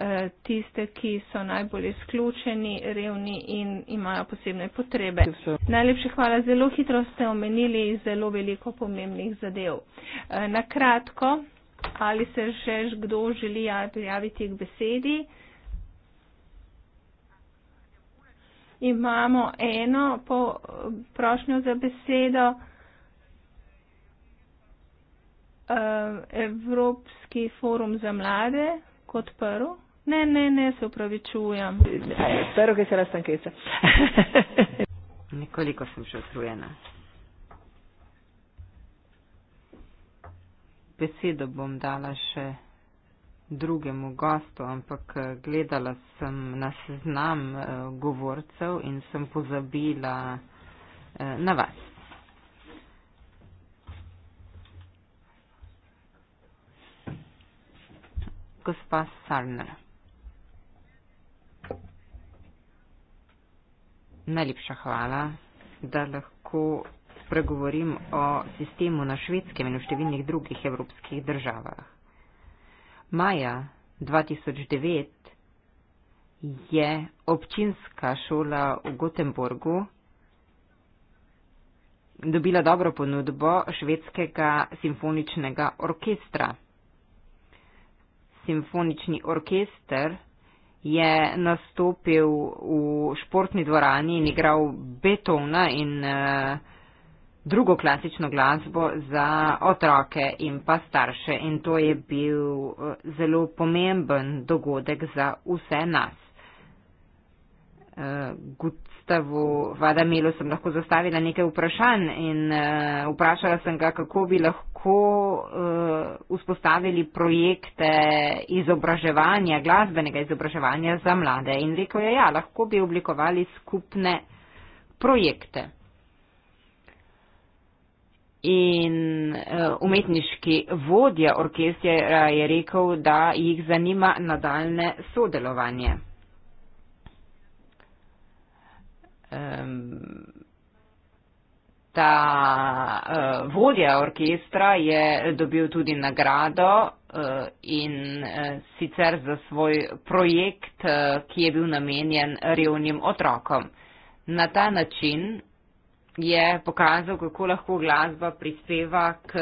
Eh, tiste, ki so najbolj izključeni, revni in imajo posebne potrebe. Najlepše hvala. Zelo hitro ste omenili zelo veliko pomembnih zadev. Eh, na kratko, ali se že kdo želi ja, prijaviti k besedi? Imamo eno prošnjo za besedo. Eh, Evropski forum za mlade kot prvo. Ne, ne, ne, se upravičujem. Prvo, ki se razstankeca. [laughs] Nekoliko sem že otrujena. Besedo bom dala še drugemu gostu, ampak eh, gledala sem na seznam eh, govorcev in sem pozabila eh, na vas. Gospa Sarner. Najlepša hvala, da lahko pregovorim o sistemu na švedskem in v številnih drugih evropskih državah. Maja 2009 je občinska šola v Gotemborgu dobila dobro ponudbo švedskega simfoničnega orkestra. Simfonični orkester je nastopil v športni dvorani in igral Beethovna in eh, drugo klasično glasbo za otroke in pa starše. In to je bil eh, zelo pomemben dogodek za vse nas. Eh, Gut sestavu vlada Melo sem lahko zastavila nekaj vprašanj in uh, vprašala sem ga, kako bi lahko uh, vzpostavili projekte izobraževanja, glasbenega izobraževanja za mlade. In rekel je, ja, lahko bi oblikovali skupne projekte. In uh, umetniški vodja orkestra je rekel, da jih zanima nadaljne sodelovanje. um, ta uh, vodja orkestra je dobil tudi nagrado uh, in uh, sicer za svoj projekt, uh, ki je bil namenjen revnim otrokom. Na ta način je pokazal, kako lahko glasba prispeva k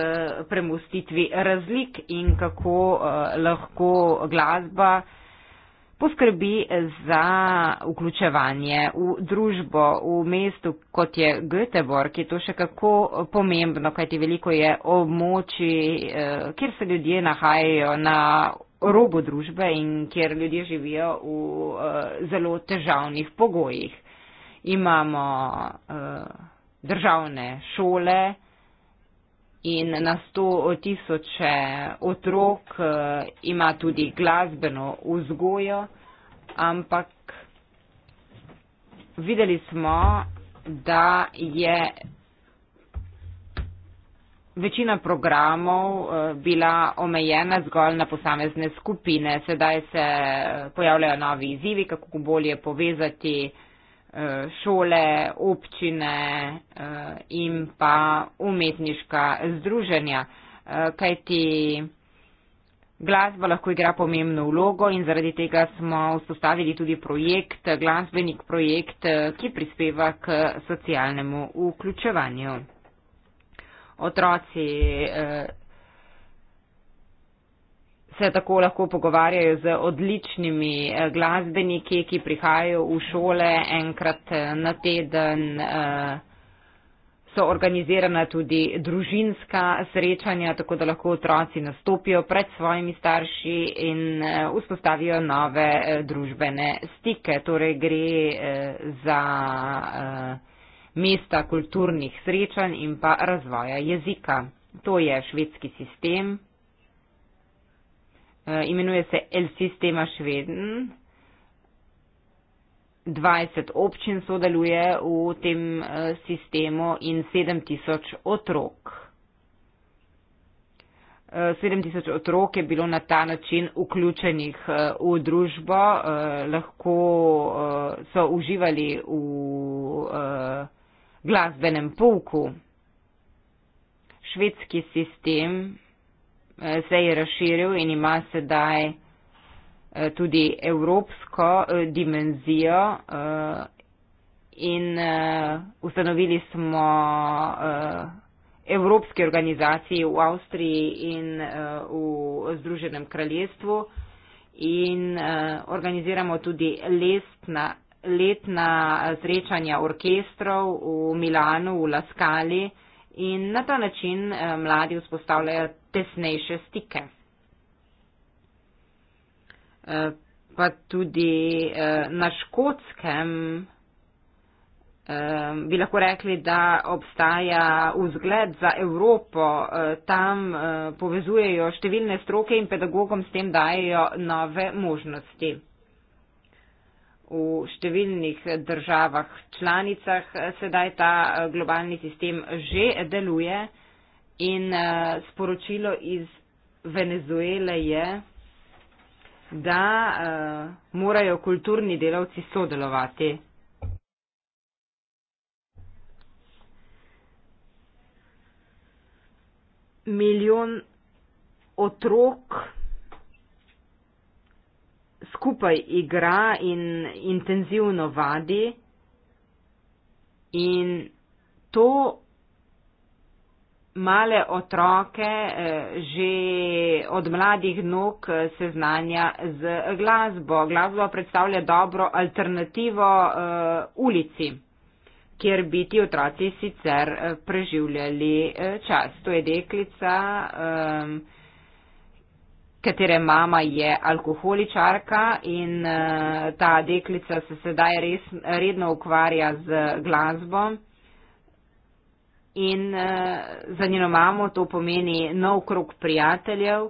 premustitvi razlik in kako uh, lahko glasba uh, poskrbi za vključevanje v družbo, v mestu, kot je Göteborg, ki je to še kako pomembno, kajti veliko je območij, eh, kjer se ljudje nahajajo na robu družbe in kjer ljudje živijo v eh, zelo težavnih pogojih. Imamo eh, državne šole, in na sto tisoče otrok eh, ima tudi glasbeno vzgojo, ampak videli smo, da je večina programov eh, bila omejena zgolj na posamezne skupine. Sedaj se eh, pojavljajo novi izzivi, kako bolje povezati Eh, šole, občine eh, in pa umetniška združenja, eh, kajti glasba lahko igra pomembno vlogo in zaradi tega smo vzpostavili tudi projekt, glasbenik projekt, ki prispeva k socialnemu vključevanju. Otroci se tako lahko pogovarjajo z odličnimi eh, glasbeniki, ki prihajajo v šole enkrat eh, na teden. Eh, so organizirana tudi družinska srečanja, tako da lahko otroci nastopijo pred svojimi starši in vzpostavijo nove družbene stike. Torej gre za mesta kulturnih srečanj in pa razvoja jezika. To je švedski sistem, Eh, imenuje se El Sistema Šveden. 20 občin sodeluje v tem eh, sistemu in 7000 otrok. 7000 eh, otrok je bilo na ta način vključenih v družbo, lahko so uživali v glasbenem pouku. Švedski sistem Eh, se je razširil in ima sedaj eh, tudi evropsko eh, dimenzijo in ustanovili smo evropske organizacije v Avstriji in v Združenem kraljestvu in organiziramo tudi lestna, letna srečanja orkestrov v Milanu, v Laskali in na ta način eh, mladi vzpostavljajo tesnejše stike. Eh, pa tudi eh, na škotskem bi lahko rekli, da obstaja vzgled za Evropo. Tam povezujejo številne stroke in pedagogom s tem dajo nove možnosti v številnih državah članicah sedaj ta eh, globalni sistem že deluje in eh, sporočilo iz Venezuele je, da eh, morajo kulturni delavci sodelovati. Milijon otrok skupaj igra in intenzivno vadi. In to male otroke eh, že od mladih nog eh, seznanja z glasbo. Glasba predstavlja dobro alternativo eh, ulici, kjer bi ti otroci sicer preživljali čas. To je deklica. Um, katere mama je alkoholičarka in uh, ta deklica se sedaj res, redno ukvarja z glasbo. In uh, za njeno mamo to pomeni nov krok prijateljev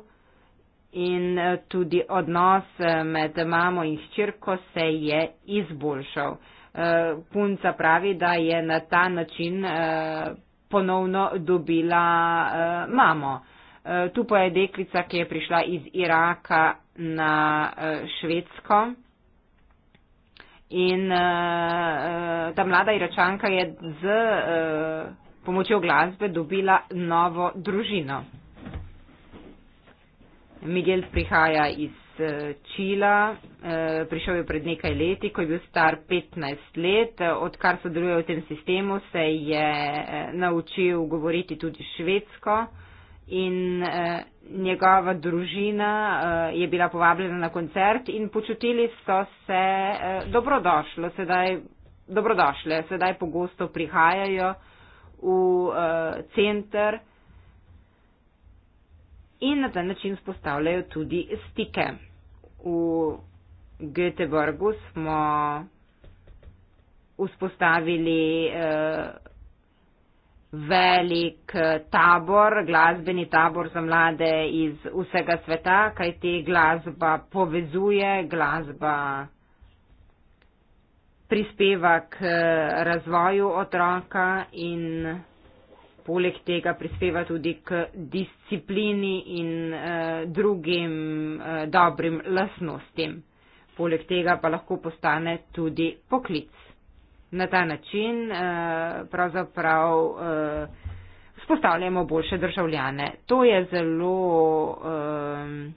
in uh, tudi odnos med mamo in hčerko se je izboljšal. Uh, punca pravi, da je na ta način uh, ponovno dobila uh, mamo. Uh, Eh, tu pa je deklica, ki je prišla iz Iraka na eh, Švedsko. In uh, ta mlada iračanka je z uh, pomočjo glasbe dobila novo družino. Miguel prihaja iz uh, Čila, uh, prišel je pred nekaj leti, ko je bil star 15 let. Odkar sodeluje v tem sistemu, se je uh, naučil govoriti tudi švedsko. Uh, in uh, njegova družina uh, je bila povabljena na koncert in počutili so se uh, dobrodošlo, sedaj dobrodošle, sedaj pogosto prihajajo v uh, center in na ta način spostavljajo tudi stike. V Göteborgu smo vzpostavili uh, velik eh, tabor, glasbeni tabor za mlade iz vsega sveta, kajti glasba povezuje, glasba prispeva k eh, razvoju otroka in poleg tega prispeva tudi k disciplini in eh, drugim eh, dobrim lasnostim. Poleg tega pa lahko postane tudi poklic na ta način eh, pravzaprav eh, spostavljamo boljše državljane. To je zelo eh,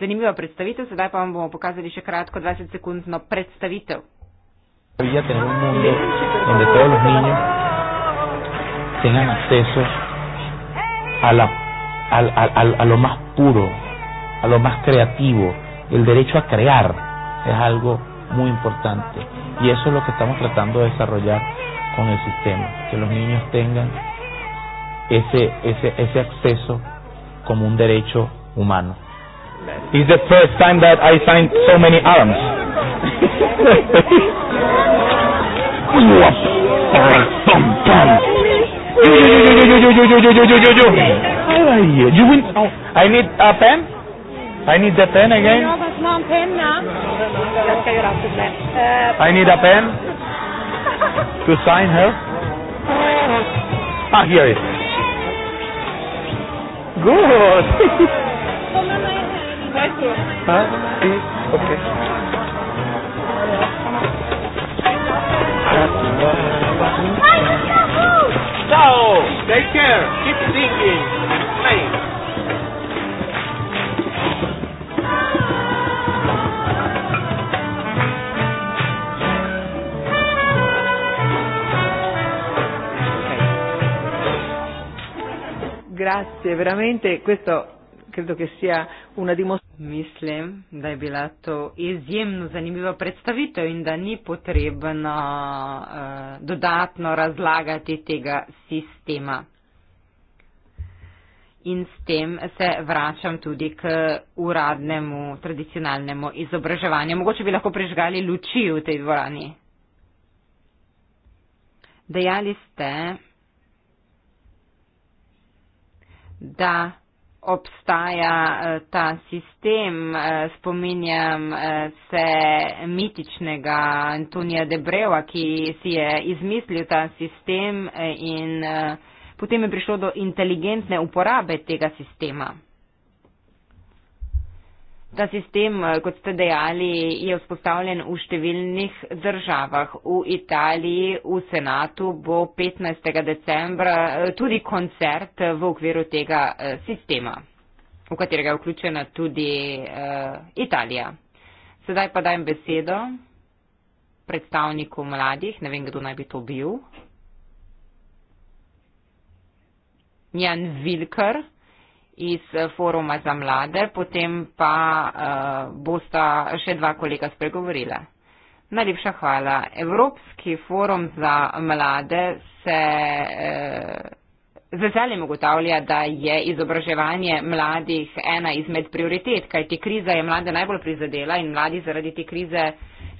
zanimiva predstavitev, sedaj pa vam bomo pokazali še kratko 20-sekundno predstavitev. tengan acceso a, la, a, a, a, a lo más puro, a lo más creativo. El derecho a crear es algo muy importante. Y eso es lo que estamos tratando de desarrollar con el sistema, que los niños tengan ese, ese, ese acceso como un derecho humano. Es la primera vez que signed so many arms. Oh, I need a pen. I need the pen again. Mom Pen now? Let's get your answer then. I need a pen to sign her. Ah, here it is. Good. [laughs] huh? Okay. So, take care. Keep thinking. Thanks. Grazie, veramente questo credo che sia una dimostrazione. Mislim, da je bila to izjemno zanimiva predstavitev in da ni potrebno uh, dodatno razlagati tega sistema. In s tem se vračam tudi k uradnemu tradicionalnemu izobraževanju. Mogoče bi lahko prižgali luči v tej dvorani. Dejali ste, da obstaja eh, ta sistem. Eh, spominjam eh, se mitičnega Antonija Debreva, ki si je izmislil ta sistem in potem je prišlo do inteligentne uporabe tega sistema. Ta sistem, eh, kot ste dejali, je vzpostavljen v številnih državah. V Italiji, v Senatu bo 15. decembra eh, tudi koncert eh, v okviru tega sistema, v katerega je vključena tudi uh, Italija. Sedaj pa dajem besedo predstavniku mladih, ne vem, kdo naj bi to bil. Jan Vilkar iz eh, foruma za mlade, potem pa uh, bosta še dva kolega spregovorila. Najlepša hvala. Evropski forum za mlade se eh, z eh, veseljem ugotavlja, da je izobraževanje mladih ena izmed prioritet, kajti kriza je mlade najbolj prizadela in mladi zaradi te krize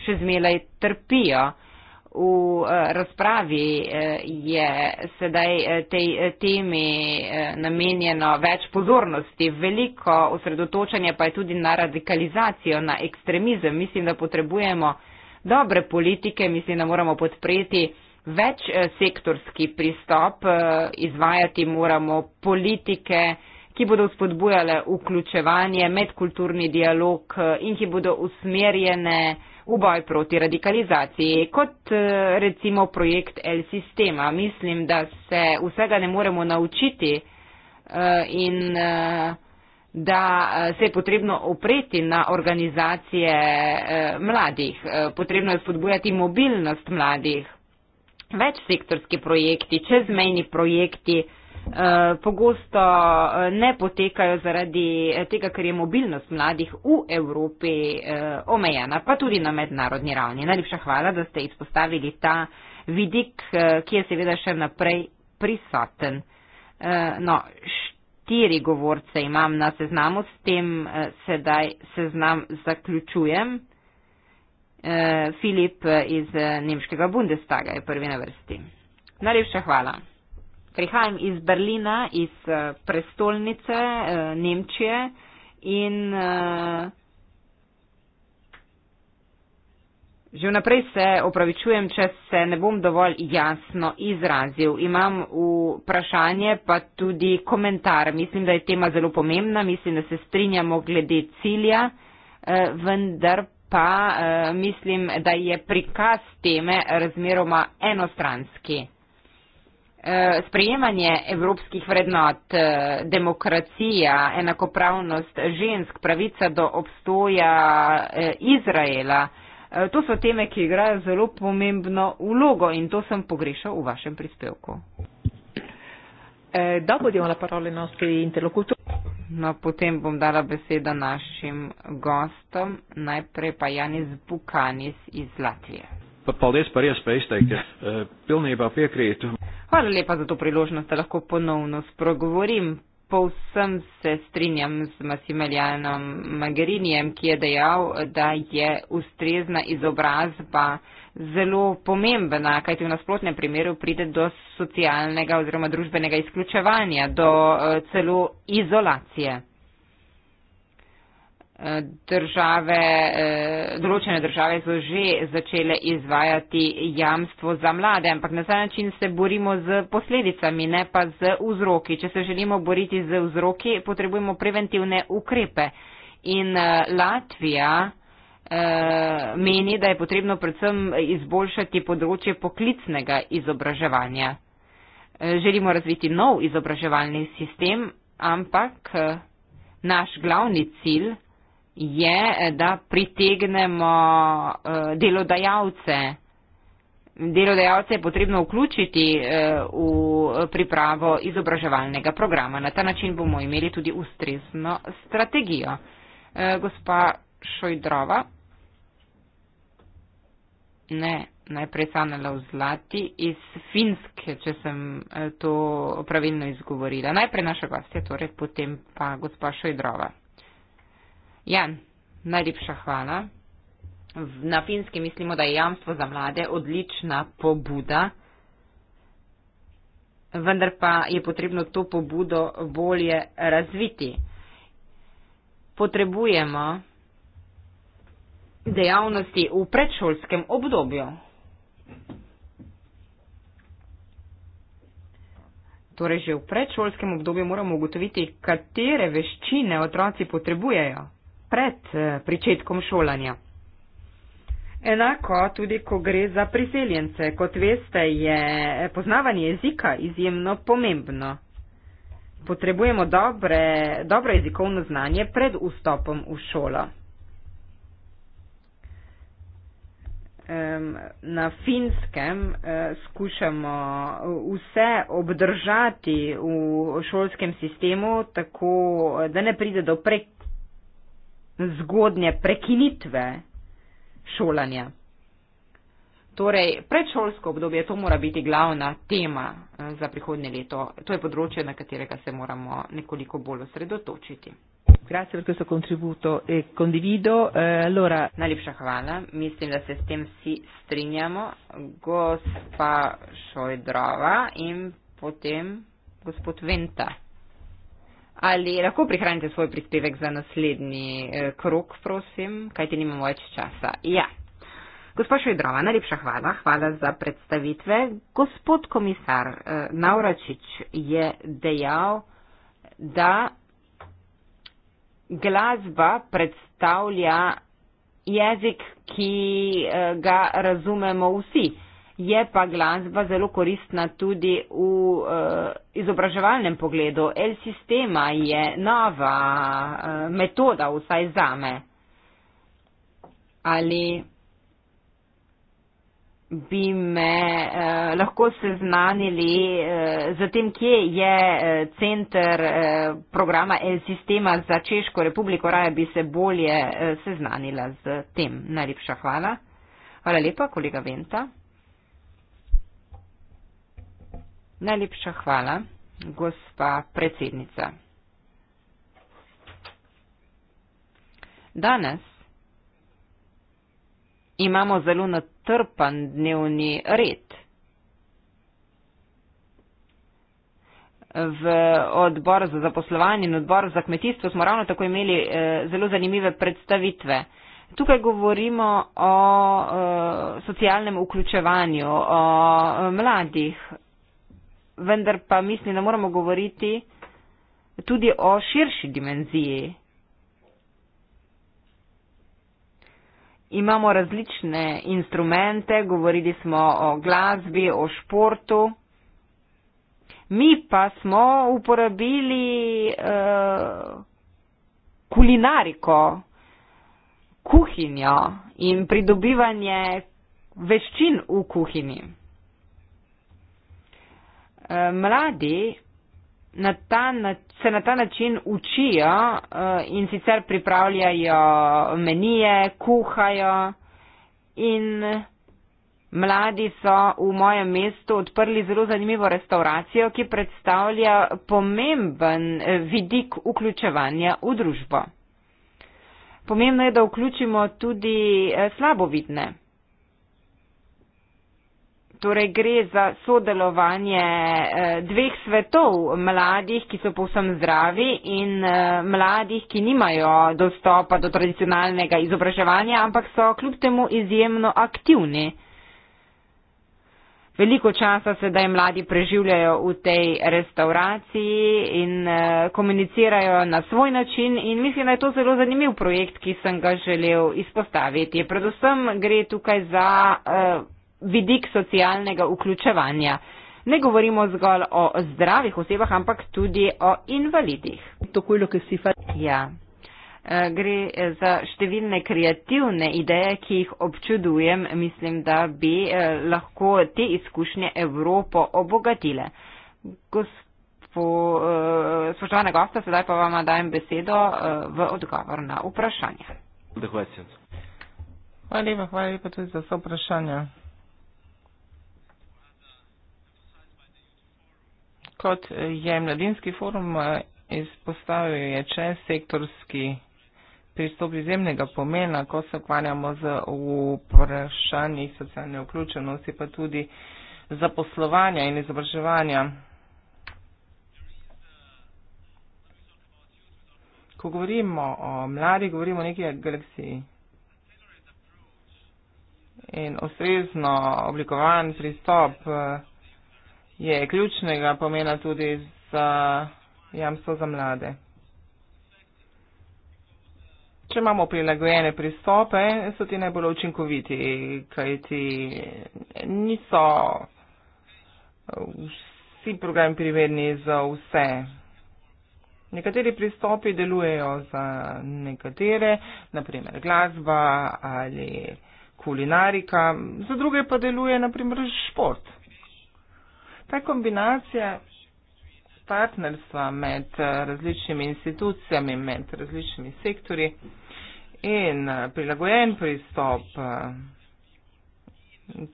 še zmeraj trpijo. Eh, v eh, razpravi eh, je sedaj eh, tej temi namenjeno več pozornosti. Veliko osredotočanje pa je tudi na radikalizacijo, na ekstremizem. Mislim, da potrebujemo dobre politike, mislim, da moramo podpreti več sektorski pristop, izvajati moramo politike ki bodo spodbujale vključevanje, medkulturni dialog in ki bodo usmerjene eh, v boj proti radikalizaciji, kot eh, recimo projekt El Sistema. Mislim, da se vsega ne moremo naučiti eh, in eh, da se je potrebno opreti na organizacije mladih, potrebno je spodbujati mobilnost mladih, večsektorski projekti, čezmejni projekti, Eh, pogosto eh, ne potekajo zaradi eh, tega, ker je mobilnost mladih v Evropi omejena, pa tudi na mednarodni ravni. Najlepša hvala, da ste izpostavili ta vidik, ki je seveda še naprej prisoten. No, štiri govorce imam na seznamu, s tem sedaj seznam zaključujem. Filip iz nemškega Bundestaga je prvi na vrsti. Najlepša hvala. Prihajam iz Berlina, iz eh, prestolnice eh, Nemčije in eh, že vnaprej se opravičujem, če se ne bom dovolj jasno izrazil. Imam vprašanje, pa tudi komentar. Mislim, da je tema zelo pomembna, mislim, da se strinjamo glede cilja, vendar pa mislim, da je prikaz teme razmeroma enostranski. Eh, sprejemanje evropskih vrednot, eh, demokracija, enakopravnost žensk, pravica do obstoja eh, Izraela, to so teme, ki igrajo zelo pomembno vlogo in to sem pogrešal v vašem prispevku. No, potem bom dala beseda našim gostom, najprej pa Janis Bukanis iz Latvije. Paldies par iespēju izteikt. Ja, eh, pilnībā piekrītu. Hvala lepa za to priložnost, da lahko ponovno spregovorim. Povsem se strinjam z Masimilijanom Magarinijem, ki je dejal, da je ustrezna izobrazba zelo pomembna, kajti v nasprotnem primeru pride do socialnega oziroma družbenega izključevanja, do eh, celo izolacije države, eh, določene države so že začele izvajati jamstvo za mlade, ampak na ta način se borimo z posledicami, ne pa z vzroki. Če se želimo boriti z vzroki, potrebujemo preventivne ukrepe. In eh, Latvija eh, meni, da je potrebno predvsem izboljšati področje poklicnega izobraževanja. Želimo razviti nov izobraževalni sistem, ampak naš glavni cilj je, eh, da pritegnemo eh, delodajalce. Delodajalce je potrebno vključiti eh, v pripravo izobraževalnega programa. Na ta način bomo imeli tudi ustrezno strategijo. Gospa Šojdrova. Ne, najprej Sanela Vzlati iz Finske, če sem to pravilno izgovorila. Najprej naša gostja, torej potem pa gospa Šojdrova. Jan, najlepša hvala. Na finski mislimo, da je jamstvo za mlade odlična pobuda, vendar pa je potrebno to pobudo bolje razviti. Potrebujemo dejavnosti v predšolskem obdobju. Torej, že v predšolskem obdobju moramo ugotoviti, katere veščine otroci potrebujejo pred eh, pričetkom šolanja. Enako tudi, ko gre za priseljence. Kot veste, je eh, poznavanje jezika izjemno pomembno. Potrebujemo dobre, dobro jezikovno znanje pred vstopom v šolo. Na finskem eh, skušamo vse obdržati v šolskem sistemu, tako da ne pride do prek zgodnje prekinitve šolanja. Torej, predšolsko obdobje, to mora biti glavna tema eh, za prihodnje leto. To je področje, na katerega se moramo nekoliko bolj osredotočiti. Grazie per questo contributo e condivido. Eh, allora... Najlepša hvala, mislim, da se s tem vsi strinjamo. Gospa Šojdrova in potem gospod Venta. Ali lahko prihranite svoj prispevek za naslednji eh, krok, prosim, kajti nimamo več časa. Ja. Gospa Švedrova, najlepša hvala, hvala za predstavitve. Gospod komisar eh, Navračič je dejal, da glasba predstavlja jezik, ki eh, ga razumemo vsi. Eh, je pa glasba zelo koristna tudi v uh, izobraževalnem pogledu. El sistema je nova uh, metoda, vsaj zame. Ali bi me uh, lahko seznanili uh, z tem, kje je uh, centr uh, programa El sistema za Češko republiko, raje bi se bolje uh, seznanila z tem. Najlepša hvala. Hvala lepa, kolega Venta. Najlepša hvala, gospa predsednica. Danes imamo zelo natrpan dnevni red. V odbor za zaposlovanje in odbor za kmetijstvo smo ravno tako imeli eh, zelo zanimive predstavitve. Tukaj govorimo o eh, socialnem vključevanju, o eh, mladih, vendar pa mislim, da moramo govoriti tudi o širši dimenziji. Imamo različne instrumente, govorili smo o glasbi, o športu. Mi pa smo uporabili uh, kulinariko, kuhinjo in pridobivanje veščin v kuhinji. Eh, mladi na ta, na, se na ta način učijo eh, in sicer pripravljajo menije, kuhajo in mladi so v mojem mestu odprli zelo zanimivo restauracijo, ki predstavlja pomemben eh, vidik vključevanja v družbo. Pomembno je, da vključimo tudi slabovidne torej gre za sodelovanje eh, dveh svetov, mladih, ki so povsem zdravi in eh, mladih, ki nimajo dostopa do tradicionalnega izobraževanja, ampak so kljub temu izjemno aktivni. Veliko časa sedaj mladi preživljajo v tej restauraciji in eh, komunicirajo na svoj način in mislim, da je to zelo zanimiv projekt, ki sem ga želel izpostaviti. Predvsem gre tukaj za. Uh, vidik socialnega vključevanja. Ne govorimo zgolj o zdravih osebah, ampak tudi o invalidih. Ja. E, gre za številne kreativne ideje, ki jih občudujem. Mislim, da bi e, lahko te izkušnje Evropo obogatile. Gospo, e, spoštovane gosta, sedaj pa vam dajem besedo v odgovor na vprašanje. Hvala lepa, hvala lepa tudi za vse vprašanja. kot je mladinski forum eh, izpostavil, je če sektorski pristop izjemnega pomena, ko se ukvarjamo z vprašanji socialne vključenosti, pa tudi zaposlovanja in izobraževanja. Ko govorimo o mladih, govorimo o neki agresiji. In ustrezno oblikovan pristop. Uh, je ključnega pomena tudi za jamstvo za mlade. Če imamo prilagojene pristope, so ti najbolj učinkoviti, kajti niso vsi programi privedni za vse. Nekateri pristopi delujejo za nekatere, naprimer glasba ali kulinarika, za druge pa deluje naprimer šport. Ta kombinacija partnerstva med eh, različnimi institucijami, med različnimi sektori in eh, prilagojen pristop eh,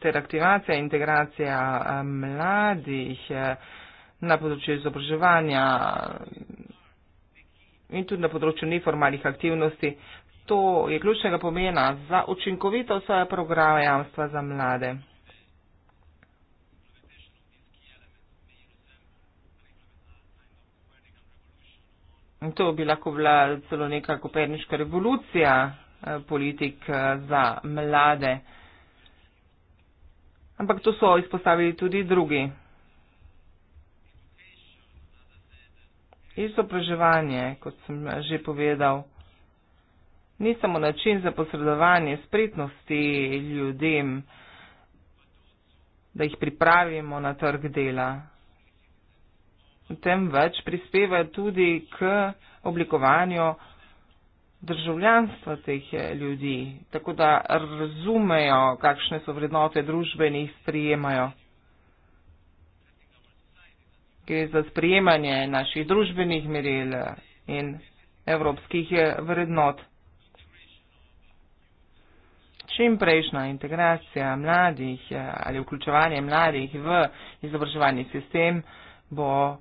ter aktivacija in integracija mladih na področju izobraževanja in tudi na področju neformalnih aktivnosti, to je ključnega pomena za učinkovito svoje programe jamstva za mlade. To bi lahko bila celo neka koperniška revolucija eh, politik eh, za mlade. Ampak to so izpostavili tudi drugi. Izobraževanje, kot sem že povedal, ni samo način za posredovanje spretnosti ljudem, da jih pripravimo na trg dela temveč prispeva tudi k oblikovanju državljanstva teh eh, ljudi, tako da razumejo, kakšne so vrednote družbe in jih sprijemajo. Gre za sprijemanje naših družbenih meril eh, in evropskih eh, vrednot. Čim prejšnja integracija mladih ali vključevanje mladih v izobraževalni sistem bo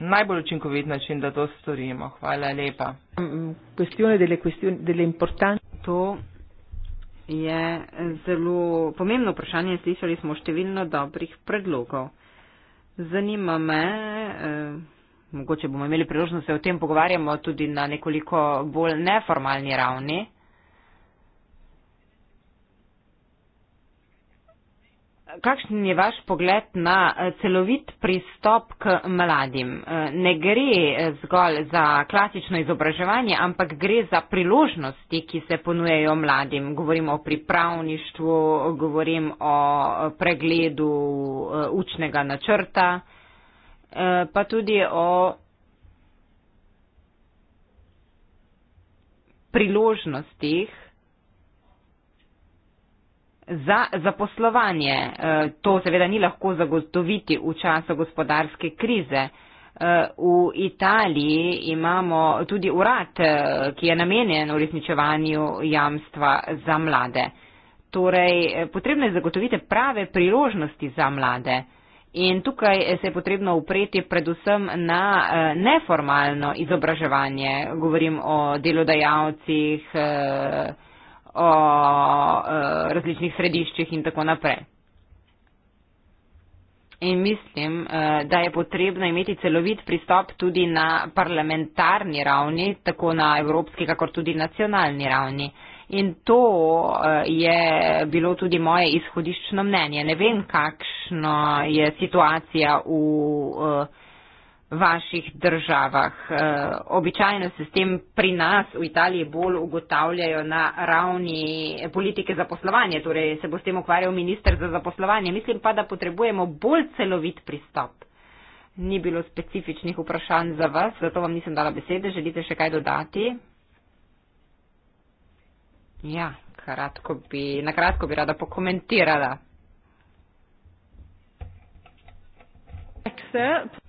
najbolj učinkovit način, da to storimo. Hvala lepa. To je zelo pomembno vprašanje. Slišali smo številno dobrih predlogov. Zanima me, eh, mogoče bomo imeli priložnost, da se o tem pogovarjamo tudi na nekoliko bolj neformalni ravni. kakšen je vaš pogled na eh, celovit pristop k mladim? Eh, ne gre eh, zgolj za klasično izobraževanje, ampak gre za priložnosti, ki se ponujejo mladim. Govorim o pripravništvu, govorim o pregledu učnega načrta, pa tudi o priložnostih, Za zaposlovanje e, to seveda ni lahko zagotoviti v času gospodarske krize. E, v Italiji imamo tudi urad, e, ki je namenjen uresničevanju jamstva za mlade. Torej, potrebno je zagotoviti prave priložnosti za mlade. In tukaj se je potrebno upreti predvsem na neformalno izobraževanje. Govorim o delodajalcih, o e, različnih središčih in tako naprej. In mislim, e, da je potrebno imeti celovit pristop tudi na parlamentarni ravni, tako na evropski, kakor tudi nacionalni ravni. In to e, je bilo tudi moje izhodiščno mnenje. Ne vem, kakšno je situacija v. Uh, vaših državah. Eh, običajno se s tem pri nas v Italiji bolj ugotavljajo na ravni politike zaposlovanja, torej se bo s tem ukvarjal minister za zaposlovanje. Mislim pa, da potrebujemo bolj celovit pristop. Ni bilo specifičnih vprašanj za vas, zato vam nisem dala besede. Želite še kaj dodati? Ja, bi, na kratko bi rada pokomentirala. Excerpt.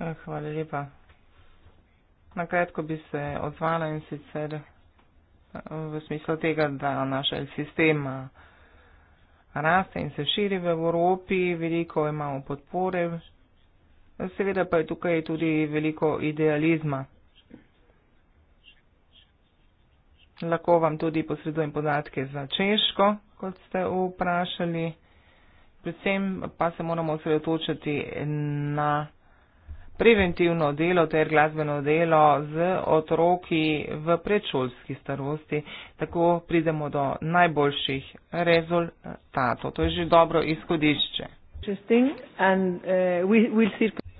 Eh, hvala lepa. Na kratko bi se odzvala in sicer eh, v smislu tega, da naš sistem eh, raste in se širi v Evropi, veliko imamo podpore. Seveda pa je tukaj tudi veliko idealizma. Lahko vam tudi posredujem podatke za Češko, kot ste vprašali. Predvsem pa se moramo osredotočiti na preventivno delo ter glasbeno delo z otroki v predšolski starosti, tako pridemo do najboljših rezultatov. To je že dobro izhodišče. Uh,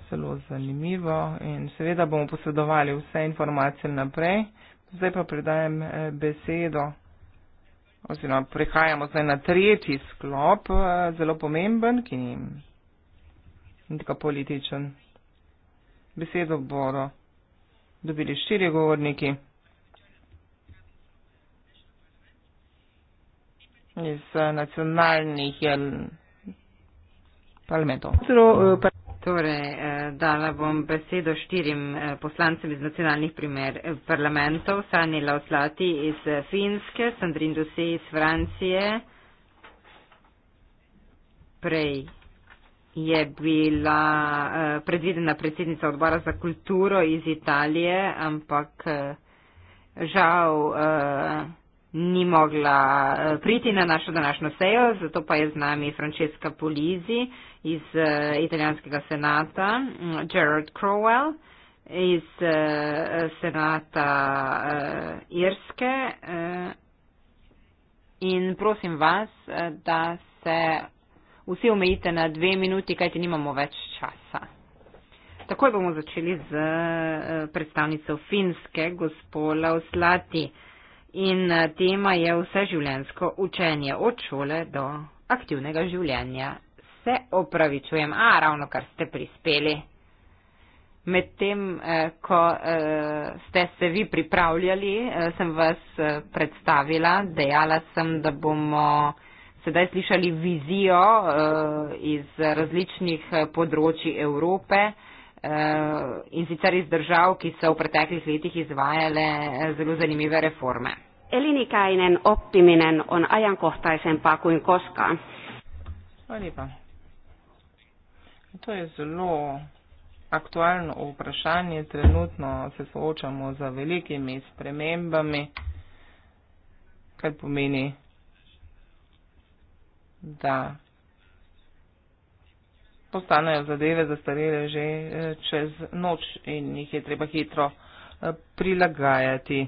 zelo zanimivo in seveda bomo posredovali vse informacije naprej. Zdaj pa predajem eh, besedo, oziroma prihajamo zdaj na tretji sklop, eh, zelo pomemben, ki ni tako političen besedo bodo dobili štiri govorniki iz eh, nacionalnih eh, parlamentov. Torej, eh, dala bom besedo štirim poslancem iz nacionalnih primer parlamentov. Sani Lauslati iz Finske, Sandrin Dusi iz Francije, prej je bila eh, predvidena predsednica odbora za kulturo iz Italije, ampak eh, žal eh, ni mogla eh, priti na našo današnjo sejo, zato pa je z nami Francesca Polizi iz eh, italijanskega senata, eh, Gerard Crowell iz eh, senata eh, Irske. Eh, in prosim vas, eh, da se vsi omejite na dve minuti, kajti nimamo več časa. Takoj bomo začeli z eh, predstavnico Finske, gospola Oslati. In eh, tema je vseživljensko učenje od šole do aktivnega življenja. Se opravičujem, a ravno kar ste prispeli. Medtem, eh, ko ste se vi pripravljali, sem vas predstavila, dejala sem, da bomo sedaj slišali vizijo uh, iz različnih eh, področji Evrope uh, in sicer iz držav, ki so v preteklih letih izvajale zelo zanimive reforme. Elinikajnen optiminen on ajankohtajsen pa kuin koska. Hvala To je zelo aktualno vprašanje. Trenutno se soočamo z velikimi spremembami, kar pomeni da postanejo zadeve zastarele že eh, čez noč in jih je treba hitro eh, prilagajati.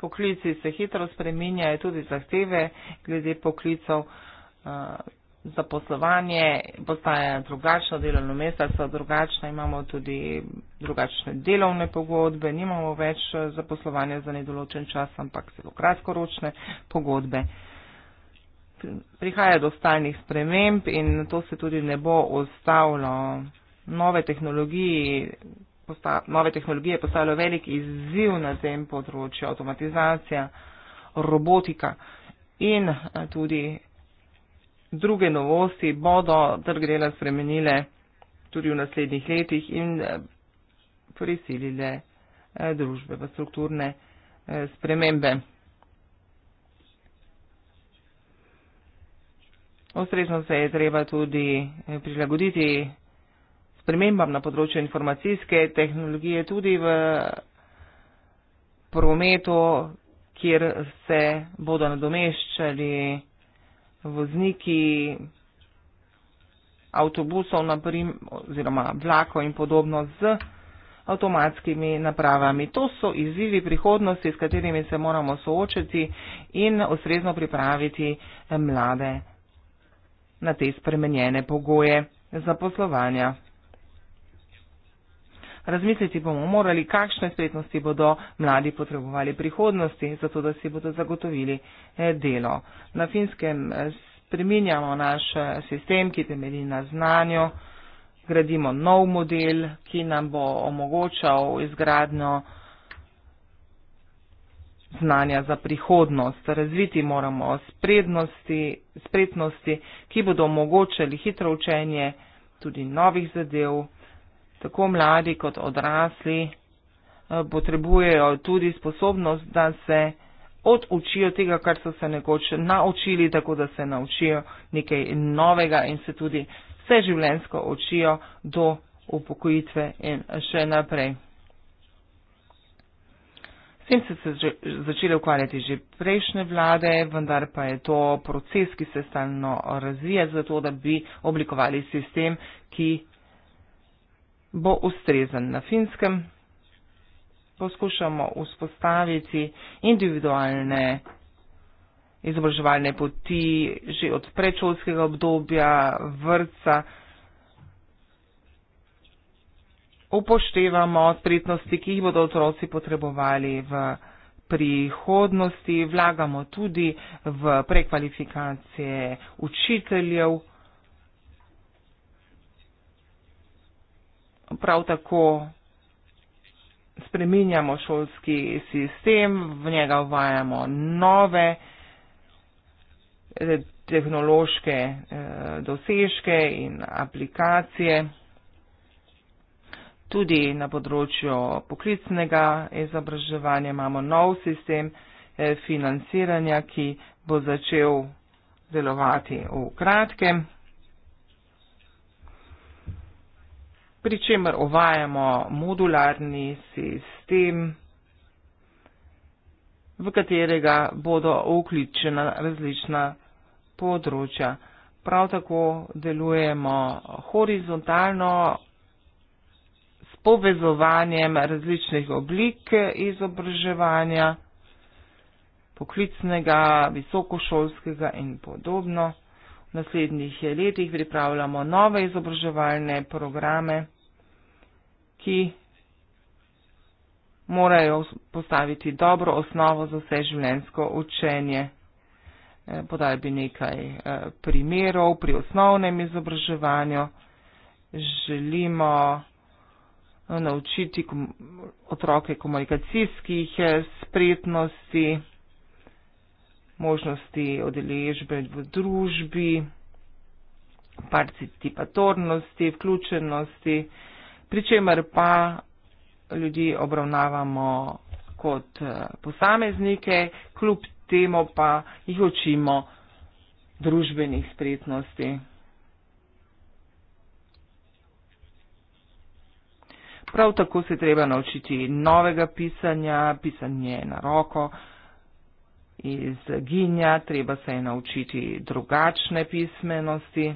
Poklici se hitro spreminjajo, tudi zahteve glede poklicov. Eh, zaposlovanje, postaja drugačna delovna mesta, so drugačna, imamo tudi drugačne delovne pogodbe, nimamo več zaposlovanja za nedoločen čas, ampak zelo kratkoročne pogodbe. Prihaja do stalnih sprememb in to se tudi ne bo ostalo. Nove tehnologije, posta, nove tehnologije postavljajo velik izziv na tem področju, avtomatizacija, robotika in tudi druge novosti bodo trg dela spremenile tudi v naslednjih letih in eh, prisilile eh, družbe v strukturne eh, spremembe. Ostrezno se je treba tudi prilagoditi spremembam na področju informacijske tehnologije tudi v prometu, kjer se bodo nadomeščali vozniki avtobusov naprim, oziroma vlako in podobno z avtomatskimi napravami. To so izzivi prihodnosti, s katerimi se moramo soočiti in osrezno pripraviti eh, mlade na te spremenjene pogoje zaposlovanja. Razmisliti bomo morali, kakšne spretnosti bodo mladi potrebovali prihodnosti, zato da si bodo zagotovili eh, delo. Na finskem eh, spreminjamo naš eh, sistem, ki temelji na znanju, gradimo nov model, ki nam bo omogočal izgradnjo znanja za prihodnost. Razviti moramo spretnosti, ki bodo omogočali hitro učenje tudi novih zadev tako mladi kot odrasli eh, potrebujejo tudi sposobnost, da se odučijo tega, kar so se nekoč naučili, tako da se naučijo nekaj novega in se tudi vse življensko učijo do upokojitve in še naprej. S tem so se začele ukvarjati že prejšnje vlade, vendar pa je to proces, ki se stalno razvija, zato da bi oblikovali sistem, ki bo ustrezen na finskem. Poskušamo vzpostaviti individualne izobraževalne poti že od predšolskega obdobja, vrca. Upoštevamo spretnosti, ki jih bodo otroci potrebovali v prihodnosti, vlagamo tudi v prekvalifikacije učiteljev. prav tako spreminjamo šolski sistem, v njega uvajamo nove eh, tehnološke eh, dosežke in aplikacije, tudi na področju poklicnega izobraževanja imamo nov sistem eh, financiranja, ki bo začel delovati v kratkem. pri čemer uvajamo modularni sistem, v katerega bodo vključena različna področja. Prav tako delujemo horizontalno s povezovanjem različnih oblik izobraževanja, poklicnega, visokošolskega in podobno. V naslednjih letih pripravljamo nove izobraževalne programe ki morajo postaviti dobro osnovo za vse življensko učenje. Eh, Podaj bi nekaj eh, primerov pri osnovnem izobraževanju. Želimo eh, naučiti otroke komunikacijskih spretnosti, možnosti odeležbe v družbi, participatornosti, vključenosti, pri čemer pa ljudi obravnavamo kot eh, posameznike, kljub temu pa jih učimo družbenih spretnosti. Prav tako se treba naučiti novega pisanja, pisanje na roko, iz ginja, treba se je naučiti drugačne pismenosti.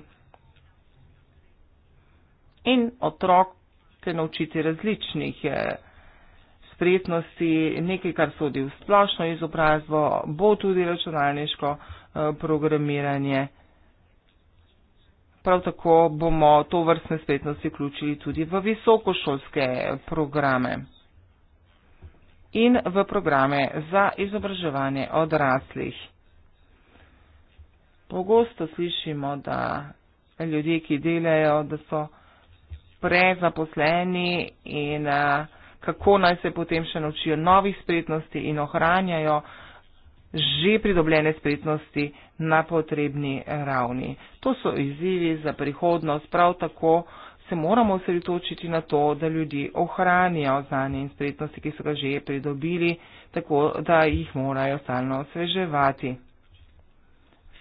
In otrok se naučiti različnih eh, spretnosti, nekaj, kar sodi v splošno izobrazbo, bo tudi računalniško eh, programiranje. Prav tako bomo to vrstne spretnosti vključili tudi v visokošolske programe in v programe za izobraževanje odraslih. Pogosto slišimo, da ljudje, ki delajo, da so prezaposleni in eh, kako naj se potem še naučijo novih spretnosti in ohranjajo že pridobljene spretnosti na potrebni ravni. To so izzivi za prihodnost, prav tako se moramo osredotočiti na to, da ljudi ohranijo znanje in spretnosti, ki so ga že pridobili, tako da jih morajo stalno osveževati.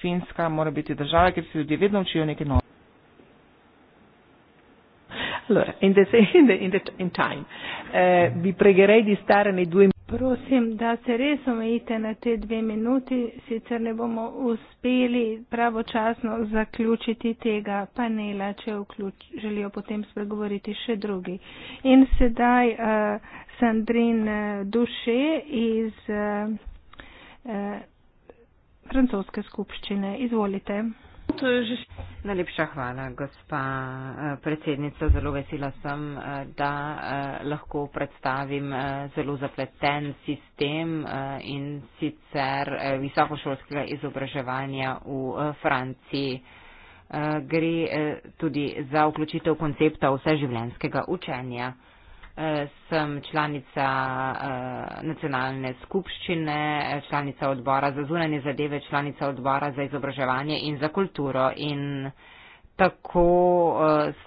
Finska mora biti država, ker se ljudje vedno učijo nekaj novega. Allora, in, the, in, the, in, the, in time, eh, vi pregherei di stare nei due minuti. Prosim, da se res omejite na te dve minuti, sicer ne bomo uspeli pravočasno zaključiti tega panela, če vključ, želijo potem spregovoriti še drugi. In sedaj eh, Sandrin eh, Duše iz eh, eh, francoske skupščine. Izvolite. Najlepša hvala, gospa eh, predsednica. Zelo vesela sem, eh, da eh, lahko predstavim zelo zapleten sistem in sicer visokošolskega izobraževanja v Franciji. Gre tudi za vključitev koncepta vseživljenskega učenja. Eh, sem članica eh, nacionalne skupščine, eh, članica odbora za zunanje zadeve, članica odbora za izobraževanje in za kulturo. In tako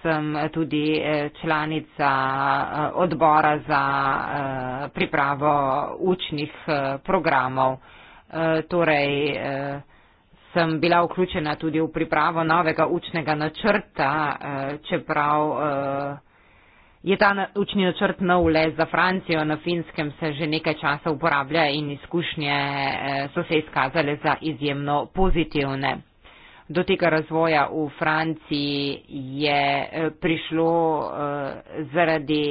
sem tudi članica odbora za pripravo učnih programov. Torej, sem bila vključena tudi v pripravo novega učnega načrta, čeprav. Je ta učni načrt nov le za Francijo, na finskem se že nekaj časa uporablja in izkušnje eh, so se izkazale za izjemno pozitivne. Do tega razvoja v Franciji je eh, prišlo eh, zaradi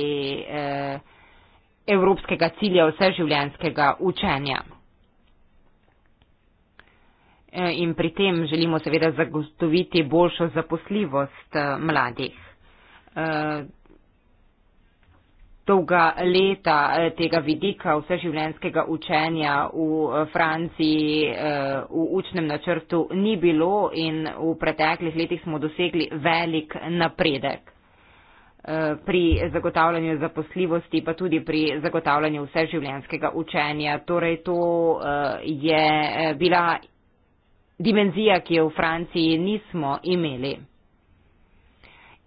evropskega cilja vseživljenskega učenja. In pri tem želimo seveda zagotoviti boljšo zaposljivost mladih dolga leta eh, tega vidika vseživljenskega učenja v eh, Franciji eh, v učnem načrtu ni bilo in v preteklih letih smo dosegli velik napredek pri zagotavljanju zaposljivosti, pa tudi pri zagotavljanju vseživljenskega učenja. Torej, to je bila dimenzija, ki jo v Franciji nismo imeli.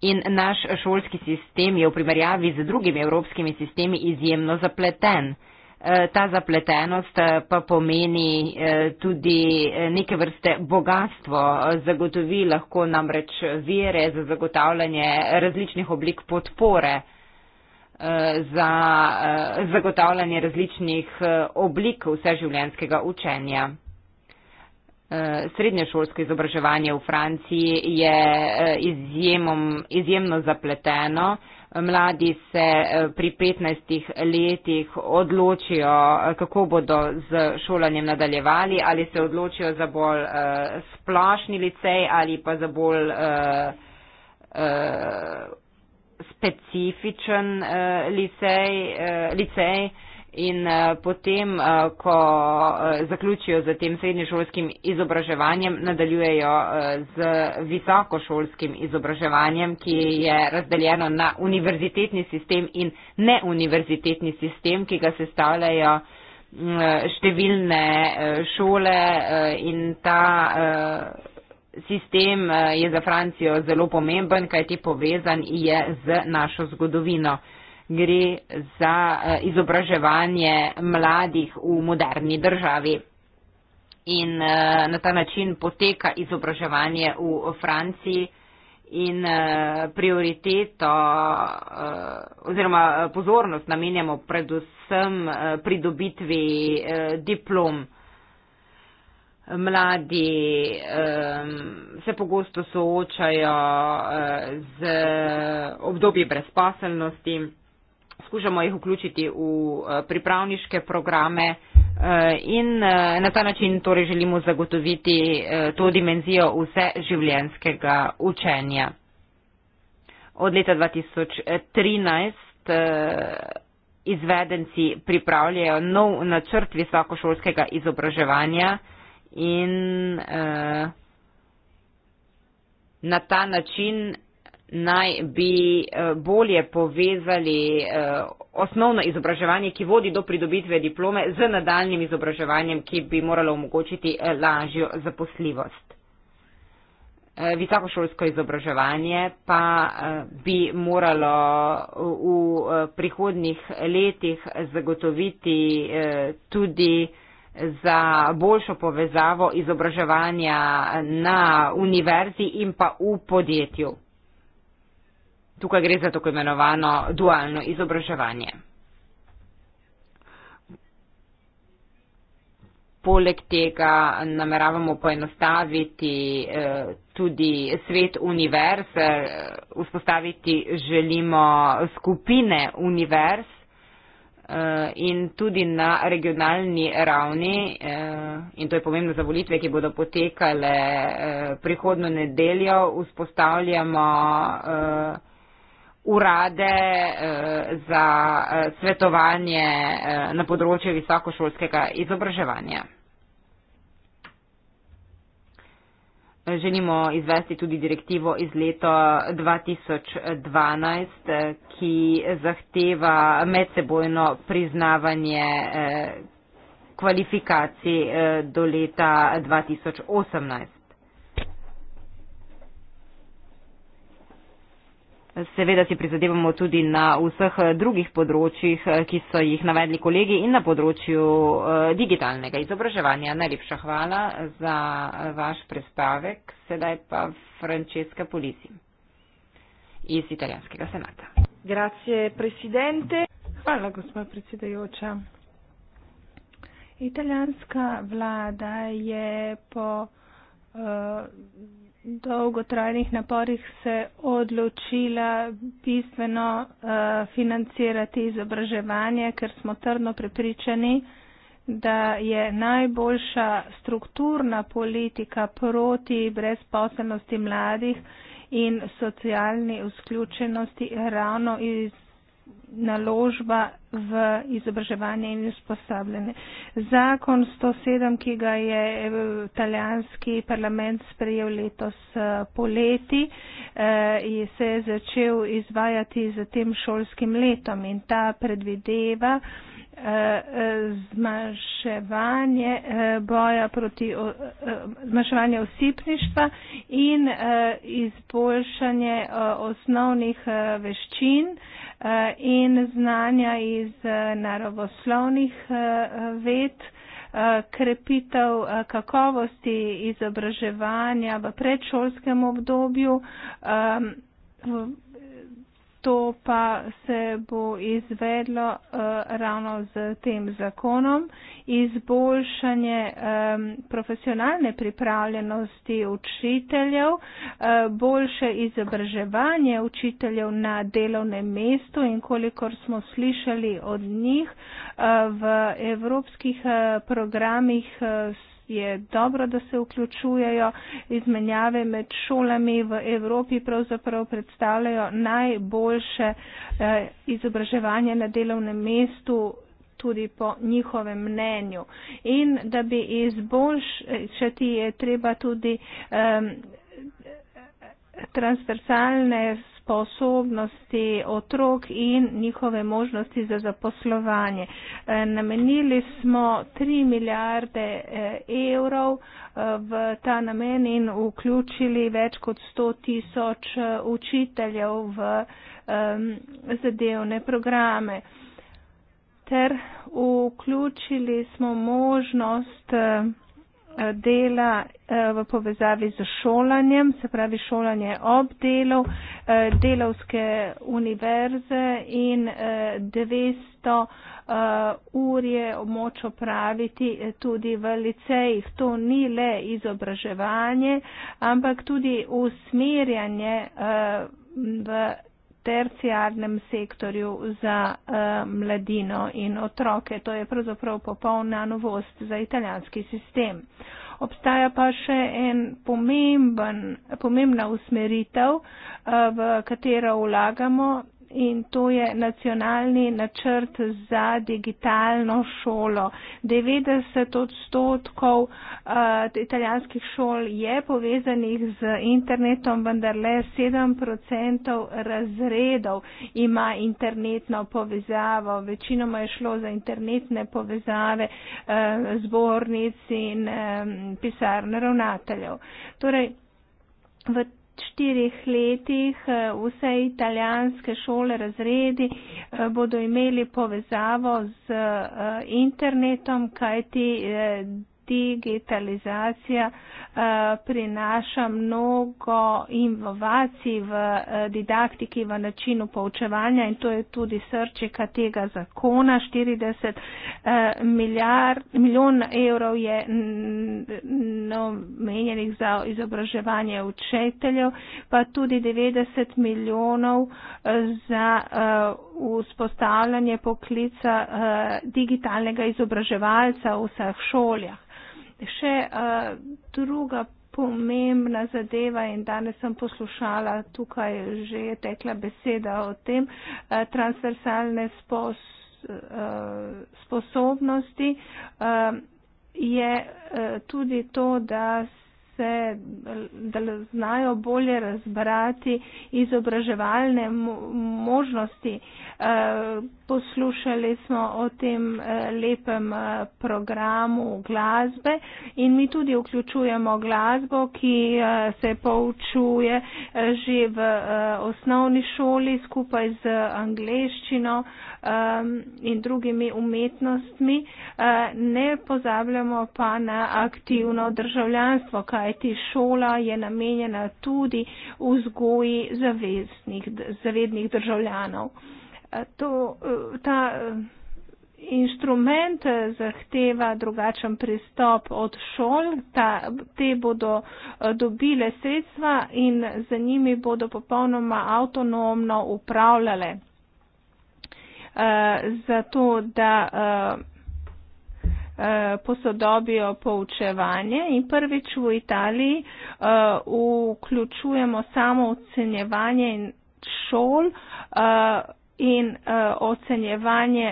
In naš šolski sistem je v primerjavi z drugimi evropskimi sistemi izjemno zapleten. E, ta zapletenost e, pa pomeni e, tudi neke vrste bogatstvo, zagotovi lahko namreč vire za zagotavljanje različnih oblik podpore, za zagotavljanje različnih oblik vseživljenskega učenja. Eh, srednješolsko izobraževanje v Franciji je eh, izjemom, izjemno zapleteno. Mladi se eh, pri 15 letih odločijo, kako bodo z šolanjem nadaljevali, ali se odločijo za bolj uh, splošni licej ali pa za bolj uh, uh, specifičen uh, licej. Uh, licej in eh, potem, eh, ko eh, zaključijo z tem srednješolskim izobraževanjem, nadaljujejo z visokošolskim izobraževanjem, ki je razdeljeno na univerzitetni sistem in neuniverzitetni sistem, ki ga sestavljajo mm, številne šole in ta sistem je za Francijo zelo pomemben, kajti povezan je z našo zgodovino gre za eh, izobraževanje mladih v moderni državi. In eh, na ta način poteka izobraževanje v Franciji in eh, prioriteto oziroma pozornost namenjamo predvsem pridobitvi diplom. Mladi se pogosto soočajo z obdobji brezposelnosti skušamo jih vključiti v eh, pripravniške programe eh, in eh, na ta način torej želimo zagotoviti to dimenzijo vse življenskega učenja. Od leta 2013 izvedenci pripravljajo nov načrt visokošolskega izobraževanja in na ta način naj bi eh, bolje povezali eh, osnovno izobraževanje, ki vodi do pridobitve diplome, z nadaljnim izobraževanjem, ki bi moralo omogočiti eh, lažjo zaposljivost. Visokošolsko izobraževanje pa bi moralo v prihodnih letih zagotoviti tudi za boljšo povezavo izobraževanja na univerzi in pa v podjetju. Tukaj gre za tako imenovano dualno izobraževanje. Poleg tega nameravamo poenostaviti eh, tudi svet univerz, eh, vzpostaviti želimo skupine univerz eh, in tudi na regionalni ravni, in to je pomembno za volitve, ki bodo potekale prihodno nedeljo, vzpostavljamo urade eh, za eh, svetovanje eh, na področju visokošolskega izobraževanja. Želimo izvesti tudi direktivo iz leta 2012, ki zahteva medsebojno priznavanje kvalifikacij do leta 2018. Seveda si prizadevamo tudi na vseh drugih področjih, ki so jih navedli kolegi in na področju eh, digitalnega izobraževanja. Najlepša hvala za vaš predstavek. Sedaj pa Francesca Polisi iz italijanskega senata. Grazie, presidente. Hvala, gospa predsedajoča. Italijanska vlada je po. Uh, dolgotrajnih naporih se odločila bistveno uh, financirati izobraževanje, ker smo trdno prepričani, da je najboljša strukturna politika proti brezposelnosti mladih in socialni usključenosti ravno iz naložba v izobraževanje in usposabljanje. Zakon 107, ki ga je eh, italijanski parlament sprejel letos eh, poleti, eh, se je začel izvajati z tem šolskim letom in ta predvideva, Eh, zmanjševanje eh, boja proti eh, zmanjševanje osipništva in izboljšanje osnovnih veščin in znanja iz naravoslovnih ved, krepitev kakovosti izobraževanja v predšolskem obdobju to pa se bo izvedlo uh, ravno z tem zakonom. Izboljšanje um, profesionalne pripravljenosti učiteljev, uh, boljše izobraževanje učiteljev na delovnem mestu in kolikor smo slišali od njih uh, v evropskih uh, programih. Uh, je dobro, da se vključujejo. Izmenjave med šolami v Evropi pravzaprav predstavljajo najboljše eh, izobraževanje na delovnem mestu tudi po njihovem mnenju. In da bi izboljšati, je treba tudi um, transversalne sposobnosti otrok in njihove možnosti za zaposlovanje. E, namenili smo 3 milijarde e, evrov e, v ta namen in vključili več kot 100 tisoč učiteljev v zadevne programe. Ter vključili smo možnost Eh, dela eh, v povezavi z šolanjem, se pravi šolanje ob delu, eh, delovske univerze in 900 ur je moč opraviti tudi v licejih. To ni le izobraževanje, ampak tudi usmerjanje v terciarnem sektorju za uh, mladino in otroke. To je pravzaprav popolna novost za italijanski sistem. Obstaja pa še en pomemben, pomembna usmeritev, uh, v katero vlagamo in to je nacionalni načrt za digitalno šolo. 90 odstotkov uh, italijanskih šol je povezanih z internetom, vendar le 7 odstotkov razredov ima internetno povezavo. Večinoma je šlo za internetne povezave uh, zbornic in um, eh, pisarne ravnateljev. Torej, štirih letih eh, vse italijanske šole, razredi eh, bodo imeli povezavo z eh, internetom, kajti digitalizacija eh, prinaša mnogo inovacij v eh, didaktiki, v načinu poučevanja in to je tudi srčika tega zakona. 40 eh, milijard, milijon evrov je namenjenih no, za izobraževanje učiteljev, pa tudi 90 milijonov za vzpostavljanje poklica digitalnega izobraževalca v vseh šoljah še uh, druga pomembna zadeva in danes sem poslušala tukaj že je tekla beseda o tem uh, transversalne spos, uh, sposobnosti uh, je uh, tudi to, da se, da znajo bolje razbrati izobraževalne možnosti. Eh, poslušali smo o tem eh, lepem eh, programu glasbe in mi tudi vključujemo glasbo, ki se poučuje že v osnovni šoli skupaj z angliščino um, in drugimi umetnostmi, uh, ne pozabljamo pa na aktivno državljanstvo, kajti šola je namenjena tudi vzgoji zavednih državljanov. Uh, to, uh, ta uh, inštrument zahteva drugačen pristop od šol, ta, te bodo dobile sredstva in za njimi bodo popolnoma avtonomno upravljale uh, eh, zato, da uh, uh, posodobijo poučevanje in prvič v Italiji uh, vključujemo samo ocenjevanje in šol uh, in uh, ocenjevanje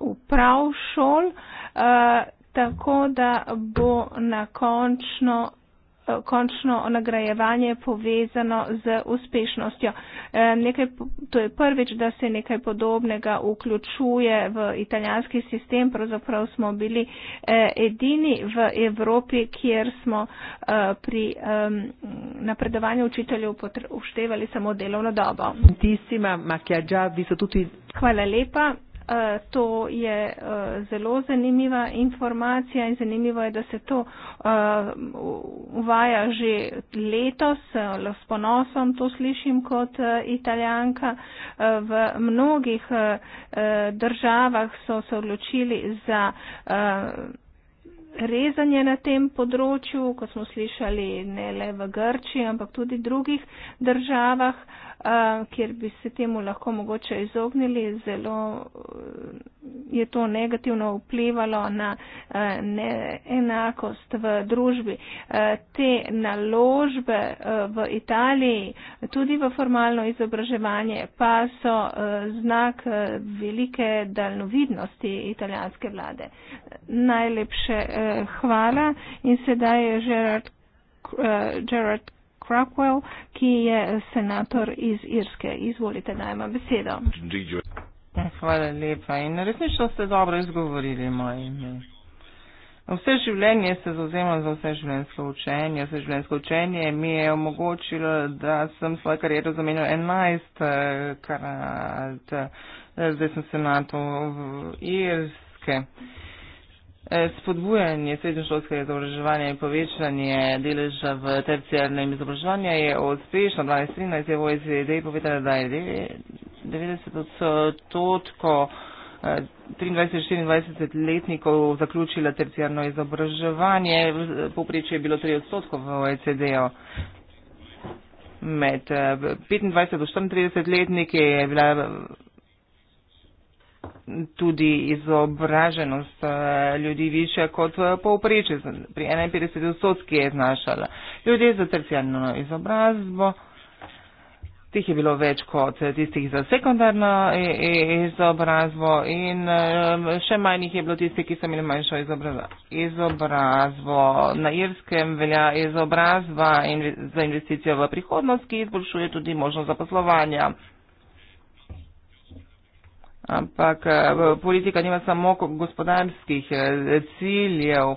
uprav uh, šol. Uh, tako da bo na končno končno nagrajevanje povezano z uspešnostjo. E, nekaj, to je prvič, da se nekaj podobnega vključuje v italijanski sistem. Pravzaprav smo bili e, edini v Evropi, kjer smo e, pri napredovanju učiteljev uštevali samo delovno dobo. Hvala lepa. Eh, to je eh, zelo zanimiva informacija in zanimivo je, da se to eh, uvaja že letos. S ponosom to slišim kot italijanka. V mnogih državah so se odločili za. Rezanje na tem področju, kot smo slišali, ne le v Grčiji, ampak tudi drugih državah, uh, kjer bi se temu lahko mogoče izognili. Zelo eh, je to negativno vplivalo na eh, neenakost v družbi. Eh, te naložbe v Italiji, tudi v formalno izobraževanje, pa so znak velike daljnovidnosti italijanske vlade. Najlepše hvala in sedaj je Gerard. Gerard Crockwell, ki je senator iz Irske. Izvolite, naj ima besedo. Hvala lepa in resnično ste dobro izgovorili moje ime. Vse življenje se zauzemam za vse življenjsko učenje. Vse življenjsko učenje mi je omogočilo, da sem svojo kariero zamenjal 11 krat. Eh, zdaj sem senator v Irske. Eh, spodbujanje srednjošolskega izobraževanja in povečanje deleža v terciarnem izobraževanju je uspešno. 2013 je OECD povedala, da je 90 odstotkov 23-24 eh, letnikov zaključila terciarno izobraževanje. Poprečje je bilo 3 odstotkov v OECD-u. Med 25-34 eh, letniki je bila tudi izobraženost eh, ljudi više kot eh, povpreče, pri 51 odstotki je znašala. Ljudje za tercijalno izobrazbo, tih je bilo več kot eh, tistih za sekundarno e, e, izobrazbo in še manj jih je bilo tistih, ki so imeli manjšo izobrazbo. Na Irskem velja izobrazba in za investicijo v prihodnost, ki izboljšuje tudi možnost zaposlovanja ampak eh, politika nima samo gospodarskih eh, ciljev.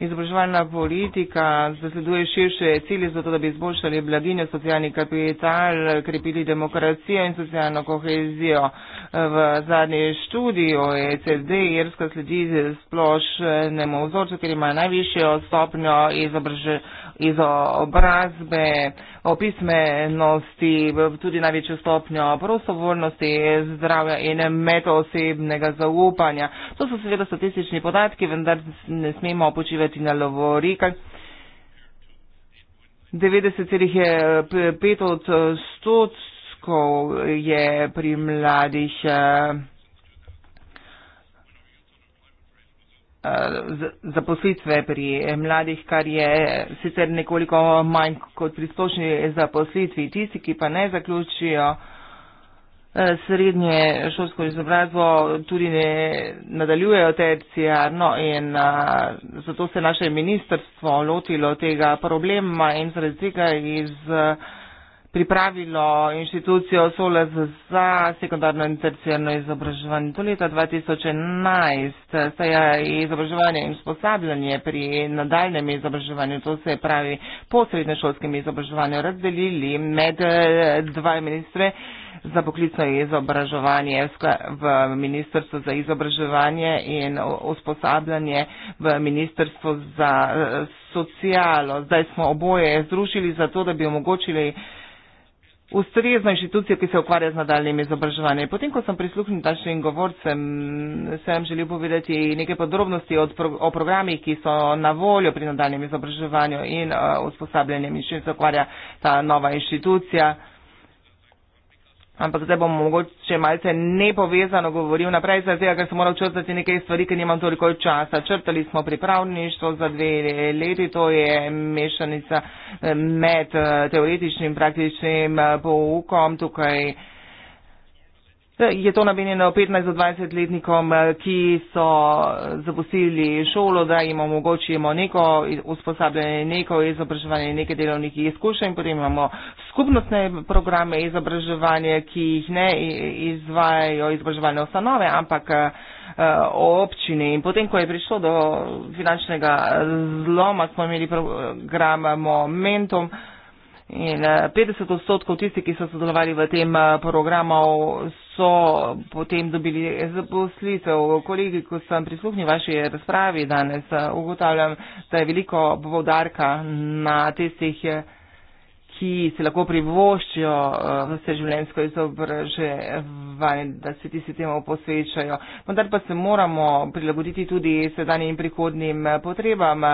Izobraževalna politika zasleduje širše cilje zato, da bi izboljšali blaginjo, socialni kapital, krepili demokracijo in socialno kohezijo. V zadnji študiji OECD Irska sledi splošnemu vzorcu, ker ima najvišjo stopnjo izobraževanja izobrazbe, opismenosti, tudi največjo stopnjo prostovoljnosti, zdravja in medosebnega zaupanja. To so seveda statistični podatki, vendar ne smemo počivati na lovorika. 90,5 odstotkov je pri mladih. Eh, Eh, zaposlitve pri eh, mladih, kar je eh, sicer nekoliko manj kot pri splošni zaposlitvi. Tisti, ki pa ne zaključijo srednje šolsko izobrazbo, tudi ne nadaljujejo tercijarno in zato se naše ministrstvo lotilo tega problema in zaradi tega iz pripravilo inštitucijo SOLAS za sekundarno in tercijarno izobraževanje. To leta 2011 se je izobraževanje in usposabljanje pri nadaljnem izobraževanju, to se pravi po srednješolskem izobraževanju, razdelili med eh, dva ministre za poklicno izobraževanje v Ministrstvu za izobraževanje in usposabljanje v Ministrstvu za eh, socialo. Zdaj smo oboje združili zato, da bi omogočili ustrezno inštitucijo, ki se ukvarja z nadaljnim izobraževanjem. Potem, ko sem prisluhnil našim govorcem, sem želel povedati nekaj podrobnosti pro, o programih, ki so na voljo pri nadaljnem izobraževanju in uh, usposabljanjem in s čim se ukvarja ta nova inštitucija. Uh, Ampak zdaj bom mogoče malce nepovezano govoril naprej, zato ker sem moral črtati nekaj stvari, ker nimam toliko časa. Črtali smo pripravništvo za dve leti, to je mešanica eh, med eh, teoretičnim in praktičnim eh, poukom. Tukaj Je to namenjeno 15-20 letnikom, ki so zapustili šolo, da jim omogočimo neko usposabljanje, neko izobraževanje, nekaj delovnih izkušenj. Potem imamo skupnostne programe izobraževanja, ki jih ne izvajajo izobraževalne ustanove, ampak eh, občine. In potem, ko je prišlo do finančnega zloma, smo imeli program Momentum. In 50 eh, odstotkov tistih, ki so sodelovali v tem eh, programu, so potem dobili zaposlitev. Kolegi, ko sem prisluhnil vaši razpravi danes, eh, ugotavljam, da je veliko povdarka na tistih, ki se lahko privoščijo vse življenjsko izobraževanje, da se ti se temu posvečajo. Vendar pa se moramo prilagoditi tudi sedanjim in prihodnim potrebam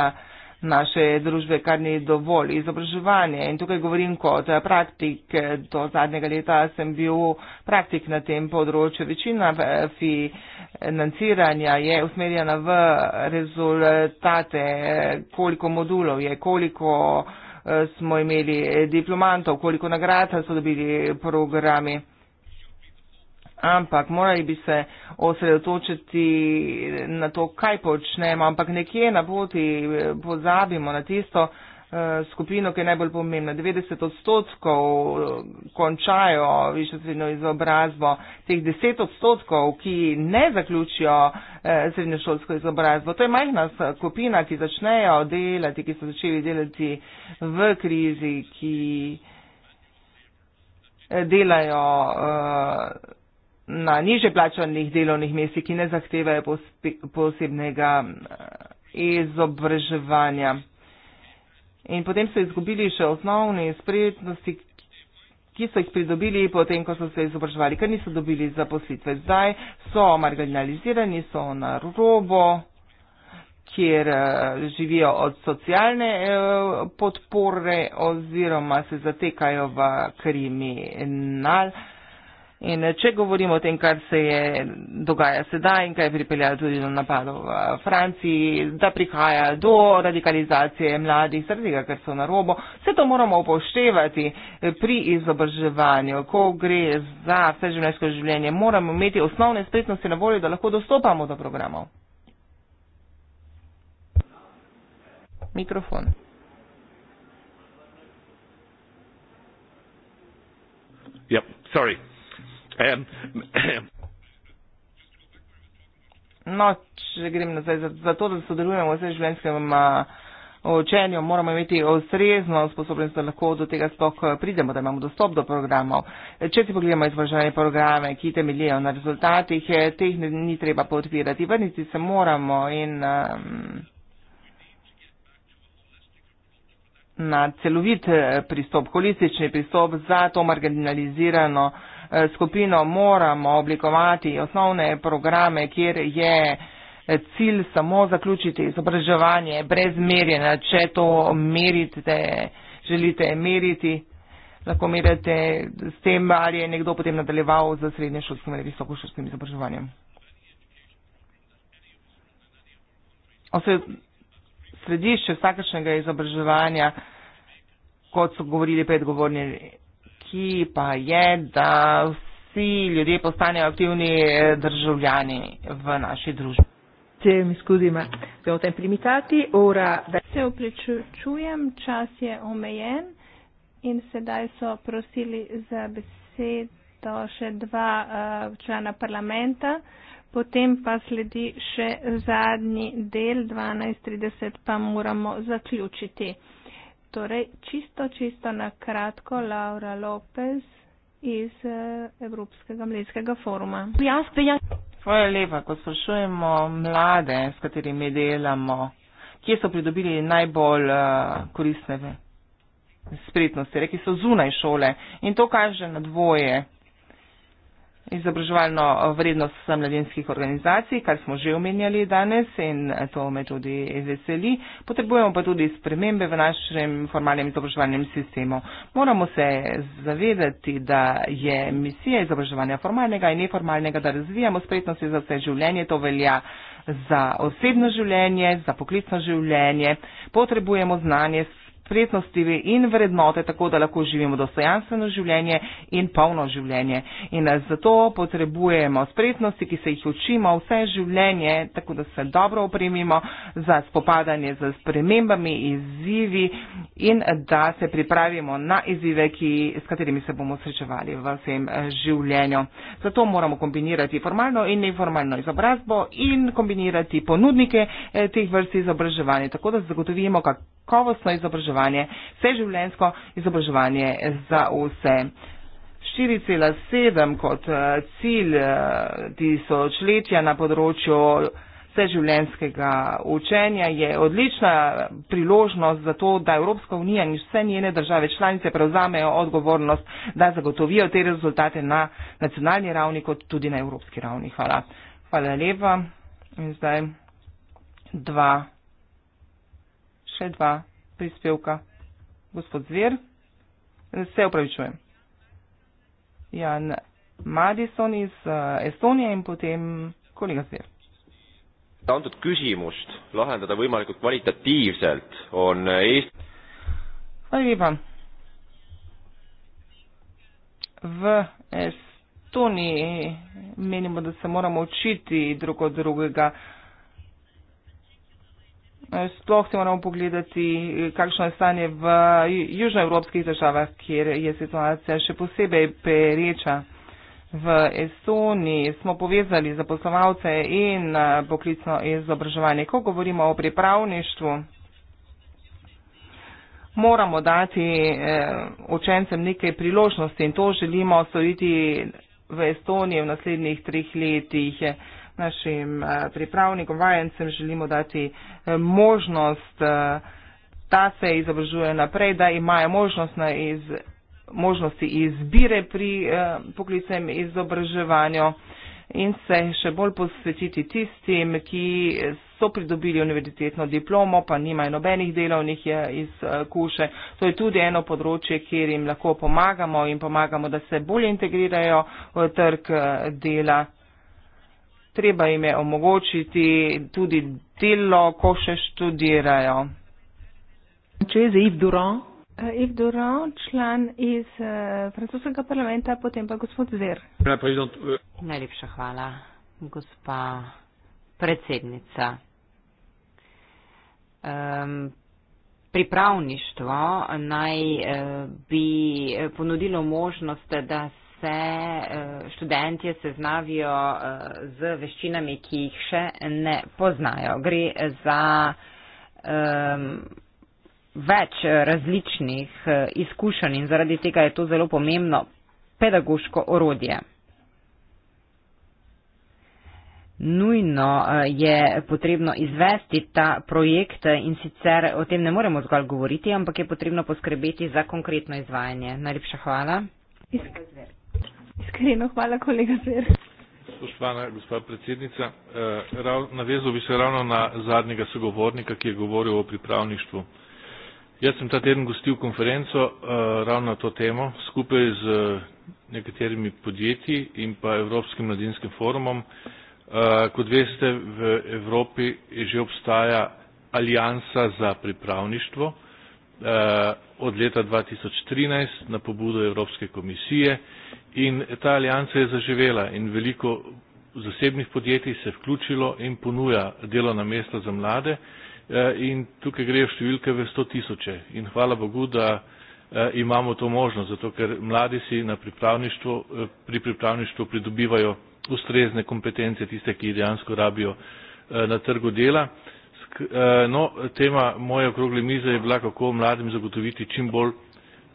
naše družbe, kar ni dovolj izobraževanje. In tukaj govorim kot eh, praktik. Eh, do zadnjega leta sem bil praktik na tem področju. Večina eh, financiranja je usmerjena v rezultate, koliko modulov je, koliko smo imeli diplomantov, koliko nagrad so dobili programi ampak morali bi se osredotočiti na to, kaj počnemo, ampak nekje na poti eh, pozabimo na tisto eh, skupino, ki je najbolj pomembna. 90 odstotkov eh, končajo višjo srednjo izobrazbo, teh 10 odstotkov, ki ne zaključijo srednjošolsko izobrazbo. To je majhna skupina, ki začnejo delati, ki so začeli delati v krizi, ki delajo. Uh, na niže plačanih delovnih mestih, ki ne zahtevajo posebnega eh, izobraževanja. In potem so izgubili še osnovne sprednosti, ki so jih pridobili potem, ko so se izobraževali, ker niso dobili zaposlitve. Zdaj so marginalizirani, so na robo, kjer eh, živijo od socialne eh, podpore oziroma se zatekajo v kriminal. In eh, če govorimo o tem, kar se je dogaja sedaj in kaj je pripeljalo tudi do napadov v eh, Franciji, da prihaja do radikalizacije mladih, srdega, ker so na robo, vse to moramo upoštevati eh, pri izobraževanju. Ko gre za vse življenjsko življenje, moramo imeti osnovne spretnosti na voljo, da lahko dostopamo do programov. Mikrofon. Yep, ja, sorry. No, če grem nazaj, za to, da sodelujemo v vse življenjskem učenju, moramo imeti ustrezno sposobnost, da lahko do tega sploh eh, pridemo, da imamo dostop do programov. Če si pogledamo izvrševanje programe, ki temeljijo na rezultatih, eh, teh ni, ni treba podpirati. Vrniti se moramo in um, na celovit eh, pristop, holistični pristop za to marginalizirano. Uh, Eh, skupino moramo oblikovati osnovne programe, kjer je eh, cilj samo zaključiti izobraževanje brez merjenja, če to merite, želite meriti. Lahko merite s tem, ali je nekdo potem nadaljeval z srednješolskim ali visokošolskim izobraževanjem. Ose, središče vsakašnjega izobraževanja, kot so govorili predgovorni ki pa je, da vsi ljudje postanejo aktivni državljani v naši družbi. Če mi skudima, da o tem primitati, ura. Se upričujem, čas je omejen in sedaj so prosili za besedo še dva uh, člana parlamenta, potem pa sledi še zadnji del, 12.30 pa moramo zaključiti. Torej, čisto, čisto na kratko, Laura Lopez iz eh, Evropskega mlinskega foruma. Hvala lepa, ko sprašujemo mlade, s katerimi delamo, kje so pridobili najbolj eh, koristne spretnosti, reki so zunaj šole in to kaže na dvoje izobraževalno vrednost mladinskih organizacij, kar smo že omenjali danes in to me tudi veseli. Potrebujemo pa tudi spremembe v našem formalnem izobraževalnem sistemu. Moramo se zavedati, da je misija izobraževanja formalnega in neformalnega, da razvijamo spretnosti za vse življenje. To velja za osebno življenje, za poklicno življenje. Potrebujemo znanje, spretnosti in vrednote, tako da lahko živimo dostojanstveno življenje in polno življenje. In eh, zato potrebujemo spretnosti, ki se jih učimo vse življenje, tako da se dobro opremimo za spopadanje z spremembami, izzivi in eh, da se pripravimo na izzive, ki, s katerimi se bomo srečevali v vsem eh, življenju. Zato moramo kombinirati formalno in neformalno izobrazbo in kombinirati ponudnike teh vrst izobraževanja, tako da zagotovimo kakovostno izobraževanje izobraževanje, vseživljensko izobraževanje za vse. 4,7 kot eh, cilj eh, tisočletja na področju vseživljenskega učenja je odlična priložnost za to, da Evropska unija in vse njene države članice prevzamejo odgovornost, da zagotovijo te rezultate na nacionalni ravni kot tudi na evropski ravni. Hvala. Hvala lepa. In zdaj dva. Še dva prispevka. Gospod Zver, se upravičujem. Jan Madison iz eh, Estonije in potem kolega Zver. antud küsimust lahendada võimalikult kvalitatiivselt, on eh, Eest-. V Estonii, minu meelest, et me peame õppima üksteisega sploh se moramo pogledati, kakšno je stanje v južnoevropskih državah, kjer je situacija še posebej pereča. V Estoniji smo povezali zaposlovalce in poklicno izobraževanje. Ko govorimo o pripravništvu, moramo dati eh, učencem nekaj priložnosti in to želimo storiti v Estoniji v naslednjih treh letih. Je našim eh, pripravnikom, vajencem želimo dati eh, možnost, da eh, se izobražujejo naprej, da imajo možnost na iz, možnosti izbire pri poklicem izobraževanju in se še bolj posvetiti tistim, ki so pridobili univerzitetno diplomo, pa nimajo nobenih delovnih izkušenj. To je tudi eno področje, kjer jim lahko pomagamo in pomagamo, da se bolje integrirajo v trg dela treba jim je omogočiti tudi delo, ko še študirajo. Če je za Yves Durand? Eh, Yves Durand, član iz eh, francoskega parlamenta, potem pa gospod Zver. Euh, Najlepša hvala, gospa predsednica. Um, pripravništvo naj uh, bi ponudilo možnost, da se eh, študentje seznavijo eh, z veščinami, ki jih še ne poznajo. Gre za um, več različnih eh, izkušenj in zaradi tega je to zelo pomembno pedagoško orodje. Nujno je potrebno izvesti ta projekt in sicer o tem ne moremo zgolj govoriti, ampak je potrebno poskrbeti za konkretno izvajanje. Najlepša hvala. Iskazver. Iskreno, hvala, kolega Zer. Spoštovana gospa predsednica, eh, rav, navezal bi se ravno na zadnjega sogovornika, ki je govoril o pripravništvu. Jaz sem ta teden gostil konferenco eh, ravno na to temo skupaj z eh, nekaterimi podjetji in pa Evropskim mladinskim forumom. Eh, kot veste, v Evropi že obstaja alijansa za pripravništvo eh, od leta 2013 na pobudo Evropske komisije in ta aliansa je zaživela in veliko zasebnih podjetij se je vključilo in ponuja delovna mesta za mlade eh, in tukaj grejo številke v sto tisoče in hvala bogu da eh, imamo to možnost zato ker mladi si na pripravništvu eh, pri pripravništvu pridobivajo ustrezne kompetence tiste ki jih dejansko rabijo na trgu dela no tema moje okrogle mize je bila kako mladim zagotoviti čim bolj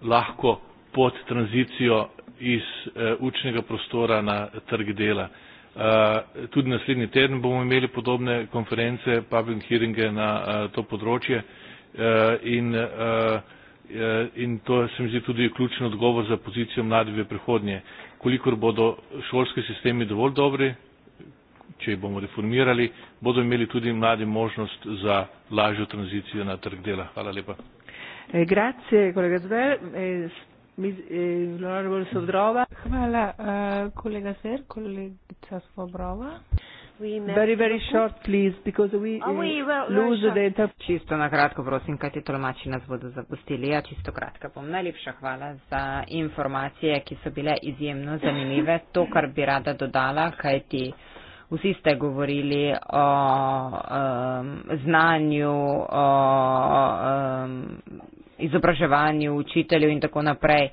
lahko pod tranzicijo iz eh, učnega prostora na trg dela. Eh, tudi naslednji teden bomo imeli podobne konference, public hearinge na eh, to področje in, in to se mi zdi tudi ključen odgovor za pozicijo mladih v prihodnje. Kolikor bodo šolski sistemi dovolj dobri, če jih bomo reformirali, bodo imeli tudi mladi možnost za lažjo tranzicijo na trg dela. Hvala lepa. Grazie, collega Zver. Eh, Svobrova. Hvala, uh, kolega Ser, kolegica Svobrova. Very, very short, please, because we, uh, we eh, lose the data. Čisto na kratko, prosim, kaj ti tolmači nas bodo zapustili. Ja, čisto kratka bom. Najlepša hvala za informacije, ki so bile izjemno zanimive. To, kar bi rada dodala, kaj ti vsi ste govorili o um, znanju, o um, izobraževanju, učitelju in tako naprej.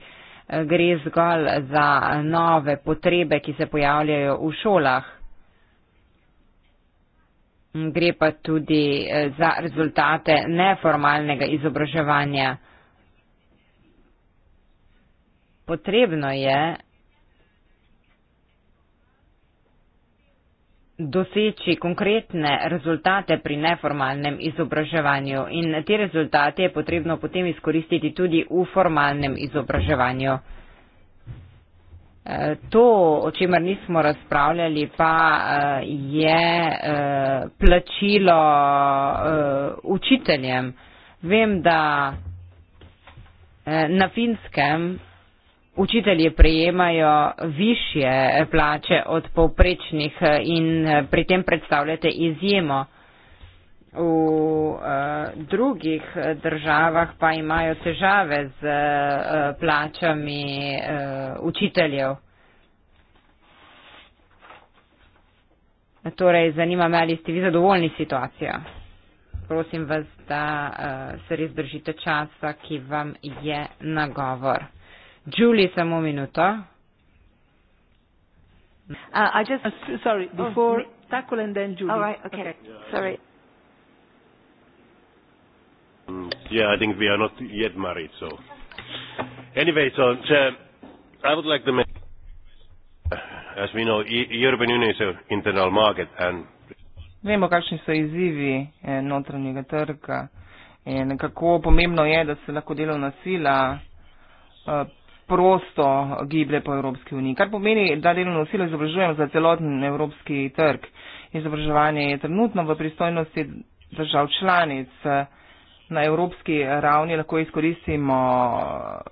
Eh, gre zgolj za nove potrebe, ki se pojavljajo v šolah. Gre pa tudi eh, za rezultate neformalnega izobraževanja. Potrebno je doseči konkretne rezultate pri neformalnem izobraževanju in te rezultate je potrebno potem izkoristiti tudi v formalnem izobraževanju. Eh, to, o čemer nismo razpravljali, pa eh, je eh, plačilo učiteljem. Vem, da na finskem učitelji prejemajo više plače od povprečnih eh, in eh, pri tem predstavljate izjemo. V uh, drugih državah pa imajo težave z uh, plačami uh, učiteljev. Torej, zanima me, ali ste vi zadovoljni s situacijo. Prosim vas, da uh, se res držite časa, ki vam je nagovor. Julie, samo minuto. Uh, I just uh, sorry oh, before oh, tackle and then Julie. All right, okay. okay. Yeah, sorry. Um, yeah, I think we are not yet married, so. Anyway, so, so I would like to make. As we know, e-, European Union is an internal market and. Vemo, kakšni so izzivi eh, notranjega trga in kako pomembno je, da se lahko delovna sila uh, prosto giblje po Evropski uniji, kar pomeni, da delovno silo izobražujemo za celoten evropski trg. Izobraževanje je trenutno v pristojnosti držav članic. Na evropski ravni lahko izkoristimo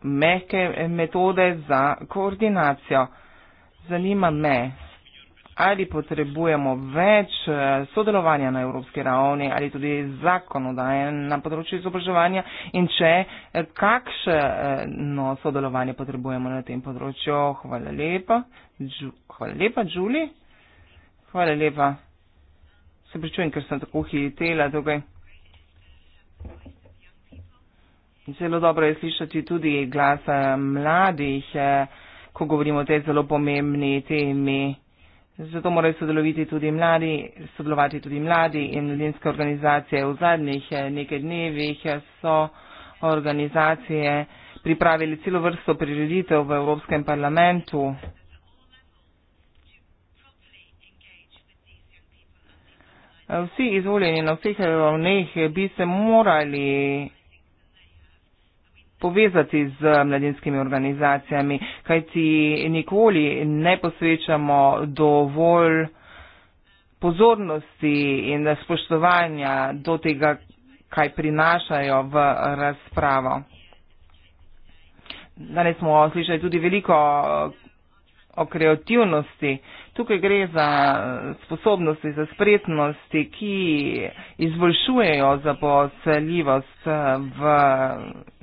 mehke metode za koordinacijo. Zanima me, ali potrebujemo več eh, sodelovanja na evropski ravni ali tudi zakonodaje na področju izobraževanja in če eh, kakšno eh, sodelovanje potrebujemo na tem področju. Hvala lepa. Hvala lepa, Julie. Hvala lepa. Se pričujem, ker sem tako hitela tukaj. Zelo dobro je slišati tudi glas mladih, ko govorimo o tej zelo pomembni temi. Zato morajo sodelovati tudi mladi, sodelovati tudi mladi in mladinske organizacije. V zadnjih eh, nekaj dnevih eh, so organizacije pripravili celo vrsto prireditev v Evropskem parlamentu. Vsi izvoljeni na vseh ravneh bi se morali povezati z mladinskimi organizacijami, kajti nikoli ne posvečamo dovolj pozornosti in spoštovanja do tega, kaj prinašajo v razpravo. Danes smo slišali tudi veliko o kreativnosti. Tukaj gre za sposobnosti, za spretnosti, ki izboljšujejo zaposljivost v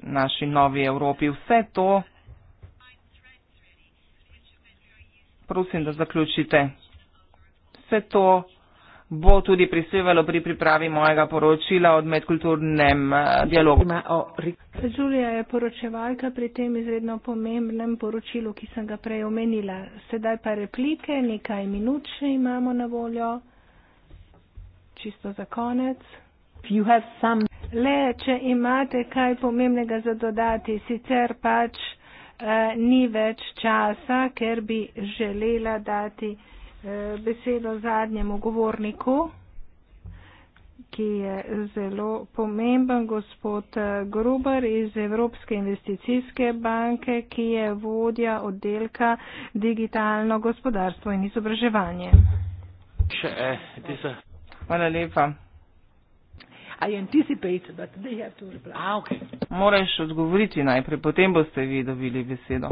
naši novi Evropi. Vse to prosim, da zaključite. Vse to bo tudi prispevalo pri pripravi mojega poročila o medkulturnem eh, dialogu. Julija je poročevalka pri tem izredno pomembnem poročilu, ki sem ga prej omenila. Sedaj pa replike, nekaj minut še imamo na voljo. Čisto za konec le, če imate kaj pomembnega za dodati, sicer pač eh, ni več časa, ker bi želela dati eh, besedo zadnjemu govorniku, ki je zelo pomemben, gospod eh, Gruber iz Evropske investicijske banke, ki je vodja oddelka digitalno gospodarstvo in izobraževanje. Še, eh, Hvala lepa. I anticipate, but they have to reply. Ah, okay. Moraš odgovoriti najprej, potem boste vi dobili besedo.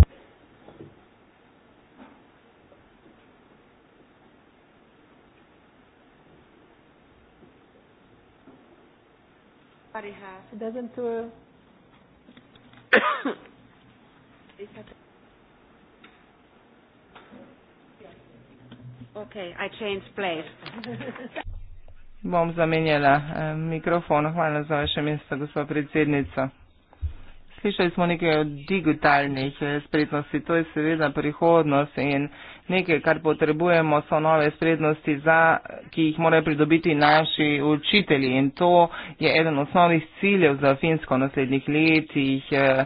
Uh, [coughs] okay, I changed place. [laughs] Bom zamenjala eh, mikrofon. Hvala za vaše mesto, gospod predsednica. Slišali smo nekaj o digitalnih eh, spretnosti, to je seveda prihodnost in nekaj, kar potrebujemo, so nove spretnosti, za, ki jih morajo pridobiti naši učitelji in to je eden osnovnih ciljev za Finsko v naslednjih letih, eh,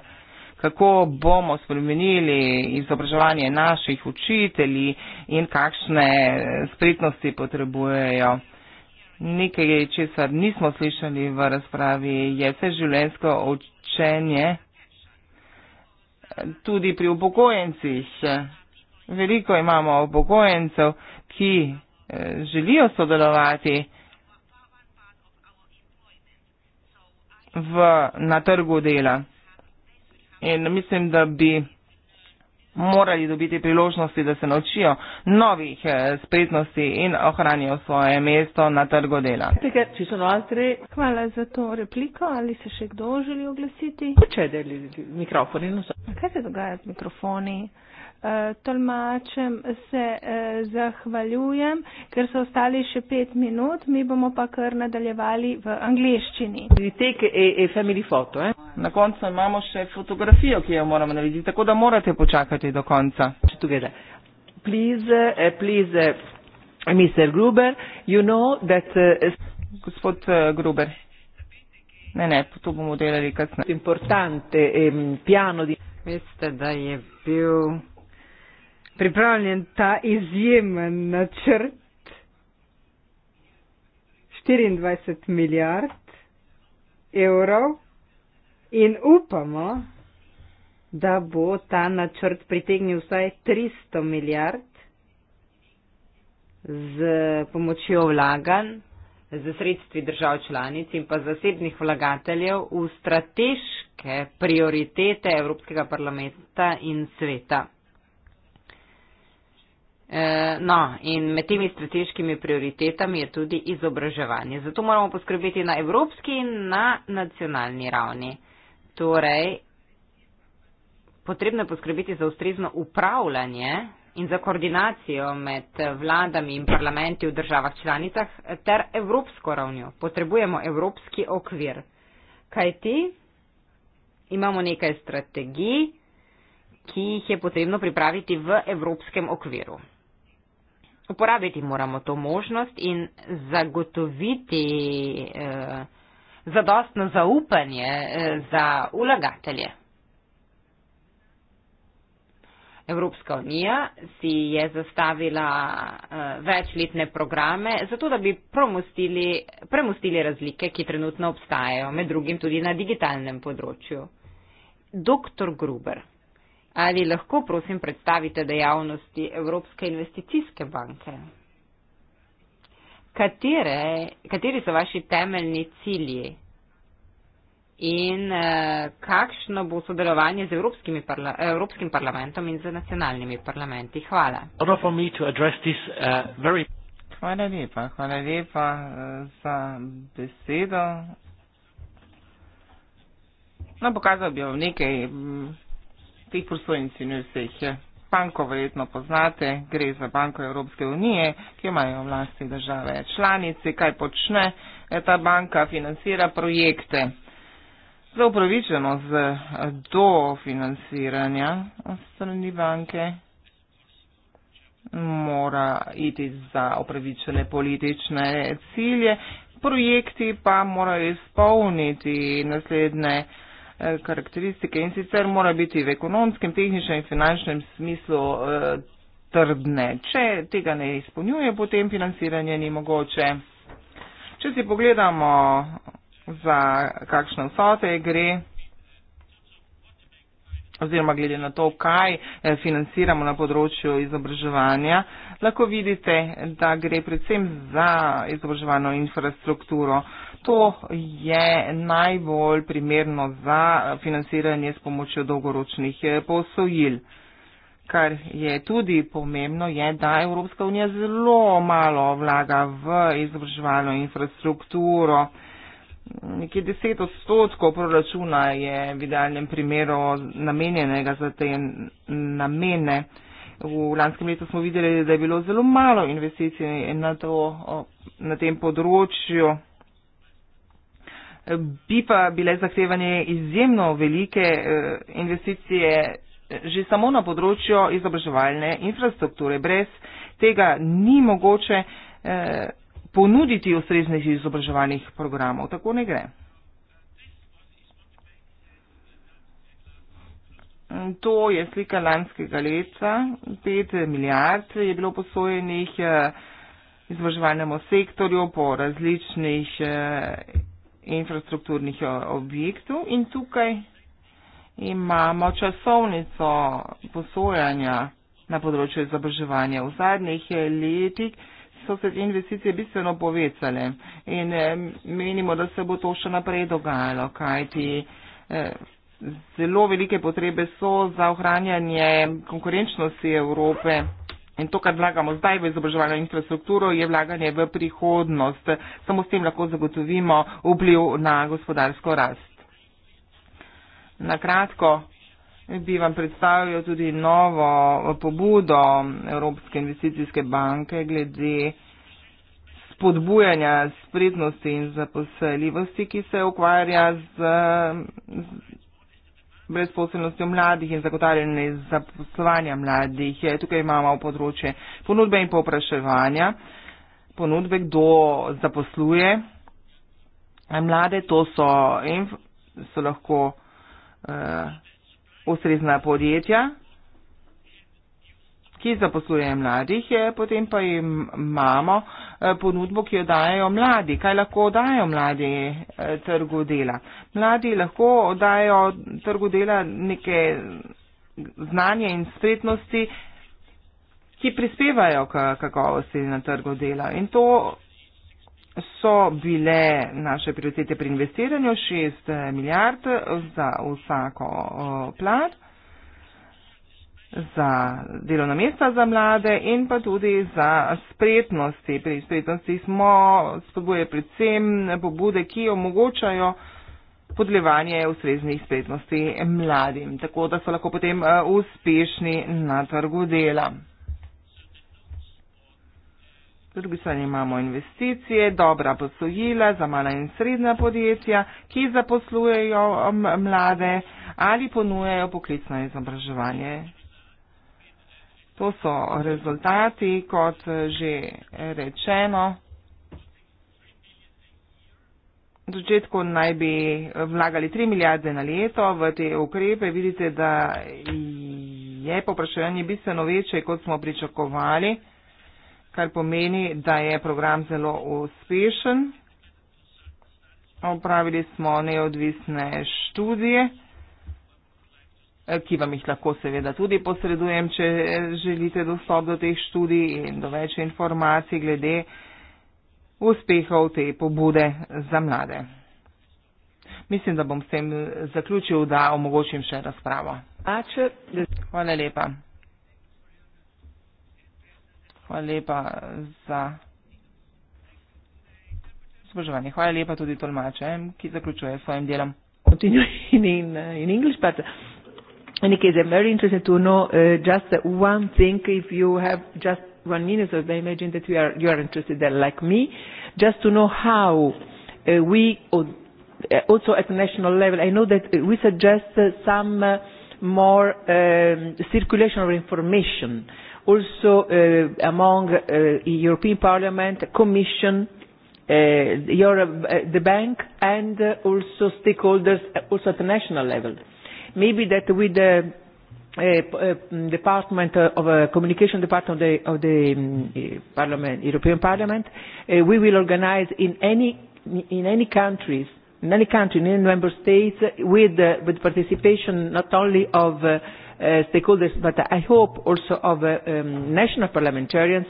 kako bomo spremenili izobraževanje naših učitelji in kakšne eh, spretnosti potrebujejo nekaj, česar nismo slišali v razpravi, je vse življensko učenje tudi pri upokojencih. Veliko imamo upokojencev, ki eh, želijo sodelovati v, na trgu dela. In mislim, da bi morali dobiti priložnosti, da se naučijo novih eh, spretnosti in ohranijo svoje mesto na trgu dela. Hvala za to repliko. Ali se še kdo želi oglasiti? Kaj se dogaja z mikrofoni? Eh, tolmačem se eh, zahvaljujem, ker so ostali še pet minut, mi bomo pa kar nadaljevali v angliščini. E, e photo, eh? Na koncu imamo še fotografijo, ki jo moramo narediti, tako da morate počakati do konca. Please, eh, please, Mr. Gruber, you know that... Gospod Gruber. Ne, ne, to bomo delali kasneje. Ehm, Veste, da je bil pripravljen ta izjemen načrt 24 milijard evrov in upamo, da bo ta načrt pritegnil vsaj 300 milijard z pomočjo vlaganj, z sredstvi držav članic in pa zasebnih vlagateljev v strateške prioritete Evropskega parlamenta in sveta. Eh, no, in med temi strateškimi prioritetami je tudi izobraževanje. Zato moramo poskrbeti na evropski in na nacionalni ravni. Torej, potrebno je poskrbeti za ustrezno upravljanje in za koordinacijo med vladami in parlamenti v državah članicah ter evropsko ravnjo. Potrebujemo evropski okvir. Kaj ti? Imamo nekaj strategij, ki jih je potrebno pripraviti v evropskem okviru uporabiti moramo to možnost in zagotoviti eh, zadostno zaupanje eh, za ulagatelje. Evropska unija si je zastavila eh, večletne programe, zato da bi premustili razlike, ki trenutno obstajajo, med drugim tudi na digitalnem področju. Doktor Gruber. Ali lahko, prosim, predstavite dejavnosti Evropske investicijske banke? Katere, kateri so vaši temeljni cilji in eh, kakšno bo sodelovanje z parla, Evropskim parlamentom in z nacionalnimi parlamenti? Hvala. Eh, hvala lepa, hvala lepa eh, za besedo. No, pokazal bi vam nekaj. Mm, teh prosto insinuje se jih je. Banko verjetno poznate, gre za Banko Evropske unije, ki imajo vlasti države članice, kaj počne e, ta banka, financira projekte. Za upravičenost do financiranja strani banke mora iti za upravičene politične cilje, projekti pa morajo izpolniti naslednje. Eh, karakteristike in sicer mora biti v ekonomskem, tehničnem in finančnem smislu eh, trdne. Če tega ne izpolnjuje, potem financiranje ni mogoče. Če si pogledamo, za kakšne vsote gre, oziroma glede na to, kaj eh, financiramo na področju izobraževanja, lahko vidite, da gre predvsem za izobraževano infrastrukturo to je najbolj primerno za financiranje s pomočjo dolgoročnih eh, posojil. Kar je tudi pomembno, je, da Evropska unija zelo malo vlaga v izobraževalno infrastrukturo. Nekje deset odstotkov proračuna je v idealnem primeru namenjenega za te namene. V lanskem letu smo videli, da je bilo zelo malo investicij na, to, na tem področju bi pa bile zahtevanje izjemno velike eh, investicije eh, že samo na področju izobraževalne infrastrukture. Brez tega ni mogoče eh, ponuditi ustreznih izobraževalnih programov. Tako ne gre. To je slika lanskega leta. 5 milijard je bilo posojenih izobraževalnemu sektorju po različnih infrastrukturnih eh, objektov in tukaj imamo časovnico posojanja na področju izobraževanja. V zadnjih eh, letih so se investicije bistveno povecale in eh, menimo, da se bo to še naprej dogajalo, kajti zelo velike potrebe so za ohranjanje konkurenčnosti Evrope. In to, kar vlagamo zdaj v izobraževalno infrastrukturo, je vlaganje v prihodnost. Samo s tem lahko zagotovimo vpliv na gospodarsko rast. Na kratko bi vam predstavil tudi novo pobudo Evropske investicijske banke glede spodbujanja spretnosti in zaposljivosti, ki se ukvarja z, z brezposelnostjo mladih in zagotavljanje zaposlovanja mladih. Tukaj imamo področje ponudbe in popraševanja, ponudbe, kdo zaposluje mlade, to so, so lahko uh, ustrezna podjetja, ki zaposluje mladih, potem pa imamo eh, ponudbo, ki jo dajo mladi. Kaj lahko dajo mladi eh, trgu dela? Mladi lahko dajo trgu dela neke znanje in spretnosti, ki prispevajo k kakovosti na trgu dela. In to so bile naše prioritete pri investiranju 6 eh, milijard za vsako plat za delovna mesta za mlade in pa tudi za spretnosti. Pri spretnosti smo spodbuje predvsem pobude, ki omogočajo podlevanje ustreznih spretnosti mladim, tako da so lahko potem eh, uspešni na trgu dela. Drugi strani imamo investicije, dobra posojila za mala in srednja podjetja, ki zaposlujejo mlade ali ponujejo poklicno izobraževanje To so rezultati, kot že rečeno. V začetku naj bi vlagali 3 milijarde na leto v te ukrepe. Vidite, da je popraševanje bistveno večje, kot smo pričakovali, kar pomeni, da je program zelo uspešen. Opravili smo neodvisne študije ki vam jih lahko seveda tudi posredujem, če želite dostop do teh študij in do več informacij glede uspehov te pobude za mlade. Mislim, da bom s tem zaključil, da omogočim še razpravo. Hvala lepa. Hvala lepa za. Spoštovani, hvala lepa tudi tolmačem, ki zaključuje s svojim delom. In, in, in English, but any case, I'm very interested to know uh, just one thing, if you have just one minute, so I imagine that you are, you are interested there like me, just to know how uh, we, uh, also at national level, I know that we suggest uh, some uh, more um, circulation of information, also uh, among uh, European Parliament, Commission, uh, Europe, uh, the bank, and uh, also stakeholders, uh, also at the national level maybe that with the uh, uh mm, department of uh, communication department of the, of the um, parliament, European Parliament, uh, we will organise in any in any countries, in any country, in any member states, uh, with uh, with participation not only of uh, uh, stakeholders but I hope also of uh, um, national parliamentarians,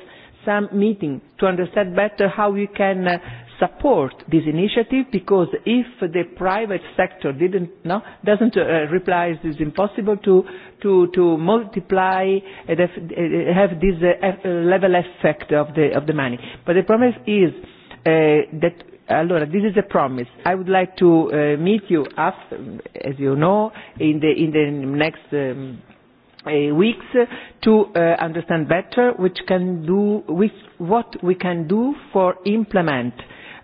some meeting to understand better how we can uh, support this initiative because if the private sector didn't, no, doesn't uh, reply it is impossible to, to, to multiply and uh, uh, have this uh, uh, level effect of the, of the money. But the promise is uh, that Allora, this is a promise. I would like to uh, meet you after, as you know, in the, in the next um, uh, weeks to uh, understand better which can do, which, what we can do for implement uh,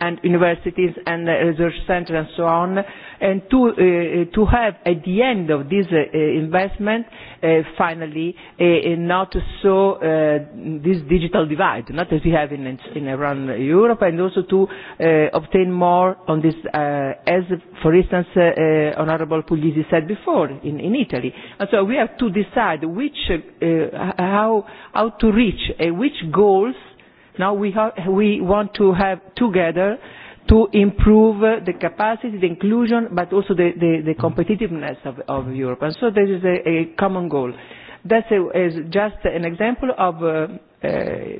and universities and research centres and so on and uh, to have at the end of this uh, investment uh, finally not this digital divide not as we have around europe and also to obtain more on this as for instance honourable puglisi said before in italy. so we have to decide which how to reach and which goals Now we, have, we want to have together to improve uh, the capacity, the inclusion, but also the, the, the competitiveness of, of Europe. And so this is a, a common goal. That is just an example of uh, uh,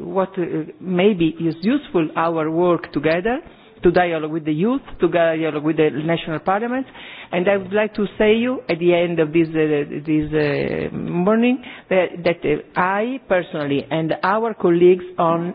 what uh, maybe is useful, our work together to dialogue with the youth, to dialogue with the national parliaments. And I would like to say you at the end of this, uh, this uh, morning that, that uh, I personally and our colleagues on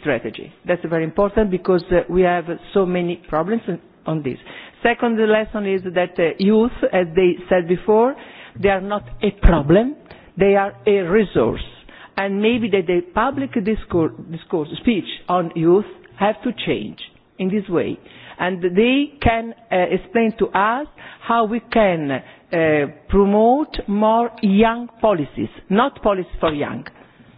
strategy. That's very important because uh, we have so many problems on this. Second lesson is that uh, youth, as they said before, they are not a problem, they are a resource. Maybe that the public discourse, speech on youth have to change in this way. They can uh, explain to us how we can promote more young policies, not policies for young,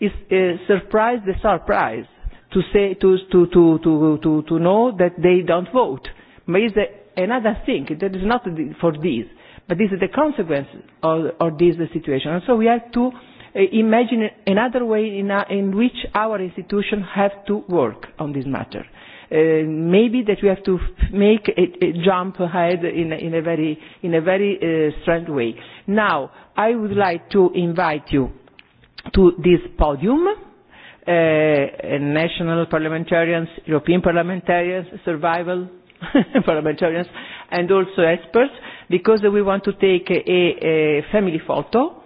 is a uh, surprise the surprise to say to to to to to, to know that they don't vote. But it's a, another thing that is not for this, but this is the consequence of, of this situation. And so we have to uh, imagine another way in, uh, in which our institutions have to work on this matter. Uh, maybe that we have to f- make a, a jump ahead in, in a very, in a very uh, strange way. Now, I would like to invite you uh, to this podium. Uh, national parliamentarians, European parliamentarians, survival [laughs] parliamentarians, and also experts, because we want to take a, a family photo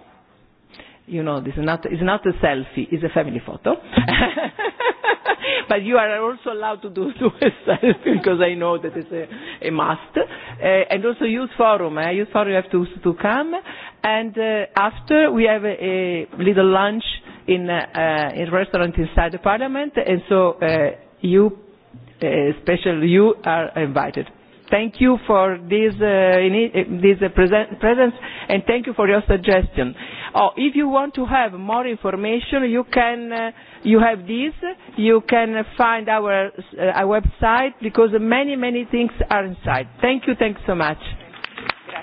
you know this is not it's not a selfie it's a family photo [laughs] but you are also allowed to do, do a selfie because i know that it's a, a must uh, and also youth forum uh, youth forum you have to to come and uh, after we have a, a little lunch in a, uh, uh, in a restaurant inside the parliament and so uh, you especially uh, you are invited Thank you for this, uh, in it, this uh, present, presence and thank you for your suggestion. Oh, if you want to have more information, you can, uh, you have this, you can find our, uh, our website because many, many things are inside. Thank you, thanks so much. Thank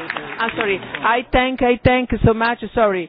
you. Ah, sorry. I thank, I thank so much, sorry